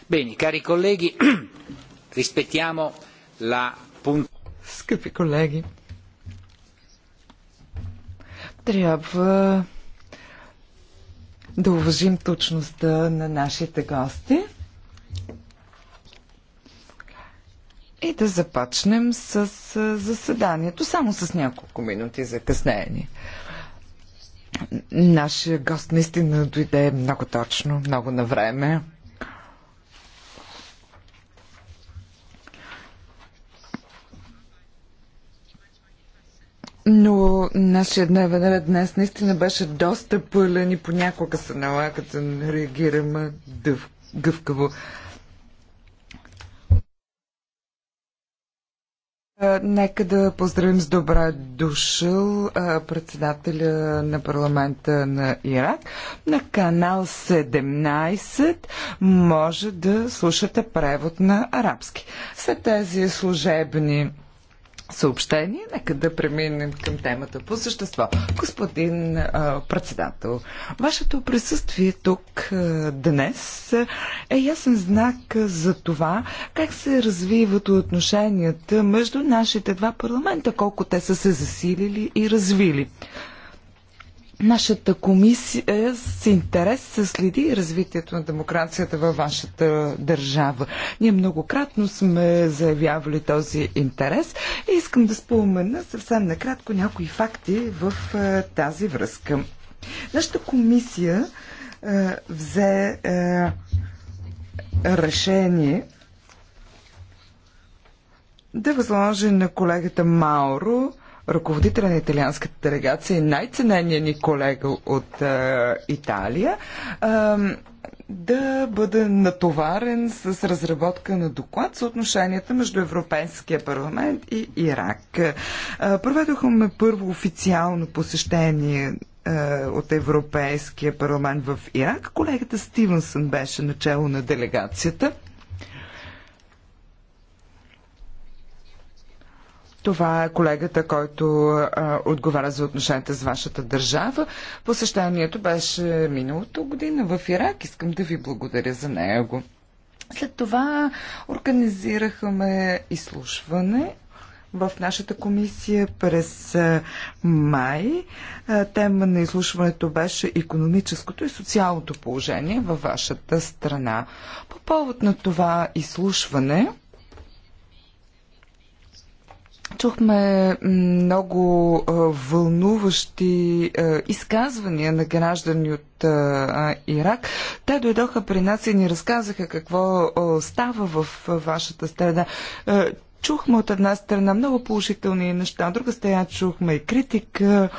[SPEAKER 1] Bene, cari colleghi, rispettiamo la
[SPEAKER 2] Скъпи колеги, трябва да уважим точността на нашите гости. и да започнем с заседанието, само с няколко минути закъснение. Нашия гост наистина дойде много точно, много на време. Но нашия дневен ред днес наистина беше доста пълен и понякога се налага да реагираме дъв, Нека да поздравим с добра душъл, председателя на парламента на Ирак. На канал 17 може да слушате превод на арабски. След тези служебни съобщение, нека да преминем към темата по същество. Господин а, председател, вашето присъствие тук а, днес е ясен знак за това как се развиват отношенията между нашите два парламента, колко те са се засилили и развили. Нашата комисия с интерес се следи развитието на демокрацията във вашата държава. Ние многократно сме заявявали този интерес и искам да спомена съвсем накратко някои факти в е, тази връзка. Нашата комисия е, взе е, решение да възложи на колегата Мауро ръководителя на италианската делегация, и е най-ценения ни колега от а, е, Италия, а, е, да бъде натоварен с разработка на доклад за отношенията между Европейския парламент и Ирак. А, проведохме първо официално посещение от Европейския парламент в Ирак. Колегата Стивенсън беше начало на делегацията. Това е колегата, който а, отговаря за отношенията с вашата държава. Посещението беше миналото година в Ирак. Искам да ви благодаря за него. След това организирахме изслушване в нашата комисия през май. Тема на изслушването беше економическото и социалното положение във вашата страна. По повод на това изслушване Чухме много вълнуващи изказвания на граждани от Ирак. Те дойдоха при нас и ни разказаха какво става в вашата страна. Чухме от една страна много положителни неща, от друга страна чухме и критика.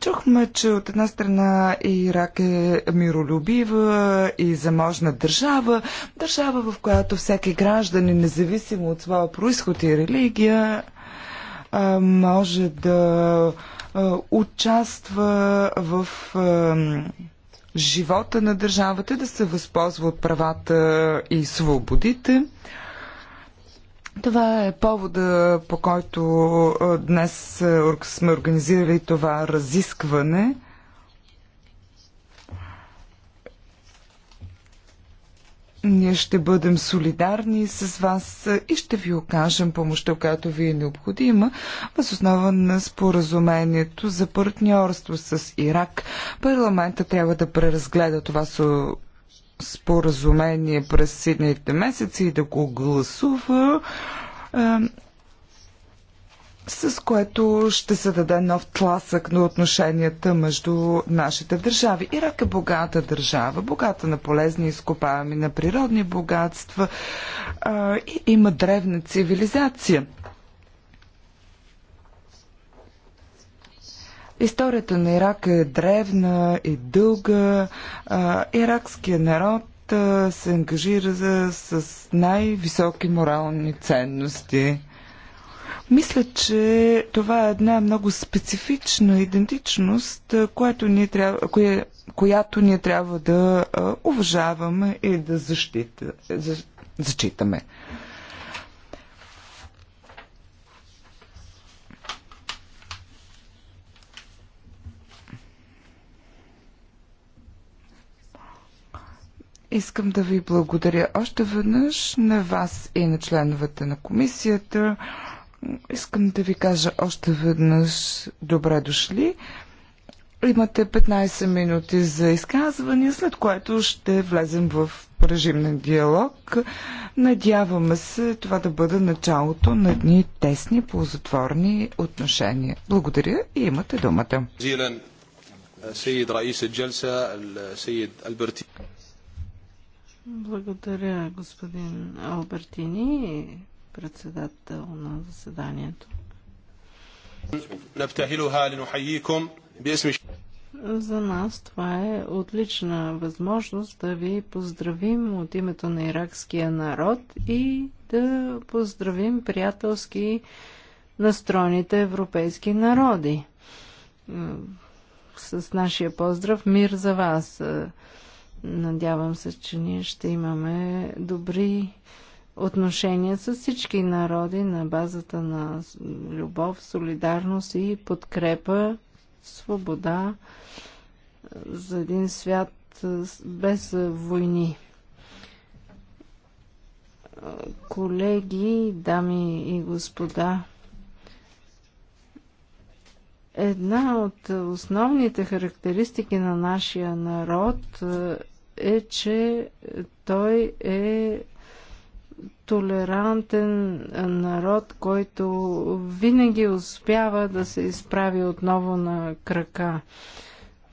[SPEAKER 2] Чухме, че от една страна Ирак е миролюбива и заможна държава, държава в която всеки гражданин, независимо от своя происход и религия, може да участва в живота на държавата, да се възползва от правата и свободите. Това е повода, по който днес сме организирали това разискване. Ние ще бъдем солидарни с вас и ще ви окажем помощта, която ви е необходима, въз основа на споразумението за партньорство с Ирак. Парламента трябва да преразгледа това споразумение през седните месеци и да го гласува с което ще се даде нов тласък на отношенията между нашите държави. Ирак е богата държава, богата на полезни изкопаеми, на природни богатства а, и има древна цивилизация. Историята на Ирак е древна и дълга. А, иракският народ се ангажира с най-високи морални ценности. Мисля, че това е една много специфична идентичност, която ние трябва, коя, която ние трябва да уважаваме и да защита, за, зачитаме. Искам да ви благодаря още веднъж на вас и на членовете на комисията Искам да ви кажа още веднъж добре дошли. Имате 15 минути за изказване, след което ще влезем в режим на диалог. Надяваме се това да бъде началото на дни тесни, ползотворни отношения. Благодаря и имате думата.
[SPEAKER 3] Благодаря, господин Албертини председател на заседанието. За нас това е отлична възможност да ви поздравим от името на иракския народ и да поздравим приятелски настроените европейски народи. С нашия поздрав мир за вас. Надявам се, че ние ще имаме добри отношения с всички народи на базата на любов, солидарност и подкрепа, свобода е, за един свят е, без войни. Е, колеги, дами и господа, една от основните характеристики на нашия народ е, че той е толерантен народ, който винаги успява да се изправи отново на крака.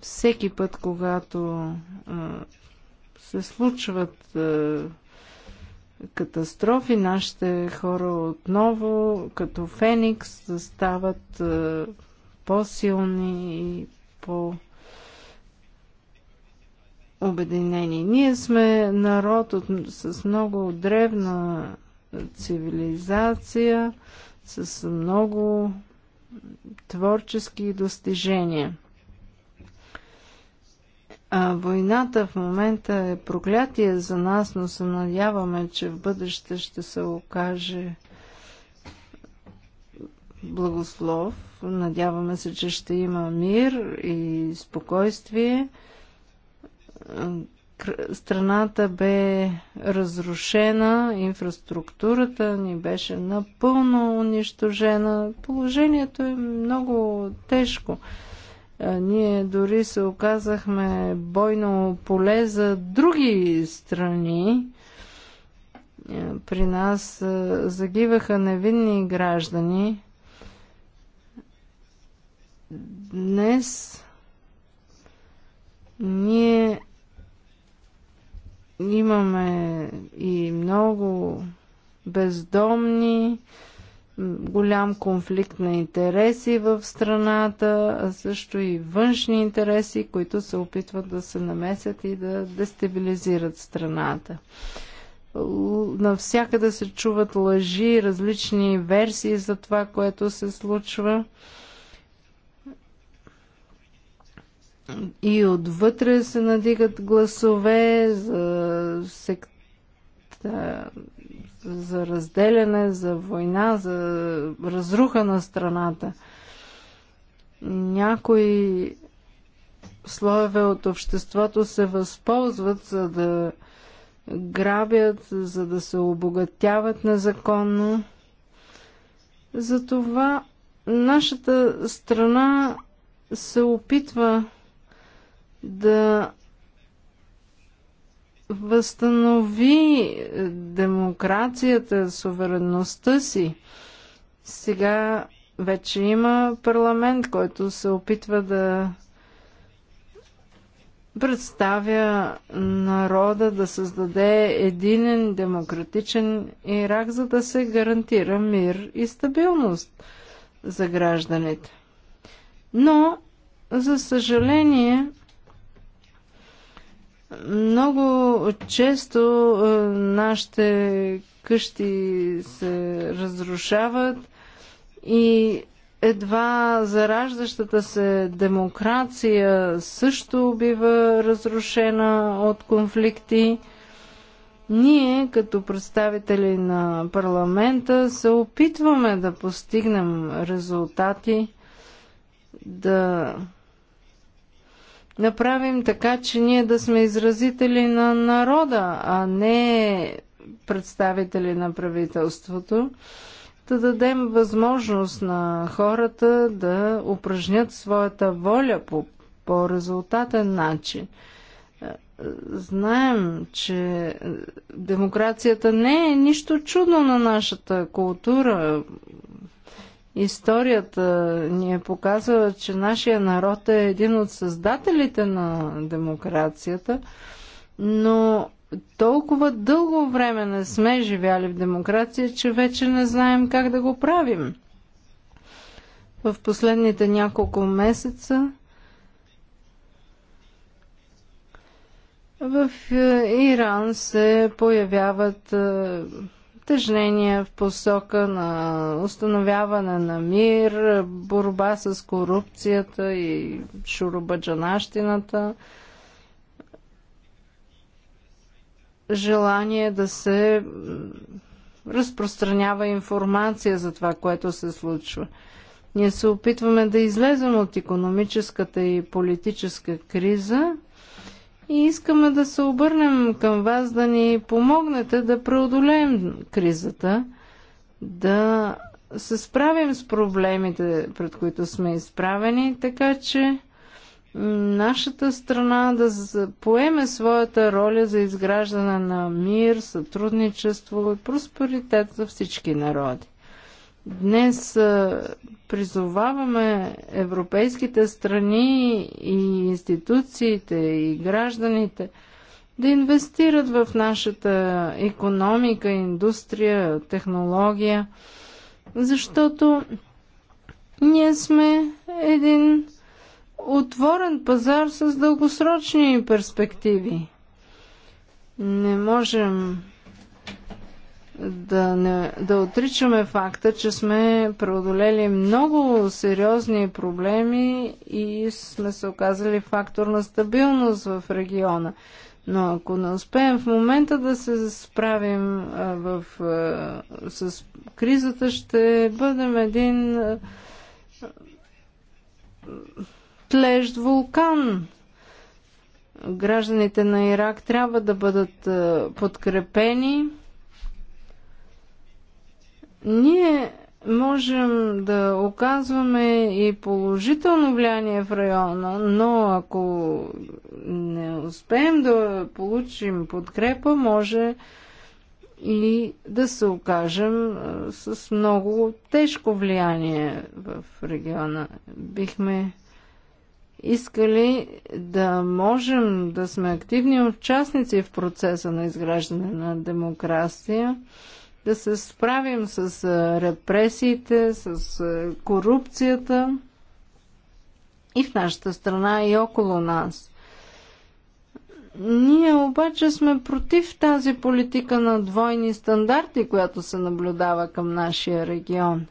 [SPEAKER 3] Всеки път, когато се случват катастрофи, нашите хора отново, като Феникс, стават по-силни и по-силни обединени. Ние сме народ от, с много древна цивилизация, с много творчески достижения. А войната в момента е проклятие за нас, но се надяваме, че в бъдеще ще се окаже благослов. Надяваме се, че ще има мир и спокойствие страната бе разрушена, инфраструктурата ни беше напълно унищожена. Положението е много тежко. Ние дори се оказахме бойно поле за други страни. При нас загиваха невинни граждани. Днес ние имаме и много бездомни, голям конфликт на интереси в страната, а също и външни интереси, които се опитват да се намесят и да дестабилизират страната. Навсякъде се чуват лъжи, различни версии за това, което се случва. и отвътре се надигат гласове за, сек... за разделяне, за война, за разруха на страната. Някои слоеве от обществото се възползват, за да грабят, за да се обогатяват незаконно. Затова нашата страна се опитва да възстанови демокрацията, суверенността си. Сега вече има парламент, който се опитва да представя народа да създаде единен демократичен Ирак, за да се гарантира мир и стабилност за гражданите. Но, за съжаление, много често е, нашите къщи се разрушават и едва зараждащата се демокрация също бива разрушена от конфликти. Ние, като представители на парламента, се опитваме да постигнем резултати, да направим така, че ние да сме изразители на народа, а не представители на правителството, да дадем възможност на хората да упражнят своята воля по, по резултатен начин. Е, знаем, че демокрацията не е нищо чудно на нашата култура. Историята ни е показала, че нашия народ е един от създателите на демокрацията, но толкова дълго време не сме живяли в демокрация, че вече не знаем как да го правим. В последните няколко месеца в е, Иран се появяват е, тъжнения в посока на установяване на мир, борба с корупцията и шурубаджанащината, желание да се разпространява информация за това, което се случва. Ние се опитваме да излезем от економическата и политическа криза и искаме да се обърнем към вас да ни помогнете да преодолеем кризата, да се справим с проблемите, пред които сме изправени, така че нашата страна да поеме своята роля за изграждане на мир, сътрудничество и просперитет за всички народи. Днес призоваваме европейските страни и институциите и гражданите да инвестират в нашата економика, индустрия, технология, защото ние сме един отворен пазар с дългосрочни перспективи. Не можем да, не, да отричаме факта, че сме преодолели много сериозни проблеми и сме се оказали фактор на стабилност в региона. Но ако не успеем в момента да се справим а, в, а, с кризата, ще бъдем един а, тлежд вулкан. Гражданите на Ирак трябва да бъдат а, подкрепени ние можем да оказваме и положително влияние в района, но ако не успеем да получим подкрепа, може и да се окажем с много тежко влияние в региона. Бихме искали да можем да сме активни участници в процеса на изграждане на демокрация да се справим с репресиите, с корупцията и в нашата страна и около нас. Ние обаче сме против тази политика на двойни стандарти, която се наблюдава към нашия регион.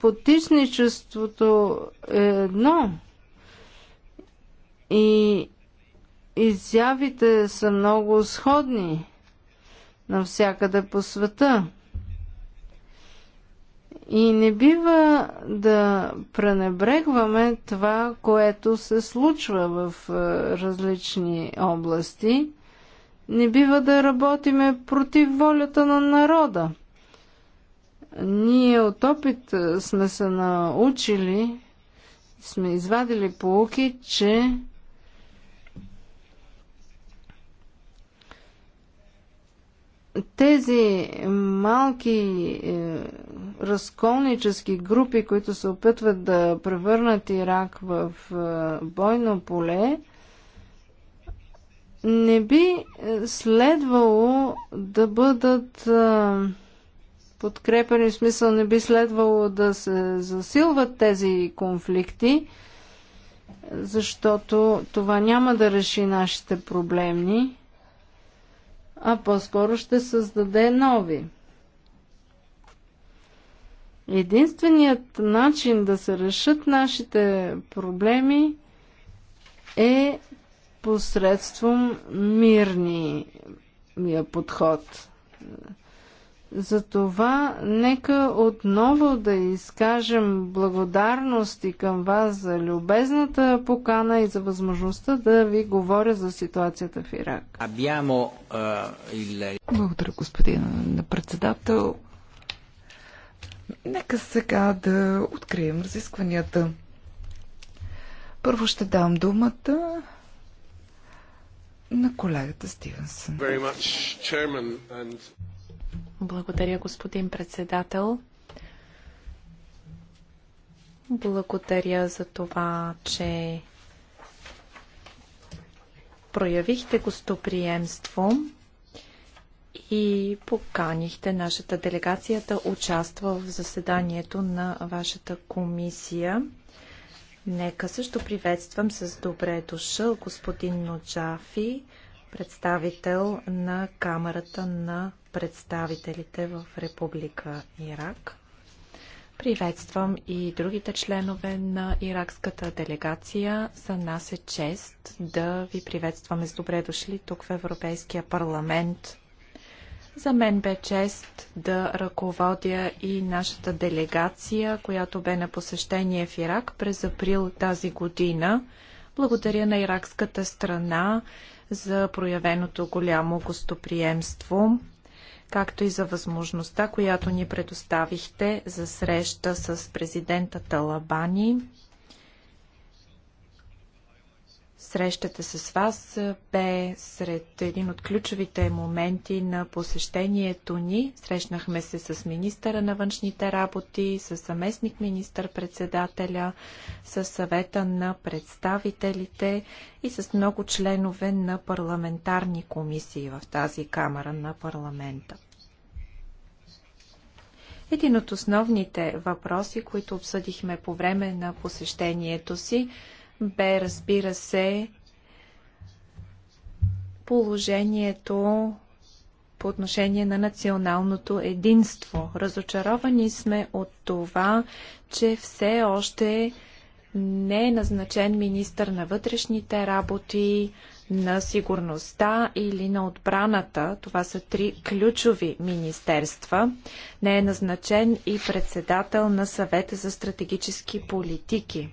[SPEAKER 3] Потисничеството е едно и изявите са много сходни навсякъде по света. И не бива да пренебрегваме това, което се случва в е, различни области. Не бива да работиме против волята на народа. Ние от опит е, сме се научили, сме извадили поуки, че тези малки е, разколнически групи, които се опитват да превърнат Ирак в е, бойно поле, не би е, следвало да бъдат е, подкрепени, в смисъл не би следвало да се засилват тези конфликти, защото това няма да реши нашите проблемни а по-скоро ще създаде нови. Единственият начин да се решат нашите проблеми е посредством мирния подход. Затова нека отново да изкажем благодарности към вас за любезната покана и за възможността да ви говоря за ситуацията в Ирак.
[SPEAKER 2] Благодаря, господин председател. Нека сега да открием разискванията. Първо ще дам думата на
[SPEAKER 4] колегата Стивенсън. Благодаря, господин председател. Благодаря за това, че проявихте гостоприемство и поканихте нашата делегация да участва в заседанието на вашата комисия. Нека също приветствам с добре дошъл господин Ноджафи, представител на Камерата на представителите в Република Ирак. Приветствам и другите членове на иракската делегация. За нас е чест да ви приветстваме с добре дошли тук в Европейския парламент. За мен бе чест да ръководя и нашата делегация, която бе на посещение в Ирак през април тази година. Благодаря на иракската страна за проявеното голямо гостоприемство, както и за възможността, която ни предоставихте за среща с президента Талабани Срещата с вас бе сред един от ключовите моменти на посещението ни. Срещнахме се с министъра на външните работи, с заместник министър-председателя, с съвета на представителите и с много членове на парламентарни комисии в тази камера на парламента. Един от основните въпроси, които обсъдихме по време на посещението си, бе, разбира се, положението по отношение на националното единство. Разочаровани сме от това, че все още не е назначен министър на вътрешните работи, на сигурността или на отбраната. Това са три ключови министерства. Не е назначен и председател на съвета за стратегически политики.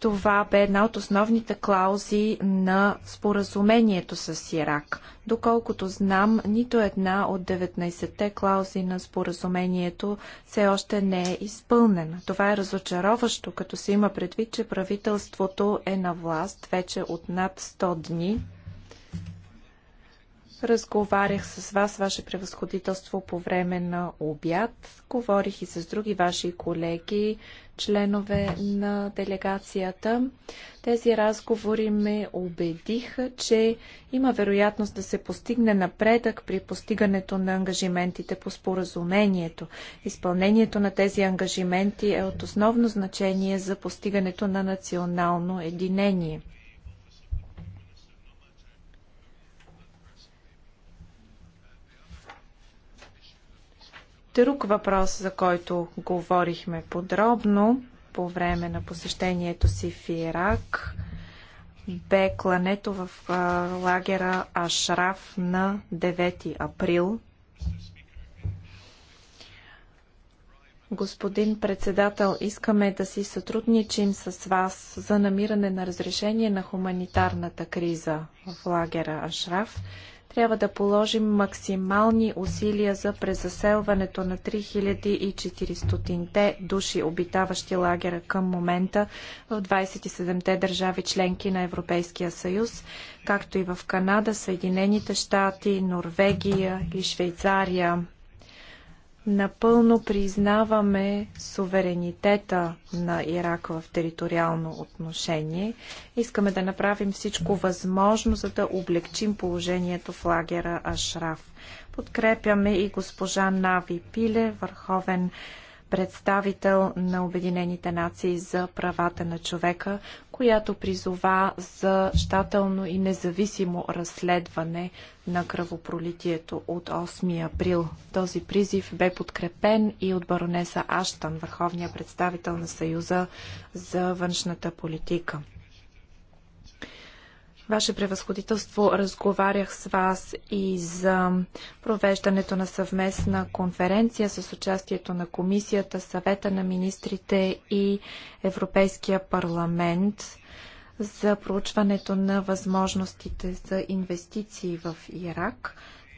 [SPEAKER 4] Това бе една от основните клаузи на споразумението с Ирак. Доколкото знам, нито една от 19-те клаузи на споразумението все още не е изпълнена. Това е разочароващо, като се има предвид, че правителството е на власт вече от над 100 дни Разговарях с вас, ваше превъзходителство, по време на обяд. Говорих и с други ваши колеги, членове на делегацията. Тези разговори ме убедиха, че има вероятност да се постигне напредък при постигането на ангажиментите по споразумението. Изпълнението на тези ангажименти е от основно значение за постигането на национално единение. друг въпрос, за който говорихме подробно по време на посещението си в Ирак, бе клането в лагера Ашраф на 9 април. Господин председател, искаме да си сътрудничим с вас за намиране на разрешение на хуманитарната криза в лагера Ашраф. Трябва да положим максимални усилия за презаселването на 3400-те души, обитаващи лагера към момента в 27-те държави членки на Европейския съюз, както и в Канада, Съединените щати, Норвегия и Швейцария. Напълно признаваме суверенитета на Ирак в териториално отношение. Искаме да направим всичко възможно, за да облегчим положението в лагера Ашраф. Подкрепяме и госпожа Нави Пиле, върховен представител на Обединените нации за правата на човека, която призова за щателно и независимо разследване на кръвопролитието от 8 април. Този призив бе подкрепен и от баронеса Аштан, върховния представител на Съюза за външната политика. Ваше превъзходителство, разговарях с вас и за провеждането на съвместна конференция с участието на Комисията, Съвета на министрите и Европейския парламент за проучването на възможностите за инвестиции в Ирак.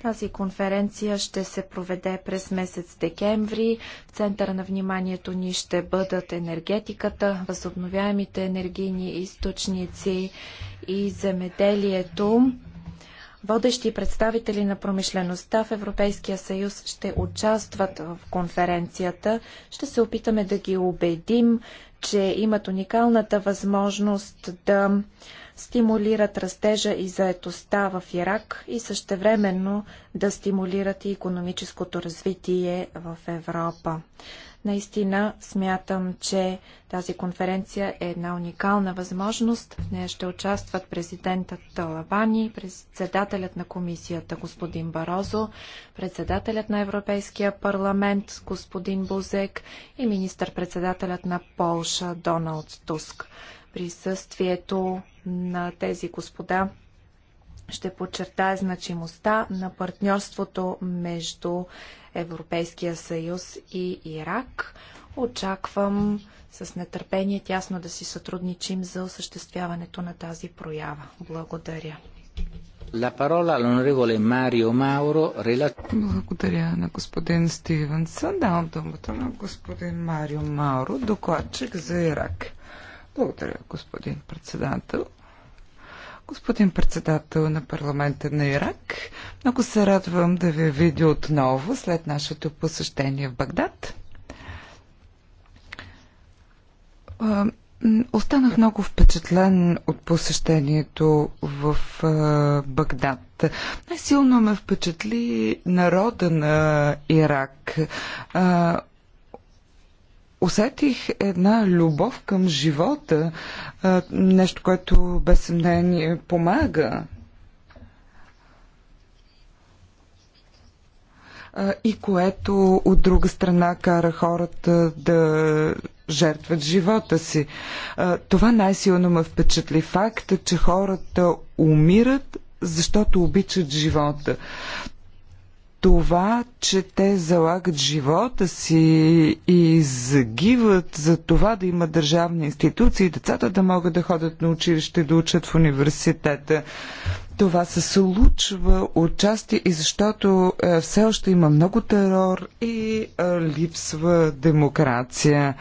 [SPEAKER 4] Тази конференция ще се проведе през месец декември. В центъра на вниманието ни ще бъдат енергетиката, възобновяемите енергийни източници и земеделието. Водещи представители на промишлеността в Европейския съюз ще участват в конференцията. Ще се опитаме да ги убедим, че имат уникалната възможност да стимулират растежа и заетостта в Ирак и същевременно да стимулират и економическото развитие в Европа. Наистина смятам, че тази конференция е една уникална възможност. В нея ще участват президентът Талабани, председателят на комисията господин Барозо, председателят на Европейския парламент господин Бузек и министър-председателят на Полша Доналд Туск присъствието на тези господа. Ще подчертая значимостта на партньорството между Европейския съюз и Ирак. Очаквам с нетърпение тясно да си сътрудничим за осъществяването на тази проява. Благодаря.
[SPEAKER 2] Благодаря на господин Стивенсън. Давам думата на господин Марио Мауро, докладчик за Ирак. Благодаря, господин председател. Господин председател на парламента на Ирак, много се радвам да ви видя отново след нашето посещение в Багдад. Останах много впечатлен от посещението в Багдад. Най-силно ме впечатли народа на Ирак усетих една любов към живота, нещо, което без съмнение помага. И което от друга страна кара хората да жертват живота си. Това най-силно ме впечатли факта, че хората умират, защото обичат живота това, че те залагат живота си и загиват за това да има държавни институции, децата да могат да ходят на училище, да учат в университета. Това се случва отчасти и защото е, все още има много терор и е, липсва демокрация.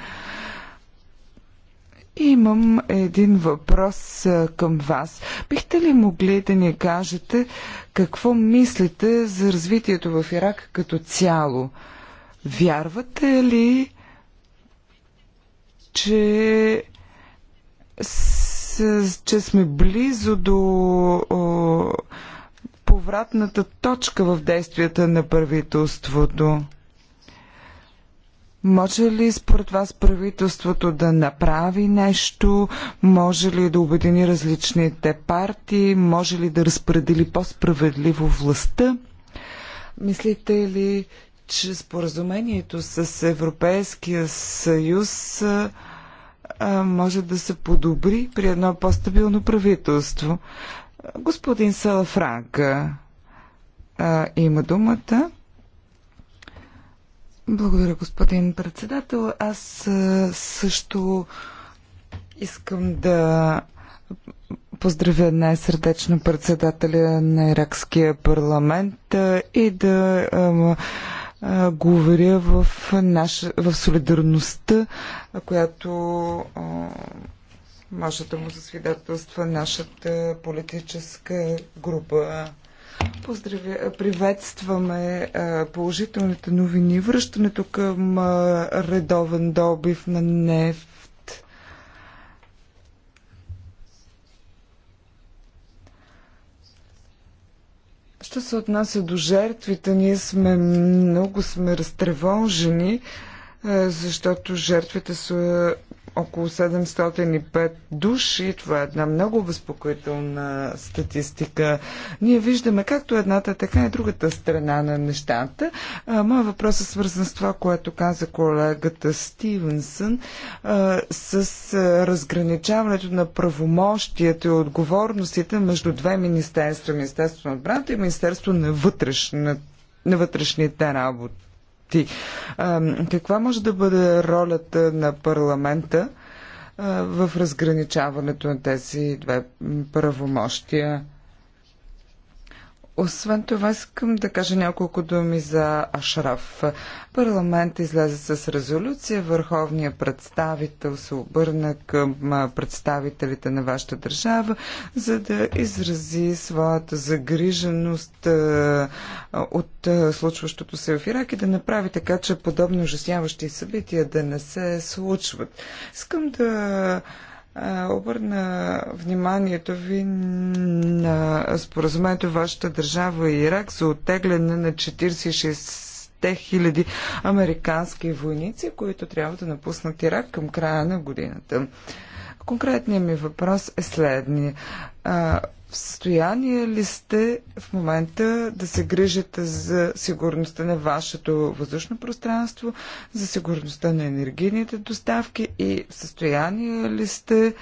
[SPEAKER 2] Имам един въпрос към вас. Бихте ли могли да ни кажете какво мислите за развитието в Ирак като цяло? Вярвате ли, че, с, че сме близо до о, повратната точка в действията на правителството? Може ли според вас правителството да направи нещо? Може ли да обедини различните партии? Може ли да разпредели по-справедливо властта? Мислите ли, че споразумението с Европейския съюз може да се подобри при едно по-стабилно правителство. Господин Салафранка има думата. Благодаря, господин председател. Аз също искам да поздравя най-сърдечно председателя на Иракския парламент и да го уверя в, наша, в солидарността, която може да му засвидателства нашата политическа група. Поздравя, приветстваме е, положителните новини, връщането към е, редовен добив на нефт. Що се отнася до жертвите, ние сме много сме разтревожени е, защото жертвите са около 705 души. Това е една много безпокоителна статистика. Ние виждаме както едната, така и другата страна на нещата. Моят въпрос е свързан с това, което каза колегата Стивенсън, с разграничаването на правомощията и отговорностите между две министерства. Министерство на отбраната и Министерство на, вътрешната на вътрешните работи ти. Каква може да бъде ролята на парламента в разграничаването на тези две правомощия? Освен това, искам да кажа няколко думи за Ашраф. Парламент излезе с резолюция, върховният представител се обърна към представителите на вашата държава, за да изрази своята загриженост от случващото се в Ирак и да направи така, че подобни ужасяващи събития да не се случват. Искам да обърна вниманието ви на споразумението вашата държава и Ирак за оттегляне на 46 хиляди американски войници, които трябва да напуснат Ирак към края на годината. Конкретният ми въпрос е следния. В състояние ли сте в момента да се грижите за сигурността на вашето въздушно пространство, за сигурността на енергийните доставки и в състояние ли сте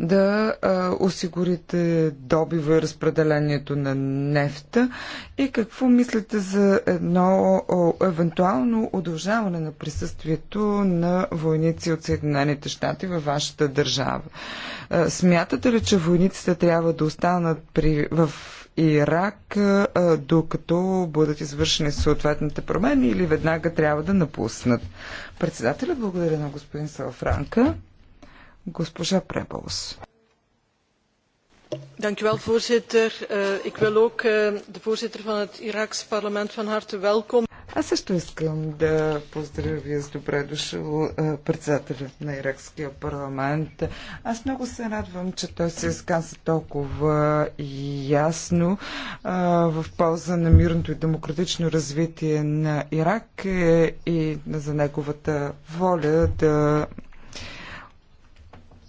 [SPEAKER 2] да а, осигурите добива и разпределението на нефта и какво мислите за едно о, евентуално удължаване на присъствието на войници от Съединените щати във вашата държава? А, смятате ли, че войниците трябва да останат при, в Ирак, а, докато бъдат извършени съответните промени или веднага трябва да напуснат? Председателя, благодаря на господин Салфранка госпожа Преболс. voorzitter. Eh, ik
[SPEAKER 3] wil ook eh, de voorzitter van het Iraakse parlement van harte welkom.
[SPEAKER 2] Аз също искам да поздравя с добре дошъл е, председателят на Иракския парламент. Аз много се радвам, че той се изказа толкова ясно а, е, в полза на мирното и демократично развитие на Ирак е, и за неговата воля да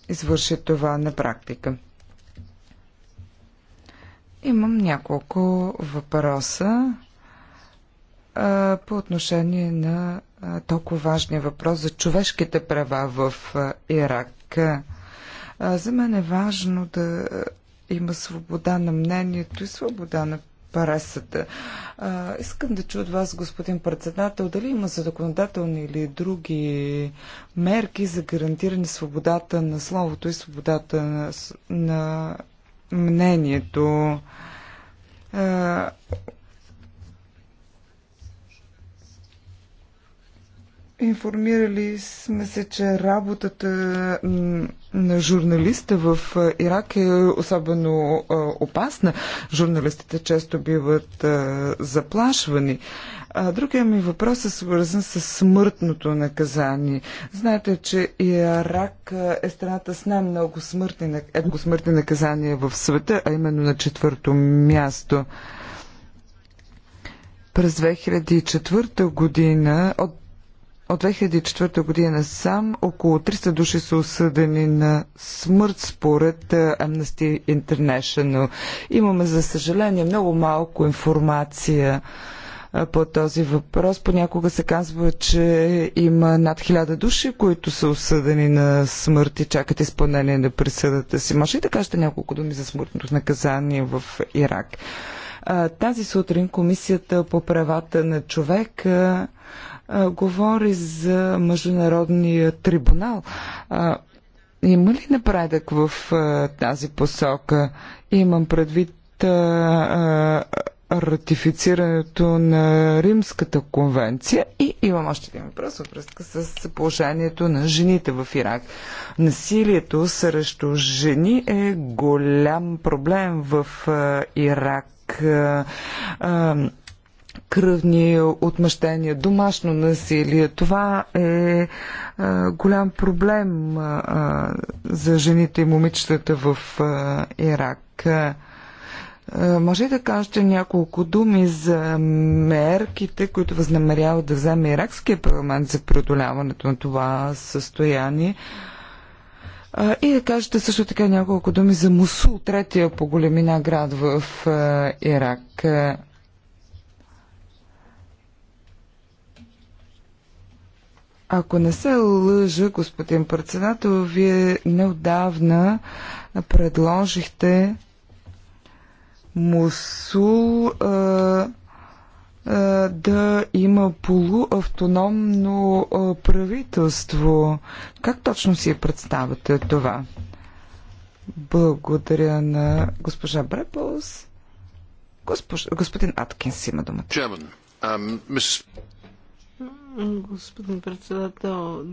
[SPEAKER 2] извърши това на практика. Имам няколко въпроса а, по отношение на а, толкова важния въпрос за човешките права в а, Ирак. А, за мен е важно да има свобода на мнението и свобода на пресата. А, искам да чуя от вас, господин председател, дали има за законодателни или други мерки за гарантиране свободата на словото и свободата на, на мнението. А, Информирали сме се, че работата на журналиста в Ирак е особено опасна. Журналистите често биват заплашвани. другия ми въпрос е свързан с смъртното наказание. Знаете, че Ирак е страната с най-много смъртни, смъртни наказания в света, а именно на четвърто място. През 2004 година, от от 2004 година сам около 300 души са осъдени на смърт според е, Amnesty International. Имаме, за съжаление, много малко информация е, по този въпрос. Понякога се казва, че има над хиляда души, които са осъдени на смърт и чакат изпълнение на присъдата си. Може ли да кажете няколко думи за смъртното наказание в Ирак? Е, тази сутрин Комисията по правата на човека говори за Международния трибунал. А, има ли напредък в а, тази посока? Имам предвид а, а, ратифицирането на Римската конвенция и имам още един въпрос във връзка с положението на жените в Ирак. Насилието срещу жени е голям проблем в Ирак кръвни отмъщения, домашно насилие. Това е а, голям проблем а, за жените и момичетата в а, Ирак. А, може ли да кажете няколко думи за мерките, които възнамерява да вземе Иракския парламент за преодоляването на това състояние? И да кажете също така няколко думи за Мусул, третия по големина град в Ирак. Ако не се лъжа, господин председател, вие неодавна предложихте Мусул а, а, да има полуавтономно а, правителство. Как точно си представяте това? Благодаря на госпожа Бреполс. Госпож... Господин Аткинс има думата. Um,
[SPEAKER 3] Господин председател,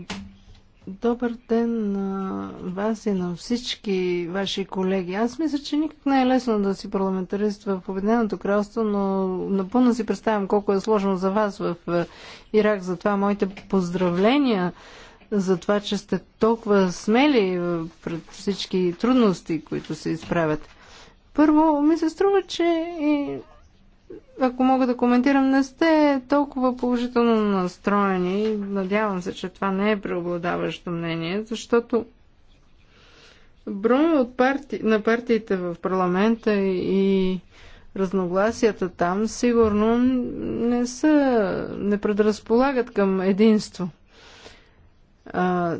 [SPEAKER 3] добър ден на вас и на всички ваши колеги. Аз мисля, че никак не е лесно да си парламентарист в Обединеното кралство, но напълно си представям колко е сложно за вас в е, Ирак. Затова моите поздравления за това, че сте толкова смели е, пред всички трудности, които се изправят. Първо, ми се струва, че ако мога да коментирам, не сте толкова положително настроени. Надявам се, че това не е преобладаващо мнение, защото броя от парти... на партиите в парламента и разногласията там сигурно не са, не предразполагат към единство. А,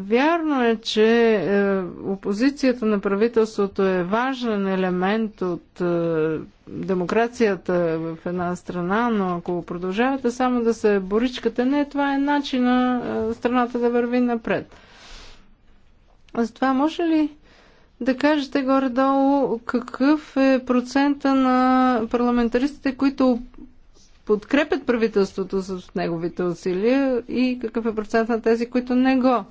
[SPEAKER 3] Вярно е, че е, опозицията на правителството е важен елемент от е, демокрацията в една страна, но ако продължавате само да се боричкате, не, това е начина на е, страната да върви напред. Затова може ли да кажете горе-долу какъв е процента на парламентаристите, които подкрепят правителството с неговите усилия и какъв е процент на тези, които не го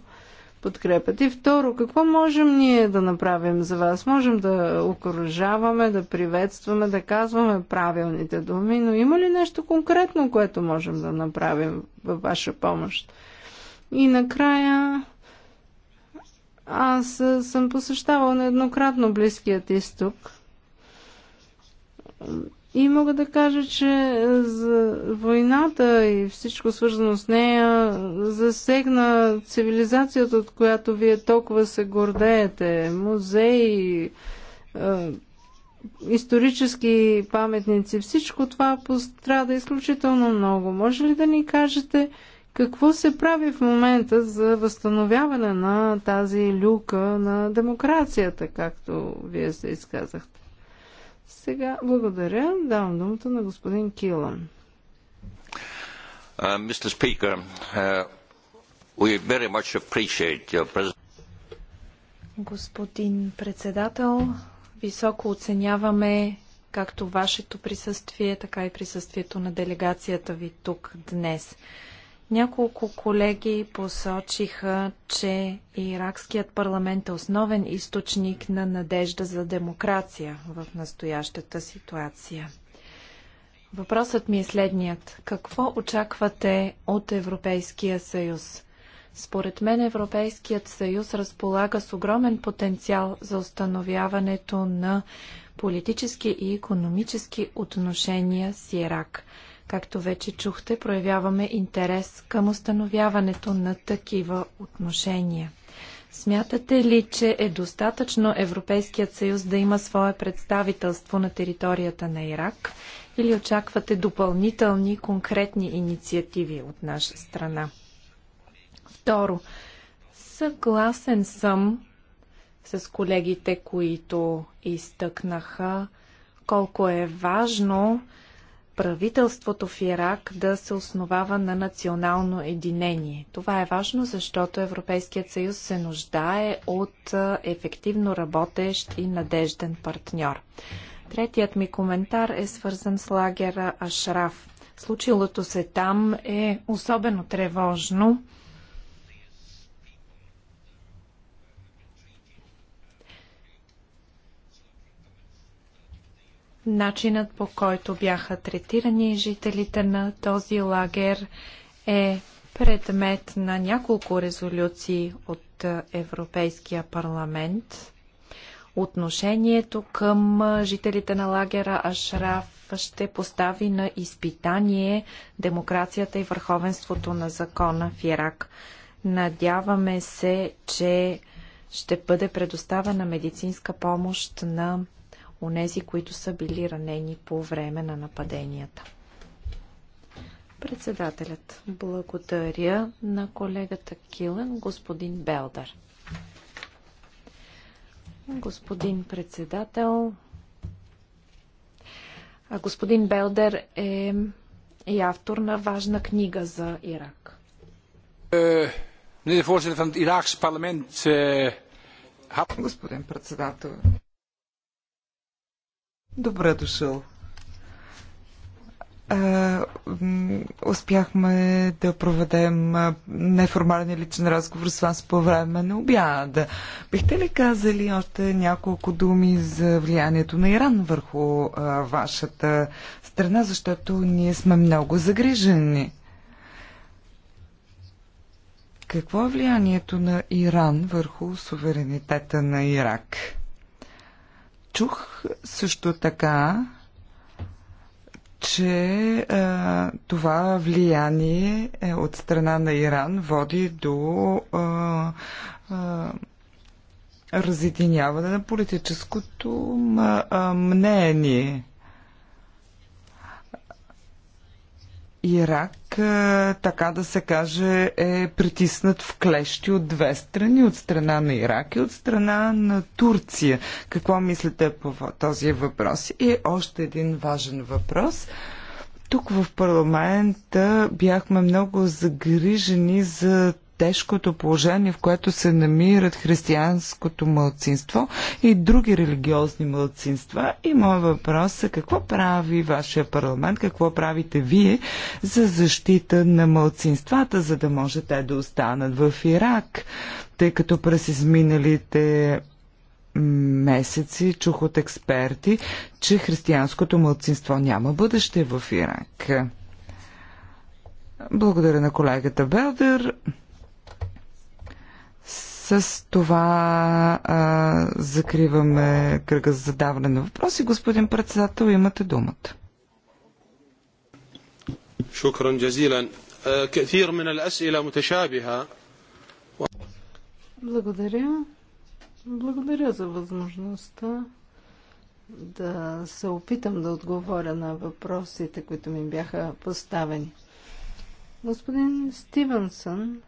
[SPEAKER 3] подкрепят. И второ, какво можем ние да направим за вас? Можем да окоръжаваме, да приветстваме, да казваме правилните думи, но има ли нещо конкретно, което можем да направим във ваша помощ? И накрая аз съм посещавал нееднократно Близкият изток и мога да кажа, че е, за войната и всичко свързано с нея е, засегна цивилизацията, от която вие толкова се гордеете. Музеи, е, исторически паметници, всичко това пострада изключително много. Може ли да ни кажете какво се прави в момента за възстановяване на тази люка на демокрацията, както вие се изказахте? Сега благодаря. Давам думата на господин Килан.
[SPEAKER 1] Uh, uh, we very much appreciate your presence.
[SPEAKER 4] Господин председател, високо оценяваме както вашето присъствие, така и присъствието на делегацията ви тук днес. Няколко колеги посочиха, че иракският парламент е основен източник на надежда за демокрация в настоящата ситуация. Въпросът ми е следният. Какво очаквате от Европейския съюз? Според мен Европейският съюз разполага с огромен потенциал за установяването на политически и економически отношения с Ирак – Както вече чухте, проявяваме интерес към установяването на такива отношения. Смятате ли, че е достатъчно Европейският съюз да има свое представителство на територията на Ирак или очаквате допълнителни конкретни инициативи от наша страна? Второ, съгласен съм с колегите, които изтъкнаха колко е важно правителството в Ирак да се основава на национално единение. Това е важно, защото Европейският съюз се нуждае от ефективно работещ и надежден партньор. Третият ми коментар е свързан с лагера Ашраф. Случилото се там е особено тревожно. Начинът по който бяха третирани жителите на този лагер е предмет на няколко резолюции от е, Европейския парламент. Отношението към е, жителите на лагера Ашраф ще постави на изпитание демокрацията и върховенството на закона в Ирак. Надяваме се, че ще бъде предоставена медицинска помощ на онези, които са били ранени по време на нападенията. Председателят, благодаря на колегата Килен, господин Белдър. Господин председател, господин Белдер е и автор на важна книга за Ирак.
[SPEAKER 1] Е, е,
[SPEAKER 2] господин председател, Добре дошъл. А, успяхме да проведем неформален личен разговор с вас по време на обяда. Бихте ли казали още няколко думи за влиянието на Иран върху а, вашата страна, защото ние сме много загрижени? Какво е влиянието на Иран върху суверенитета на Ирак? Чух също така, че а, това влияние е, от страна на Иран води до а, а, разединяване на политическото мнение. Ирак, е, така да се каже, е притиснат в клещи от две страни, от страна на Ирак и от страна на Турция. Какво мислите по този въпрос? И още един важен въпрос. Тук в парламента бяхме много загрижени за тежкото положение, в което се намират християнското мълцинство и други религиозни мълцинства. И моят въпрос е какво прави вашия парламент, какво правите вие за защита на мълцинствата, за да може те да останат в Ирак, тъй като през изминалите месеци чух от експерти, че християнското мълцинство няма бъдеще в Ирак. Благодаря на колегата Белдер. С това а, закриваме кръга за задаване на въпроси. Господин председател, имате думата.
[SPEAKER 1] شكرا جزيلا كثير
[SPEAKER 5] من الأسئلة متشابهة
[SPEAKER 3] Благодаря. Благодаря за възможността да се опитам да отговоря на въпросите, които ми бяха поставени. Господин Стивенсън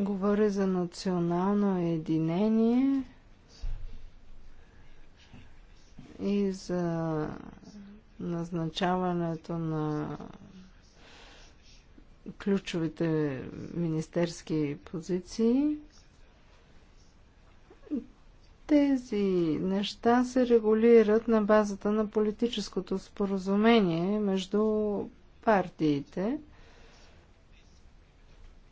[SPEAKER 3] Говоря за национално единение и за назначаването на ключовите министерски позиции. Тези неща се регулират на базата на политическото споразумение между партиите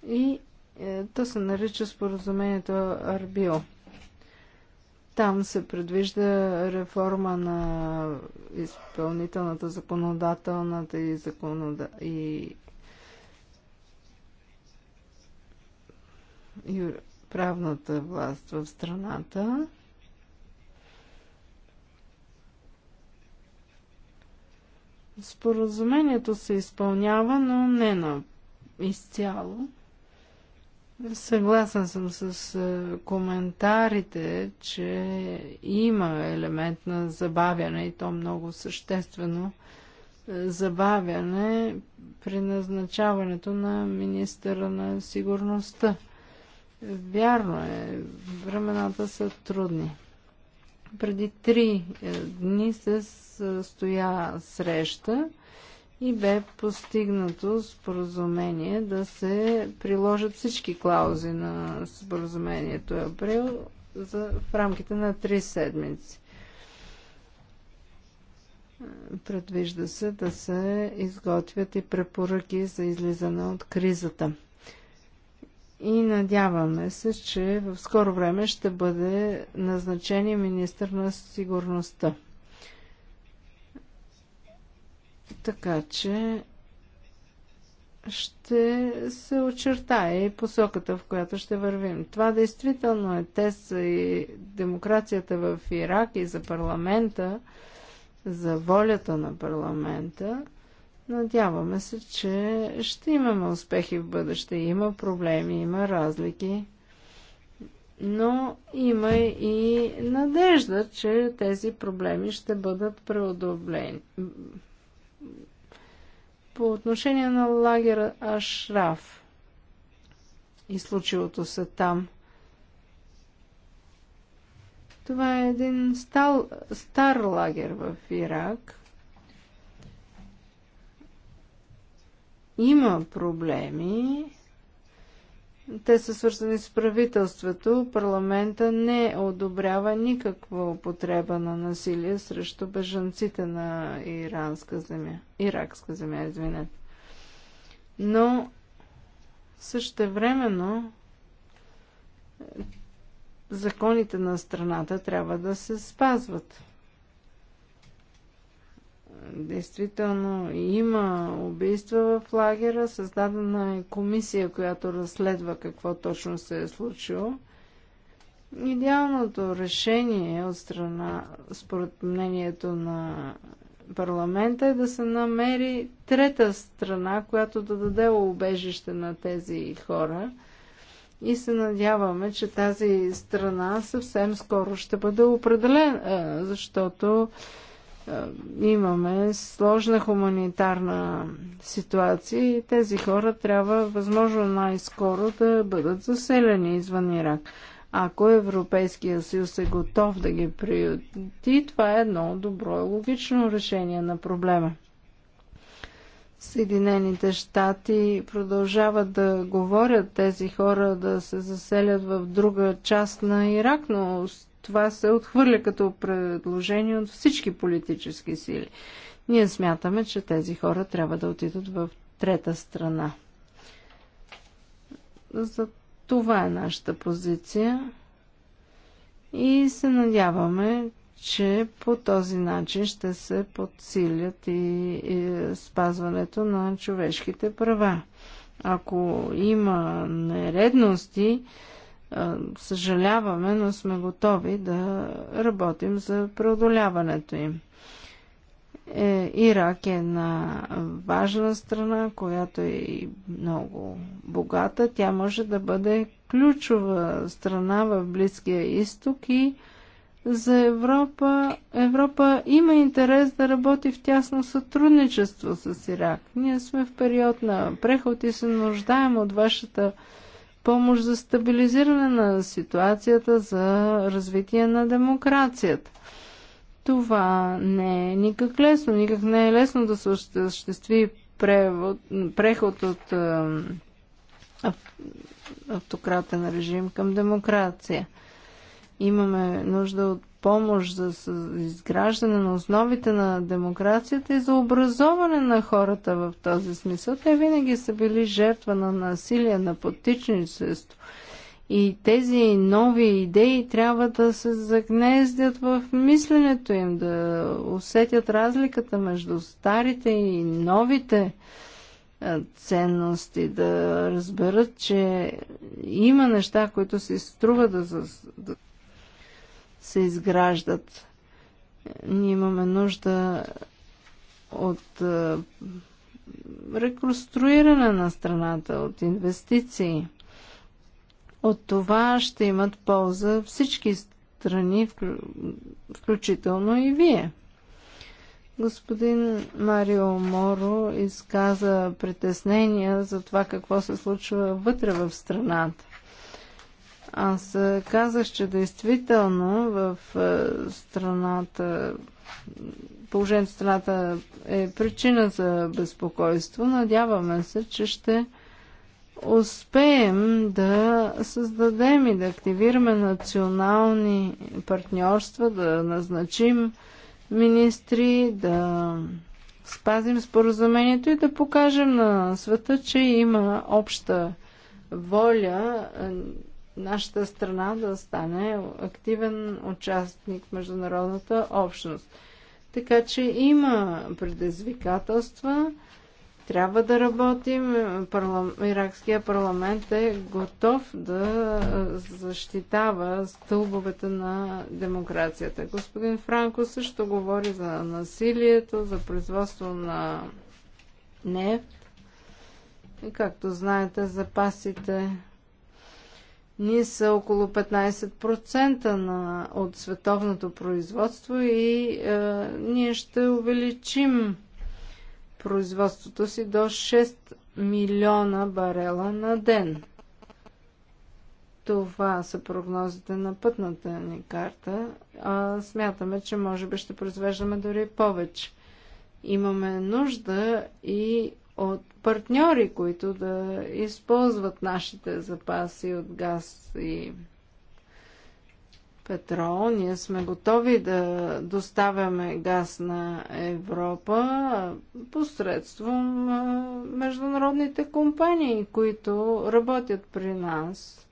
[SPEAKER 3] и е, то се нарича споразумението Арбио. Там се предвижда реформа на изпълнителната, законодателната и, законода... и... и правната власт в страната. Споразумението се изпълнява, но не на изцяло. Съгласен съм с коментарите, че има елемент на забавяне и то много съществено забавяне при назначаването на министъра на сигурността. Вярно е, времената са трудни. Преди три е, дни се състоя среща и бе постигнато споразумение да се приложат всички клаузи на споразумението април за, в рамките на 3 седмици. Предвижда се да се изготвят и препоръки за излизане от кризата. И надяваме се, че в скоро време ще бъде назначен министър на сигурността. Така че ще се очертае и посоката, в която ще вървим. Това действително е тест за и демокрацията в Ирак и за парламента, за волята на парламента. Надяваме се, че ще имаме успехи в бъдеще. Има проблеми, има разлики, но има и надежда, че тези проблеми ще бъдат преодолени. По отношение на лагера Ашраф и случилото се там, това е един стал, стар лагер в Ирак. Има проблеми, те са свързани с правителството. Парламента не одобрява никаква употреба на насилие срещу бежанците на иранска земя. Иракска земя, извинете. Но същевременно е, законите на страната трябва да се спазват действително има убийства в лагера, създадена е комисия, която разследва какво точно се е случило. Идеалното решение от страна, според мнението на парламента, е да се намери трета страна, която да даде убежище на тези хора. И се надяваме, че тази страна съвсем скоро ще бъде определена, защото е, имаме сложна хуманитарна ситуация и тези хора трябва възможно най-скоро да бъдат заселени извън Ирак. Ако Европейския съюз е готов да ги приюти, това е едно добро и логично решение на проблема. Съединените щати продължават да говорят тези хора да се заселят в друга част на Ирак, но това се отхвърля като предложение от всички политически сили. Ние смятаме, че тези хора трябва да отидат в трета страна. За това е нашата позиция и се надяваме, че по този начин ще се подсилят и, и спазването на човешките права. Ако има нередности, Съжаляваме, но сме готови да работим за преодоляването им. Е, Ирак е една важна страна, която е и много богата. Тя може да бъде ключова страна в Близкия изток и за Европа. Европа има интерес да работи в тясно сътрудничество с Ирак. Ние сме в период на преход и се нуждаем от вашата помощ за стабилизиране на ситуацията, за развитие на демокрацията. Това не е никак лесно, никак не е лесно да се осъществи превод, преход от автократен режим към демокрация. Имаме нужда от помощ за изграждане на основите на демокрацията и за образоване на хората в този смисъл. Те винаги са били жертва на насилие, на потичничество. И тези нови идеи трябва да се загнездят в мисленето им, да усетят разликата между старите и новите ценности, да разберат, че има неща, които се струва да, да се изграждат. Ние имаме нужда от реконструиране на страната, от инвестиции. От това ще имат полза всички страни, включително и вие. Господин Марио Моро изказа притеснения за това какво се случва вътре в страната. Аз е, казах, че действително в е, страната положението в страната е причина за безпокойство. Надяваме се, че ще успеем да създадем и да активираме национални партньорства, да назначим министри, да спазим споразумението и да покажем на света, че има обща воля е, нашата страна да стане активен участник в международната общност. Така че има предизвикателства, трябва да работим. Парлам... Иракския парламент е готов да защитава стълбовете на демокрацията. Господин Франко също говори за насилието, за производство на нефт. И както знаете, запасите ние са около 15% на, от световното производство и е, ние ще увеличим производството си до 6 милиона барела на ден. Това са прогнозите на пътната ни карта. А, смятаме, че може би ще произвеждаме дори повече. Имаме нужда и от партньори, които да използват нашите запаси от газ и петрол. Ние сме готови да доставяме газ на Европа посредством международните компании, които работят при нас.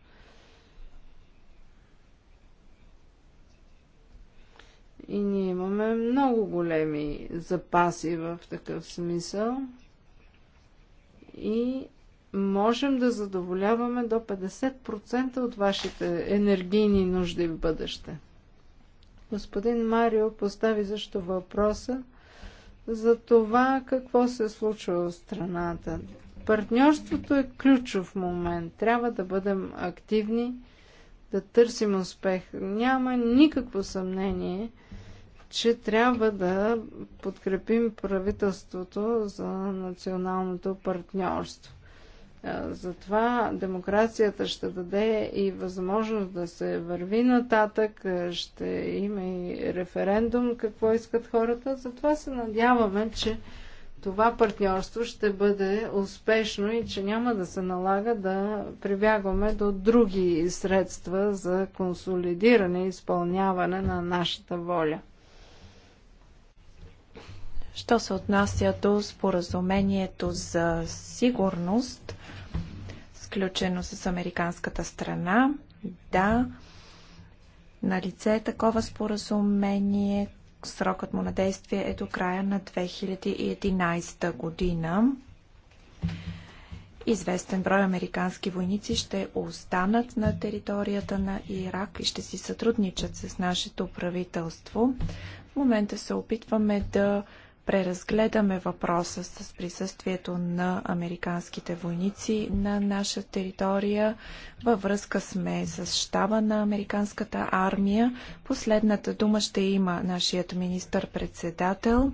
[SPEAKER 3] И ние имаме много големи запаси в такъв смисъл и можем да задоволяваме до 50% от вашите енергийни нужди в бъдеще. Господин Марио постави също въпроса за това какво се случва в страната. Партньорството е ключов момент. Трябва да бъдем активни, да търсим успех. Няма никакво съмнение, че трябва да подкрепим правителството за националното партньорство. Затова демокрацията ще даде и възможност да се върви нататък, ще има и референдум какво искат хората. Затова се надяваме, че това партньорство ще бъде успешно и че няма да се налага да прибягваме до други средства за консолидиране и изпълняване на нашата воля.
[SPEAKER 4] Що се отнася до споразумението за сигурност, сключено с американската страна, да, на лице е такова споразумение. Срокът му на действие е до края на 2011 година. Известен брой американски войници ще останат на територията на Ирак и ще си сътрудничат с нашето правителство. В момента се опитваме да преразгледаме въпроса с присъствието на американските войници на наша територия. Във връзка сме с щаба на американската армия. Последната дума ще има нашият министър-председател.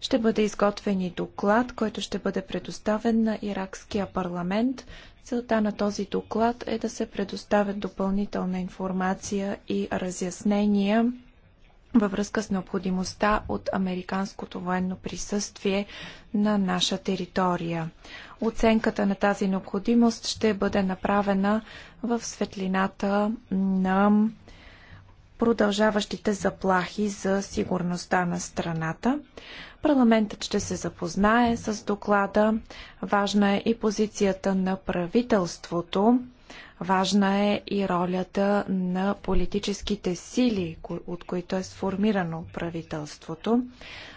[SPEAKER 4] Ще бъде изготвен и доклад, който ще бъде предоставен на иракския парламент. Целта на този доклад е да се предоставят допълнителна информация и разяснения във връзка с необходимостта от американското военно присъствие на наша територия. Оценката на тази необходимост ще бъде направена в светлината на продължаващите заплахи за сигурността на страната. Парламентът ще се запознае с доклада. Важна е и позицията на правителството Важна е и ролята на политическите сили, от които е сформирано правителството.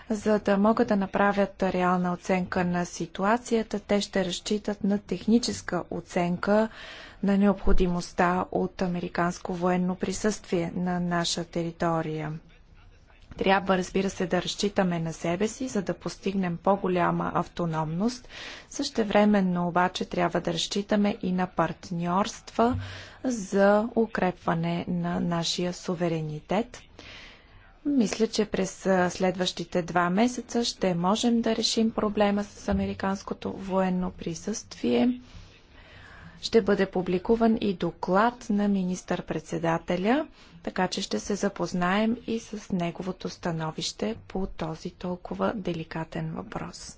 [SPEAKER 4] За да могат да направят реална оценка на ситуацията, те ще разчитат на техническа оценка на необходимостта от американско военно присъствие на наша територия. Трябва, разбира се, да разчитаме на себе си, за да постигнем по-голяма автономност. Същевременно обаче трябва да разчитаме и на партньорства за укрепване на нашия суверенитет. Мисля, че през следващите два месеца ще можем да решим проблема с американското военно присъствие ще бъде публикуван и доклад на министър-председателя, така че ще се запознаем и с неговото становище по този толкова деликатен въпрос.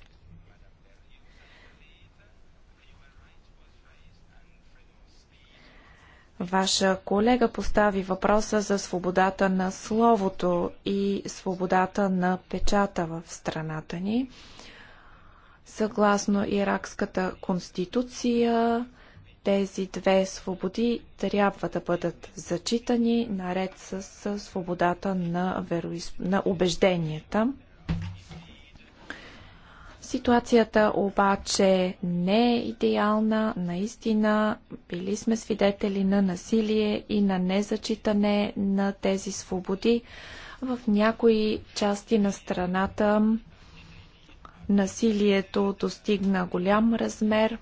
[SPEAKER 4] Ваша колега постави въпроса за свободата на словото и свободата на печата в страната ни. Съгласно иракската конституция, тези две свободи трябва да бъдат зачитани наред с свободата на, вероисп... на убежденията. Ситуацията обаче не е идеална. Наистина били сме свидетели на насилие и на незачитане на тези свободи. В някои части на страната насилието достигна голям размер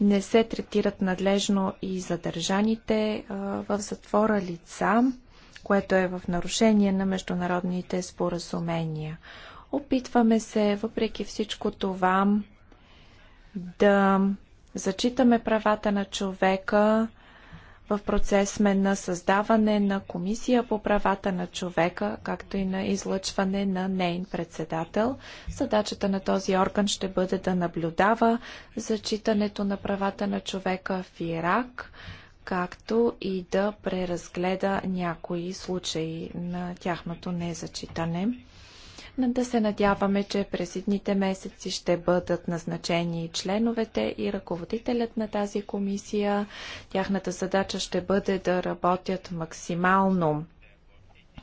[SPEAKER 4] не се третират надлежно и задържаните в затвора лица, което е в нарушение на международните споразумения. Опитваме се, въпреки всичко това, да зачитаме правата на човека, в процес сме на създаване на комисия по правата на човека, както и на излъчване на нейн председател. Задачата на този орган ще бъде да наблюдава зачитането на правата на човека в Ирак, както и да преразгледа някои случаи на тяхното незачитане. Да се надяваме, че през едните месеци ще бъдат назначени членовете и ръководителят на тази комисия. Тяхната задача ще бъде да работят максимално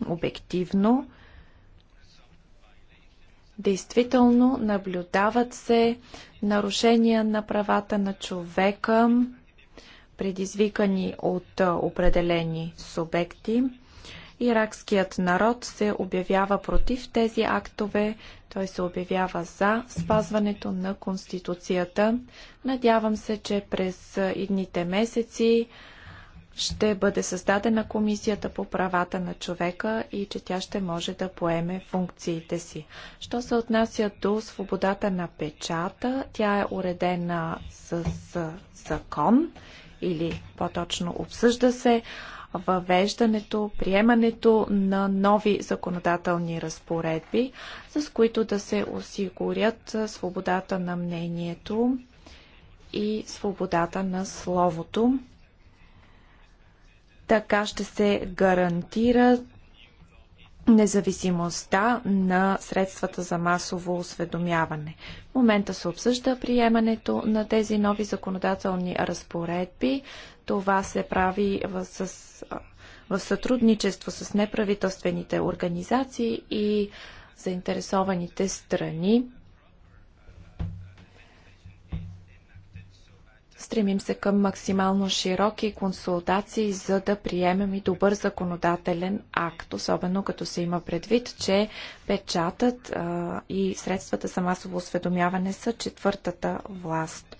[SPEAKER 4] обективно. Действително наблюдават се нарушения на правата на човека, предизвикани от определени субекти. Иракският народ се обявява против тези актове, той се обявява за спазването на Конституцията. Надявам се, че през идните месеци ще бъде създадена Комисията по правата на човека и че тя ще може да поеме функциите си. Що се отнася до свободата на печата, тя е уредена с закон или по-точно обсъжда се въвеждането, приемането на нови законодателни разпоредби, с които да се осигурят свободата на мнението и свободата на словото. Така ще се гарантира независимостта на средствата за масово осведомяване. В момента се обсъжда приемането на тези нови законодателни разпоредби. Това се прави в, с, в сътрудничество с неправителствените организации и заинтересованите страни. Стремим се към максимално широки консултации, за да приемем и добър законодателен акт, особено като се има предвид, че печатът а, и средствата за масово осведомяване са четвъртата власт.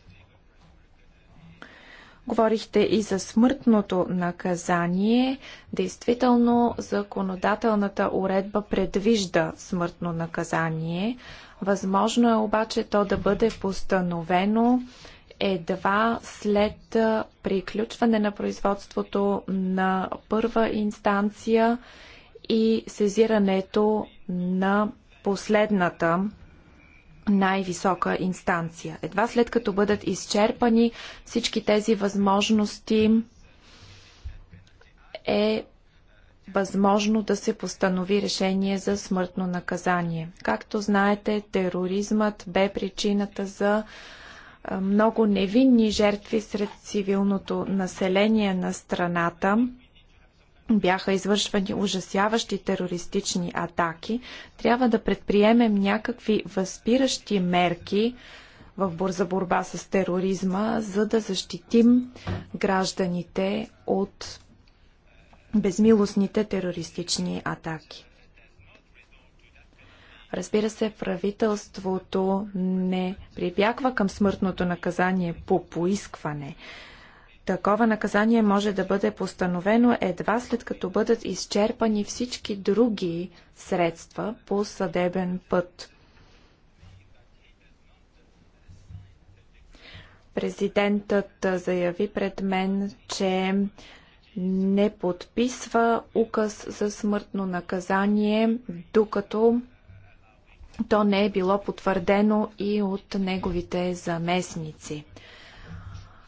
[SPEAKER 4] Говорихте и за смъртното наказание. Действително, законодателната уредба предвижда смъртно наказание. Възможно е обаче то да бъде постановено едва след приключване на производството на първа инстанция и сезирането на последната най-висока инстанция. Едва след като бъдат изчерпани всички тези възможности, е възможно да се постанови решение за смъртно наказание. Както знаете, тероризмът бе причината за е, много невинни жертви сред цивилното население на страната бяха извършвани ужасяващи терористични атаки, трябва да предприемем някакви възпиращи мерки в борза борба с тероризма, за да защитим гражданите от безмилостните терористични атаки. Разбира се, правителството не прибягва към смъртното наказание по поискване. Такова наказание може да бъде постановено едва след като бъдат изчерпани всички други средства по съдебен път. Президентът заяви пред мен, че не подписва указ за смъртно наказание, докато то не е било потвърдено и от неговите заместници.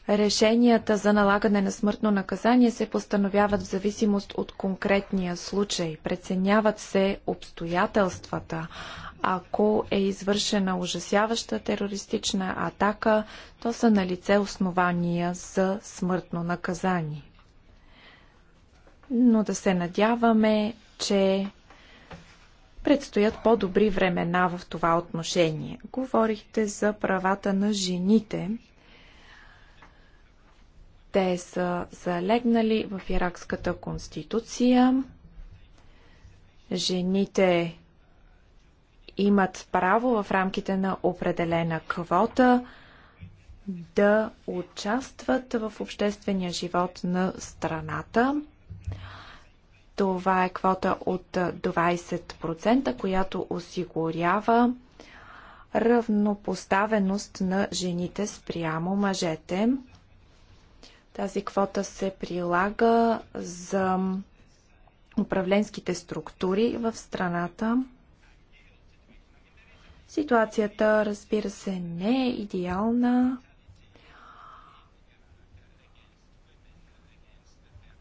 [SPEAKER 4] Решенията за налагане на смъртно наказание се постановяват в зависимост от конкретния случай. Преценяват се обстоятелствата. Ако е извършена ужасяваща терористична атака, то са на лице основания за смъртно наказание. Но да се надяваме, че предстоят по-добри времена в това отношение. Говорихте за правата на жените – те са залегнали в иракската конституция. Жените имат право в рамките на определена квота да участват в обществения живот на страната. Това е квота от 20%, която осигурява равнопоставеност на жените спрямо мъжете. Тази квота се прилага за управленските структури в страната. Ситуацията, разбира се, не е идеална.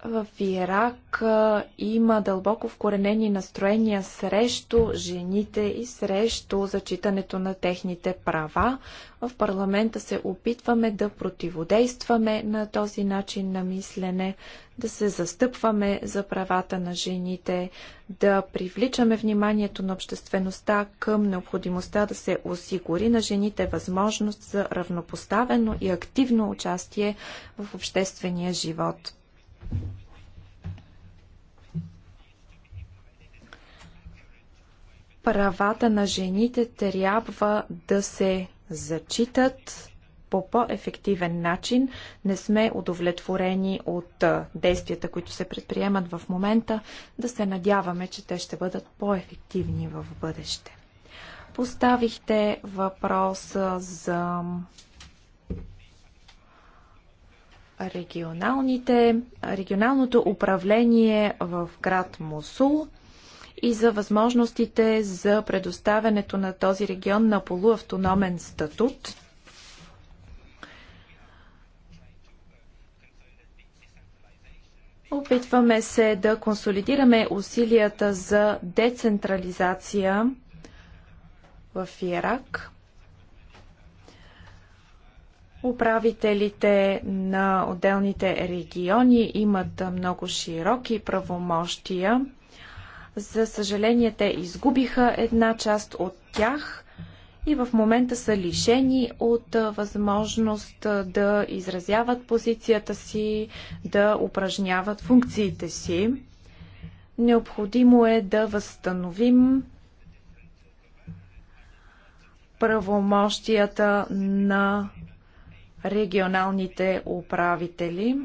[SPEAKER 4] В Ирак има дълбоко вкоренени настроения срещу жените и срещу зачитането на техните права. В парламента се опитваме да противодействаме на този начин на мислене, да се застъпваме за правата на жените, да привличаме вниманието на обществеността към необходимостта да се осигури на жените възможност за равнопоставено и активно участие в обществения живот. Правата на жените трябва да се зачитат по по-ефективен начин. Не сме удовлетворени от действията, които се предприемат в момента, да се надяваме, че те ще бъдат по-ефективни в бъдеще. Поставихте въпрос за регионалните, регионалното управление в град Мусул и за възможностите за предоставянето на този регион на полуавтономен статут. Опитваме се да консолидираме усилията за децентрализация в Ирак. Управителите на отделните региони имат много широки правомощия. За съжаление, те изгубиха една част от тях и в момента са лишени от възможност да изразяват позицията си, да упражняват функциите си. Необходимо е да възстановим правомощията на регионалните управители.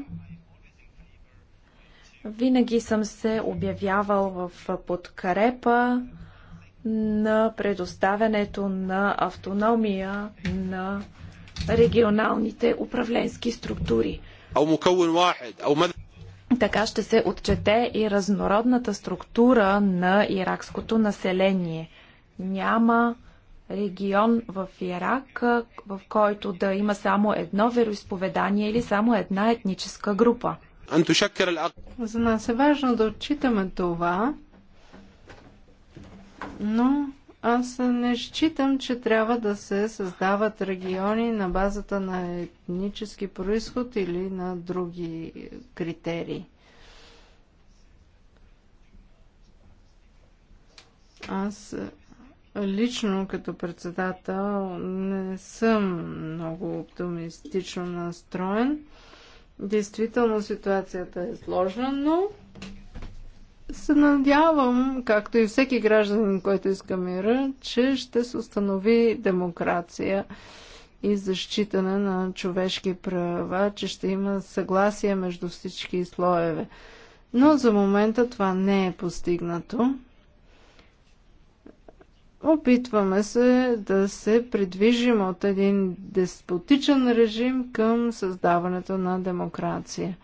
[SPEAKER 4] Винаги съм се обявявал в подкрепа на предоставянето на автономия на регионалните управленски структури. Така ще се отчете и разнородната структура на иракското население. Няма регион в Ирак, в който да има само едно вероисповедание или само една етническа група. За нас е важно да отчитаме това, но
[SPEAKER 3] аз не считам, че трябва да се създават региони на базата на етнически происход или на други критерии. Аз Лично като председател не съм много оптимистично настроен. Действително ситуацията е сложна, но се надявам, както и всеки гражданин, който иска мира, че ще се установи демокрация и защитане на човешки права, че ще има съгласие между всички слоеве. Но за момента това не е постигнато. Опитваме се да се придвижим от един деспотичен режим към създаването на демокрация.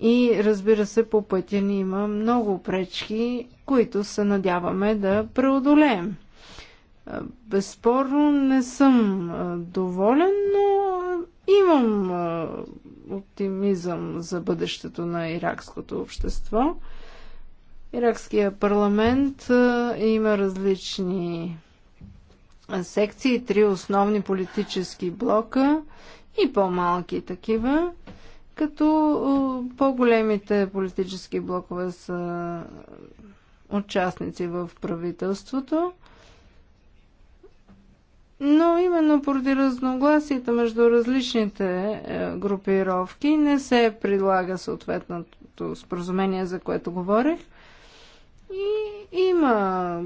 [SPEAKER 3] И разбира се, по пътя ни има много пречки, които се надяваме да преодолеем. Безспорно не съм доволен, но имам оптимизъм за бъдещето на иракското общество – Иракския парламент има различни секции, три основни политически блока и по-малки такива, като по-големите политически блокове са участници в правителството. Но именно поради разногласията между различните е, групировки не се прилага съответното споразумение, за което говорих. И има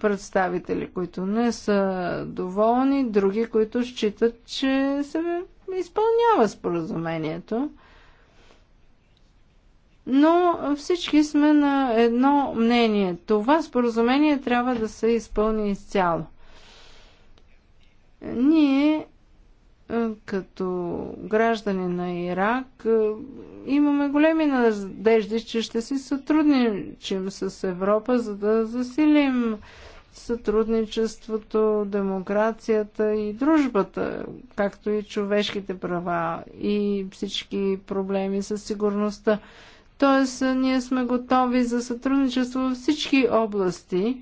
[SPEAKER 3] представители, които не са доволни, други, които считат, че се изпълнява споразумението. Но всички сме на едно мнение. Това споразумение трябва да се изпълни изцяло. Ние като граждани на Ирак, е, имаме големи надежди, че ще си сътрудничим с Европа, за да засилим сътрудничеството, демокрацията и дружбата, както и човешките права и всички проблеми с сигурността. Тоест, ние сме готови за сътрудничество във всички области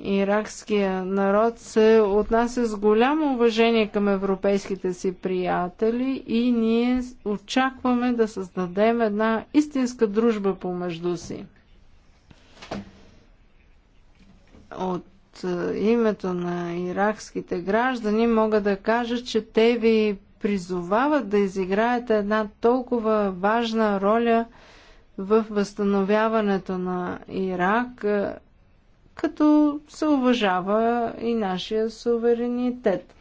[SPEAKER 3] иракския народ се отнася с голямо уважение към европейските си приятели и ние очакваме да създадем една истинска дружба помежду си. От е, името на иракските граждани мога да кажа, че те ви призовават да изиграете една толкова важна роля в възстановяването на Ирак е, като се уважава и нашия суверенитет.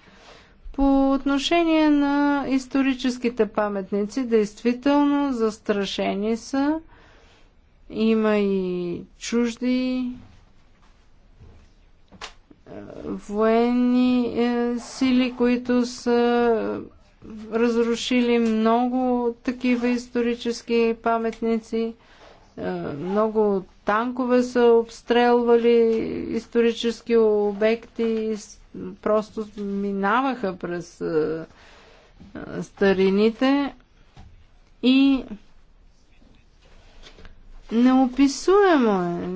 [SPEAKER 3] По отношение на историческите паметници, действително застрашени са. Има и чужди е, военни е, сили, които са разрушили много такива исторически паметници. Е, много танкове са обстрелвали исторически обекти и просто минаваха през е, е, старините и неописуемо е.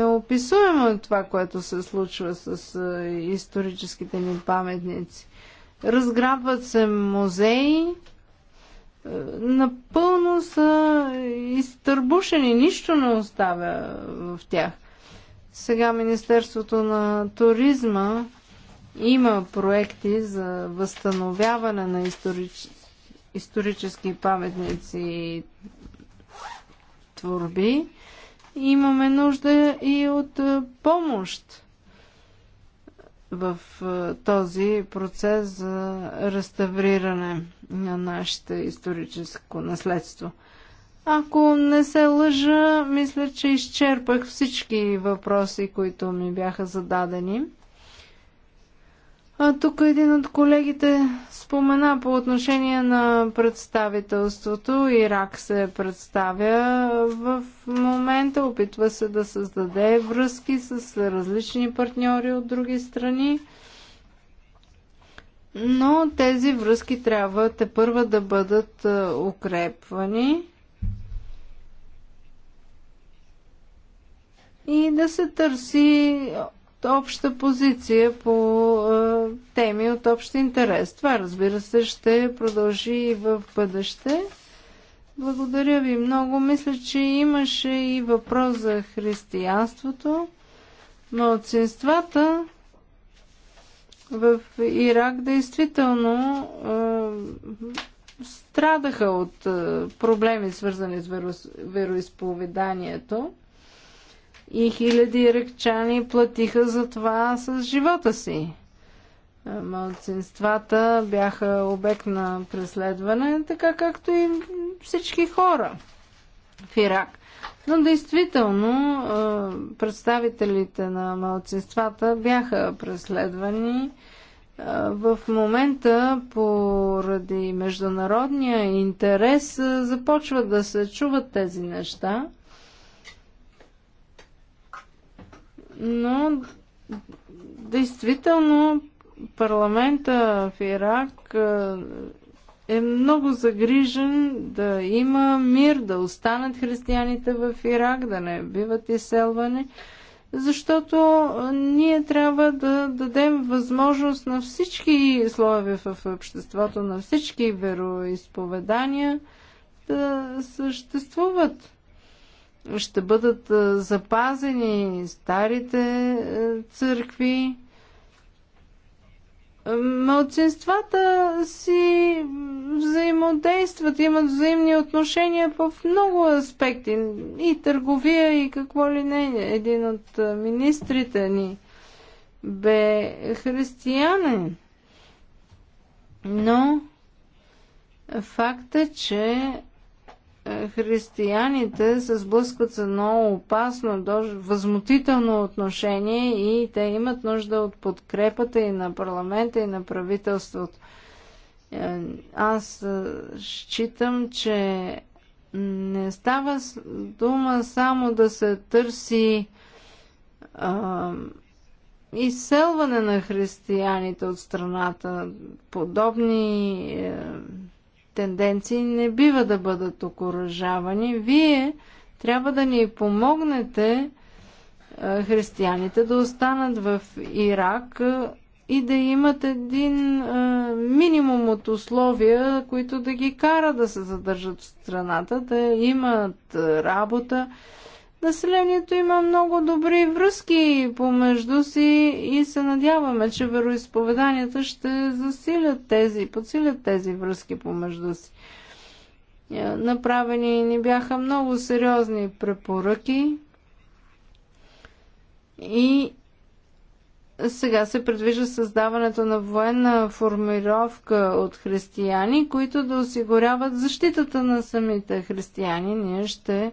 [SPEAKER 3] Неописуемо е това, което се случва с е, историческите ни паметници. Разграбват се музеи, напълно са изтърбушени, нищо не оставя в тях. Сега Министерството на туризма има проекти за възстановяване на историч... исторически паметници и творби. Имаме нужда и от помощ в този процес за реставриране на нашето историческо наследство. Ако не се лъжа, мисля, че изчерпах всички въпроси, които ми бяха зададени. А, тук един от колегите спомена по отношение на представителството. Ирак се представя в момента, опитва се да създаде връзки с различни партньори от други страни. Но тези връзки трябва те първа да бъдат укрепвани. и да се търси обща позиция по е, теми от общ интерес. Това, разбира се, ще продължи и в бъдеще. Благодаря ви много. Мисля, че имаше и въпрос за християнството. Малцинствата в Ирак действително е, страдаха от е, проблеми, свързани с веро, вероисповеданието и хиляди иракчани платиха за това с живота си. Е, малцинствата бяха обект на преследване, така както и всички хора в Ирак. Но действително е, представителите на малцинствата бяха преследвани. Е, в момента, поради международния интерес, започват да се чуват тези неща – но действително парламента в Ирак е много загрижен да има мир, да останат християните в Ирак, да не биват изселвани, защото ние трябва да дадем възможност на всички слоеве в обществото, на всички вероисповедания да съществуват ще бъдат е, запазени старите е, църкви. Малцинствата си взаимодействат, имат взаимни отношения в много аспекти. И търговия, и какво ли не. Един от е, министрите ни бе християнин. Но факт е, че е, християните се сблъскват с едно опасно, възмутително отношение и те имат нужда от подкрепата и на парламента, и на правителството. Е, аз е, считам, че не става дума само да се търси а, изселване на християните от страната. Подобни. А, тенденции не бива да бъдат окоръжавани. Вие трябва да ни помогнете християните да останат в Ирак и да имат един минимум от условия, които да ги кара да се задържат в страната, да имат работа, населението има много добри връзки помежду си и се надяваме, че вероисповеданията ще засилят тези, подсилят тези връзки помежду си. Е, направени ни бяха много сериозни препоръки и сега се предвижда създаването на военна формировка от християни, които да осигуряват защитата на самите християни. Ние ще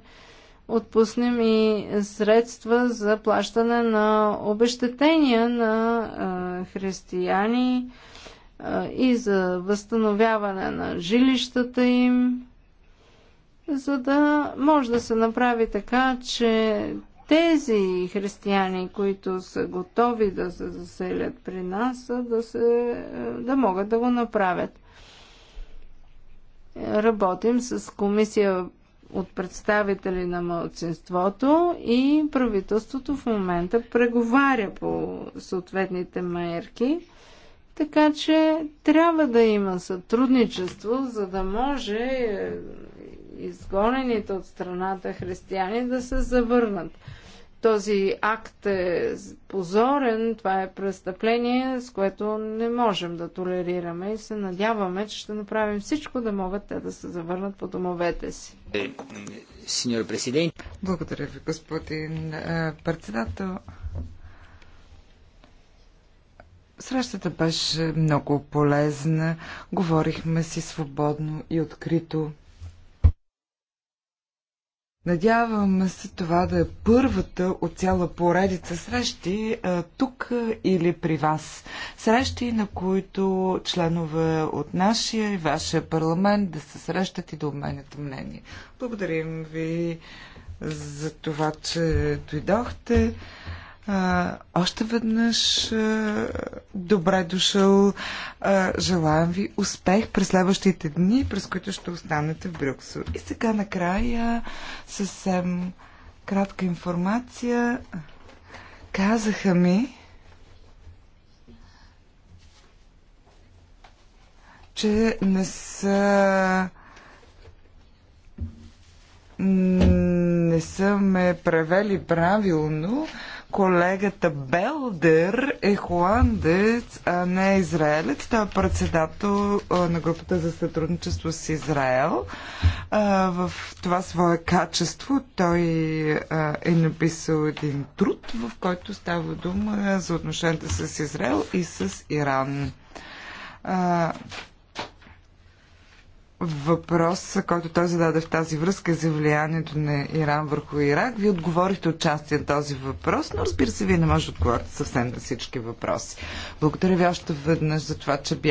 [SPEAKER 3] отпуснем и средства за плащане на обещетения на християни и за възстановяване на жилищата им, за да може да се направи така, че тези християни, които са готови да се заселят при нас, да, се, да могат да го направят. Работим с комисия от представители на младсинството и правителството в момента преговаря по съответните мерки. Така че трябва да има сътрудничество, за да може е, изгонените от страната християни да се завърнат. Този акт е позорен, това е престъпление, с което не можем да толерираме и се надяваме, че ще направим всичко да могат те да се завърнат по домовете си.
[SPEAKER 5] Е,
[SPEAKER 1] Синьор
[SPEAKER 2] президент. Благодаря ви, господин е, председател. Срещата беше много полезна. Говорихме си свободно и открито. Надяваме се това да е първата от цяла поредица срещи тук или при вас. Срещи, на които членове от нашия и вашия парламент да се срещат и да обменят мнение. Благодарим ви за това, че дойдохте. А, още веднъж а, добре дошъл. А, желаем ви успех през следващите дни, през които ще останете в Брюксел. И сега накрая съвсем кратка информация. Казаха ми, че не са не са ме превели правилно колегата Белдер е холандец, а не израелец. Той е председател на групата за сътрудничество с Израел. В това свое качество той е написал един труд, в който става дума за отношенията с Израел и с Иран въпрос, който той зададе в тази връзка за влиянието на Иран върху Ирак. Вие отговорихте отчасти на този въпрос, но разбира се, вие не можете да отговорите съвсем на всички въпроси. Благодаря ви още веднъж за това, че бяхте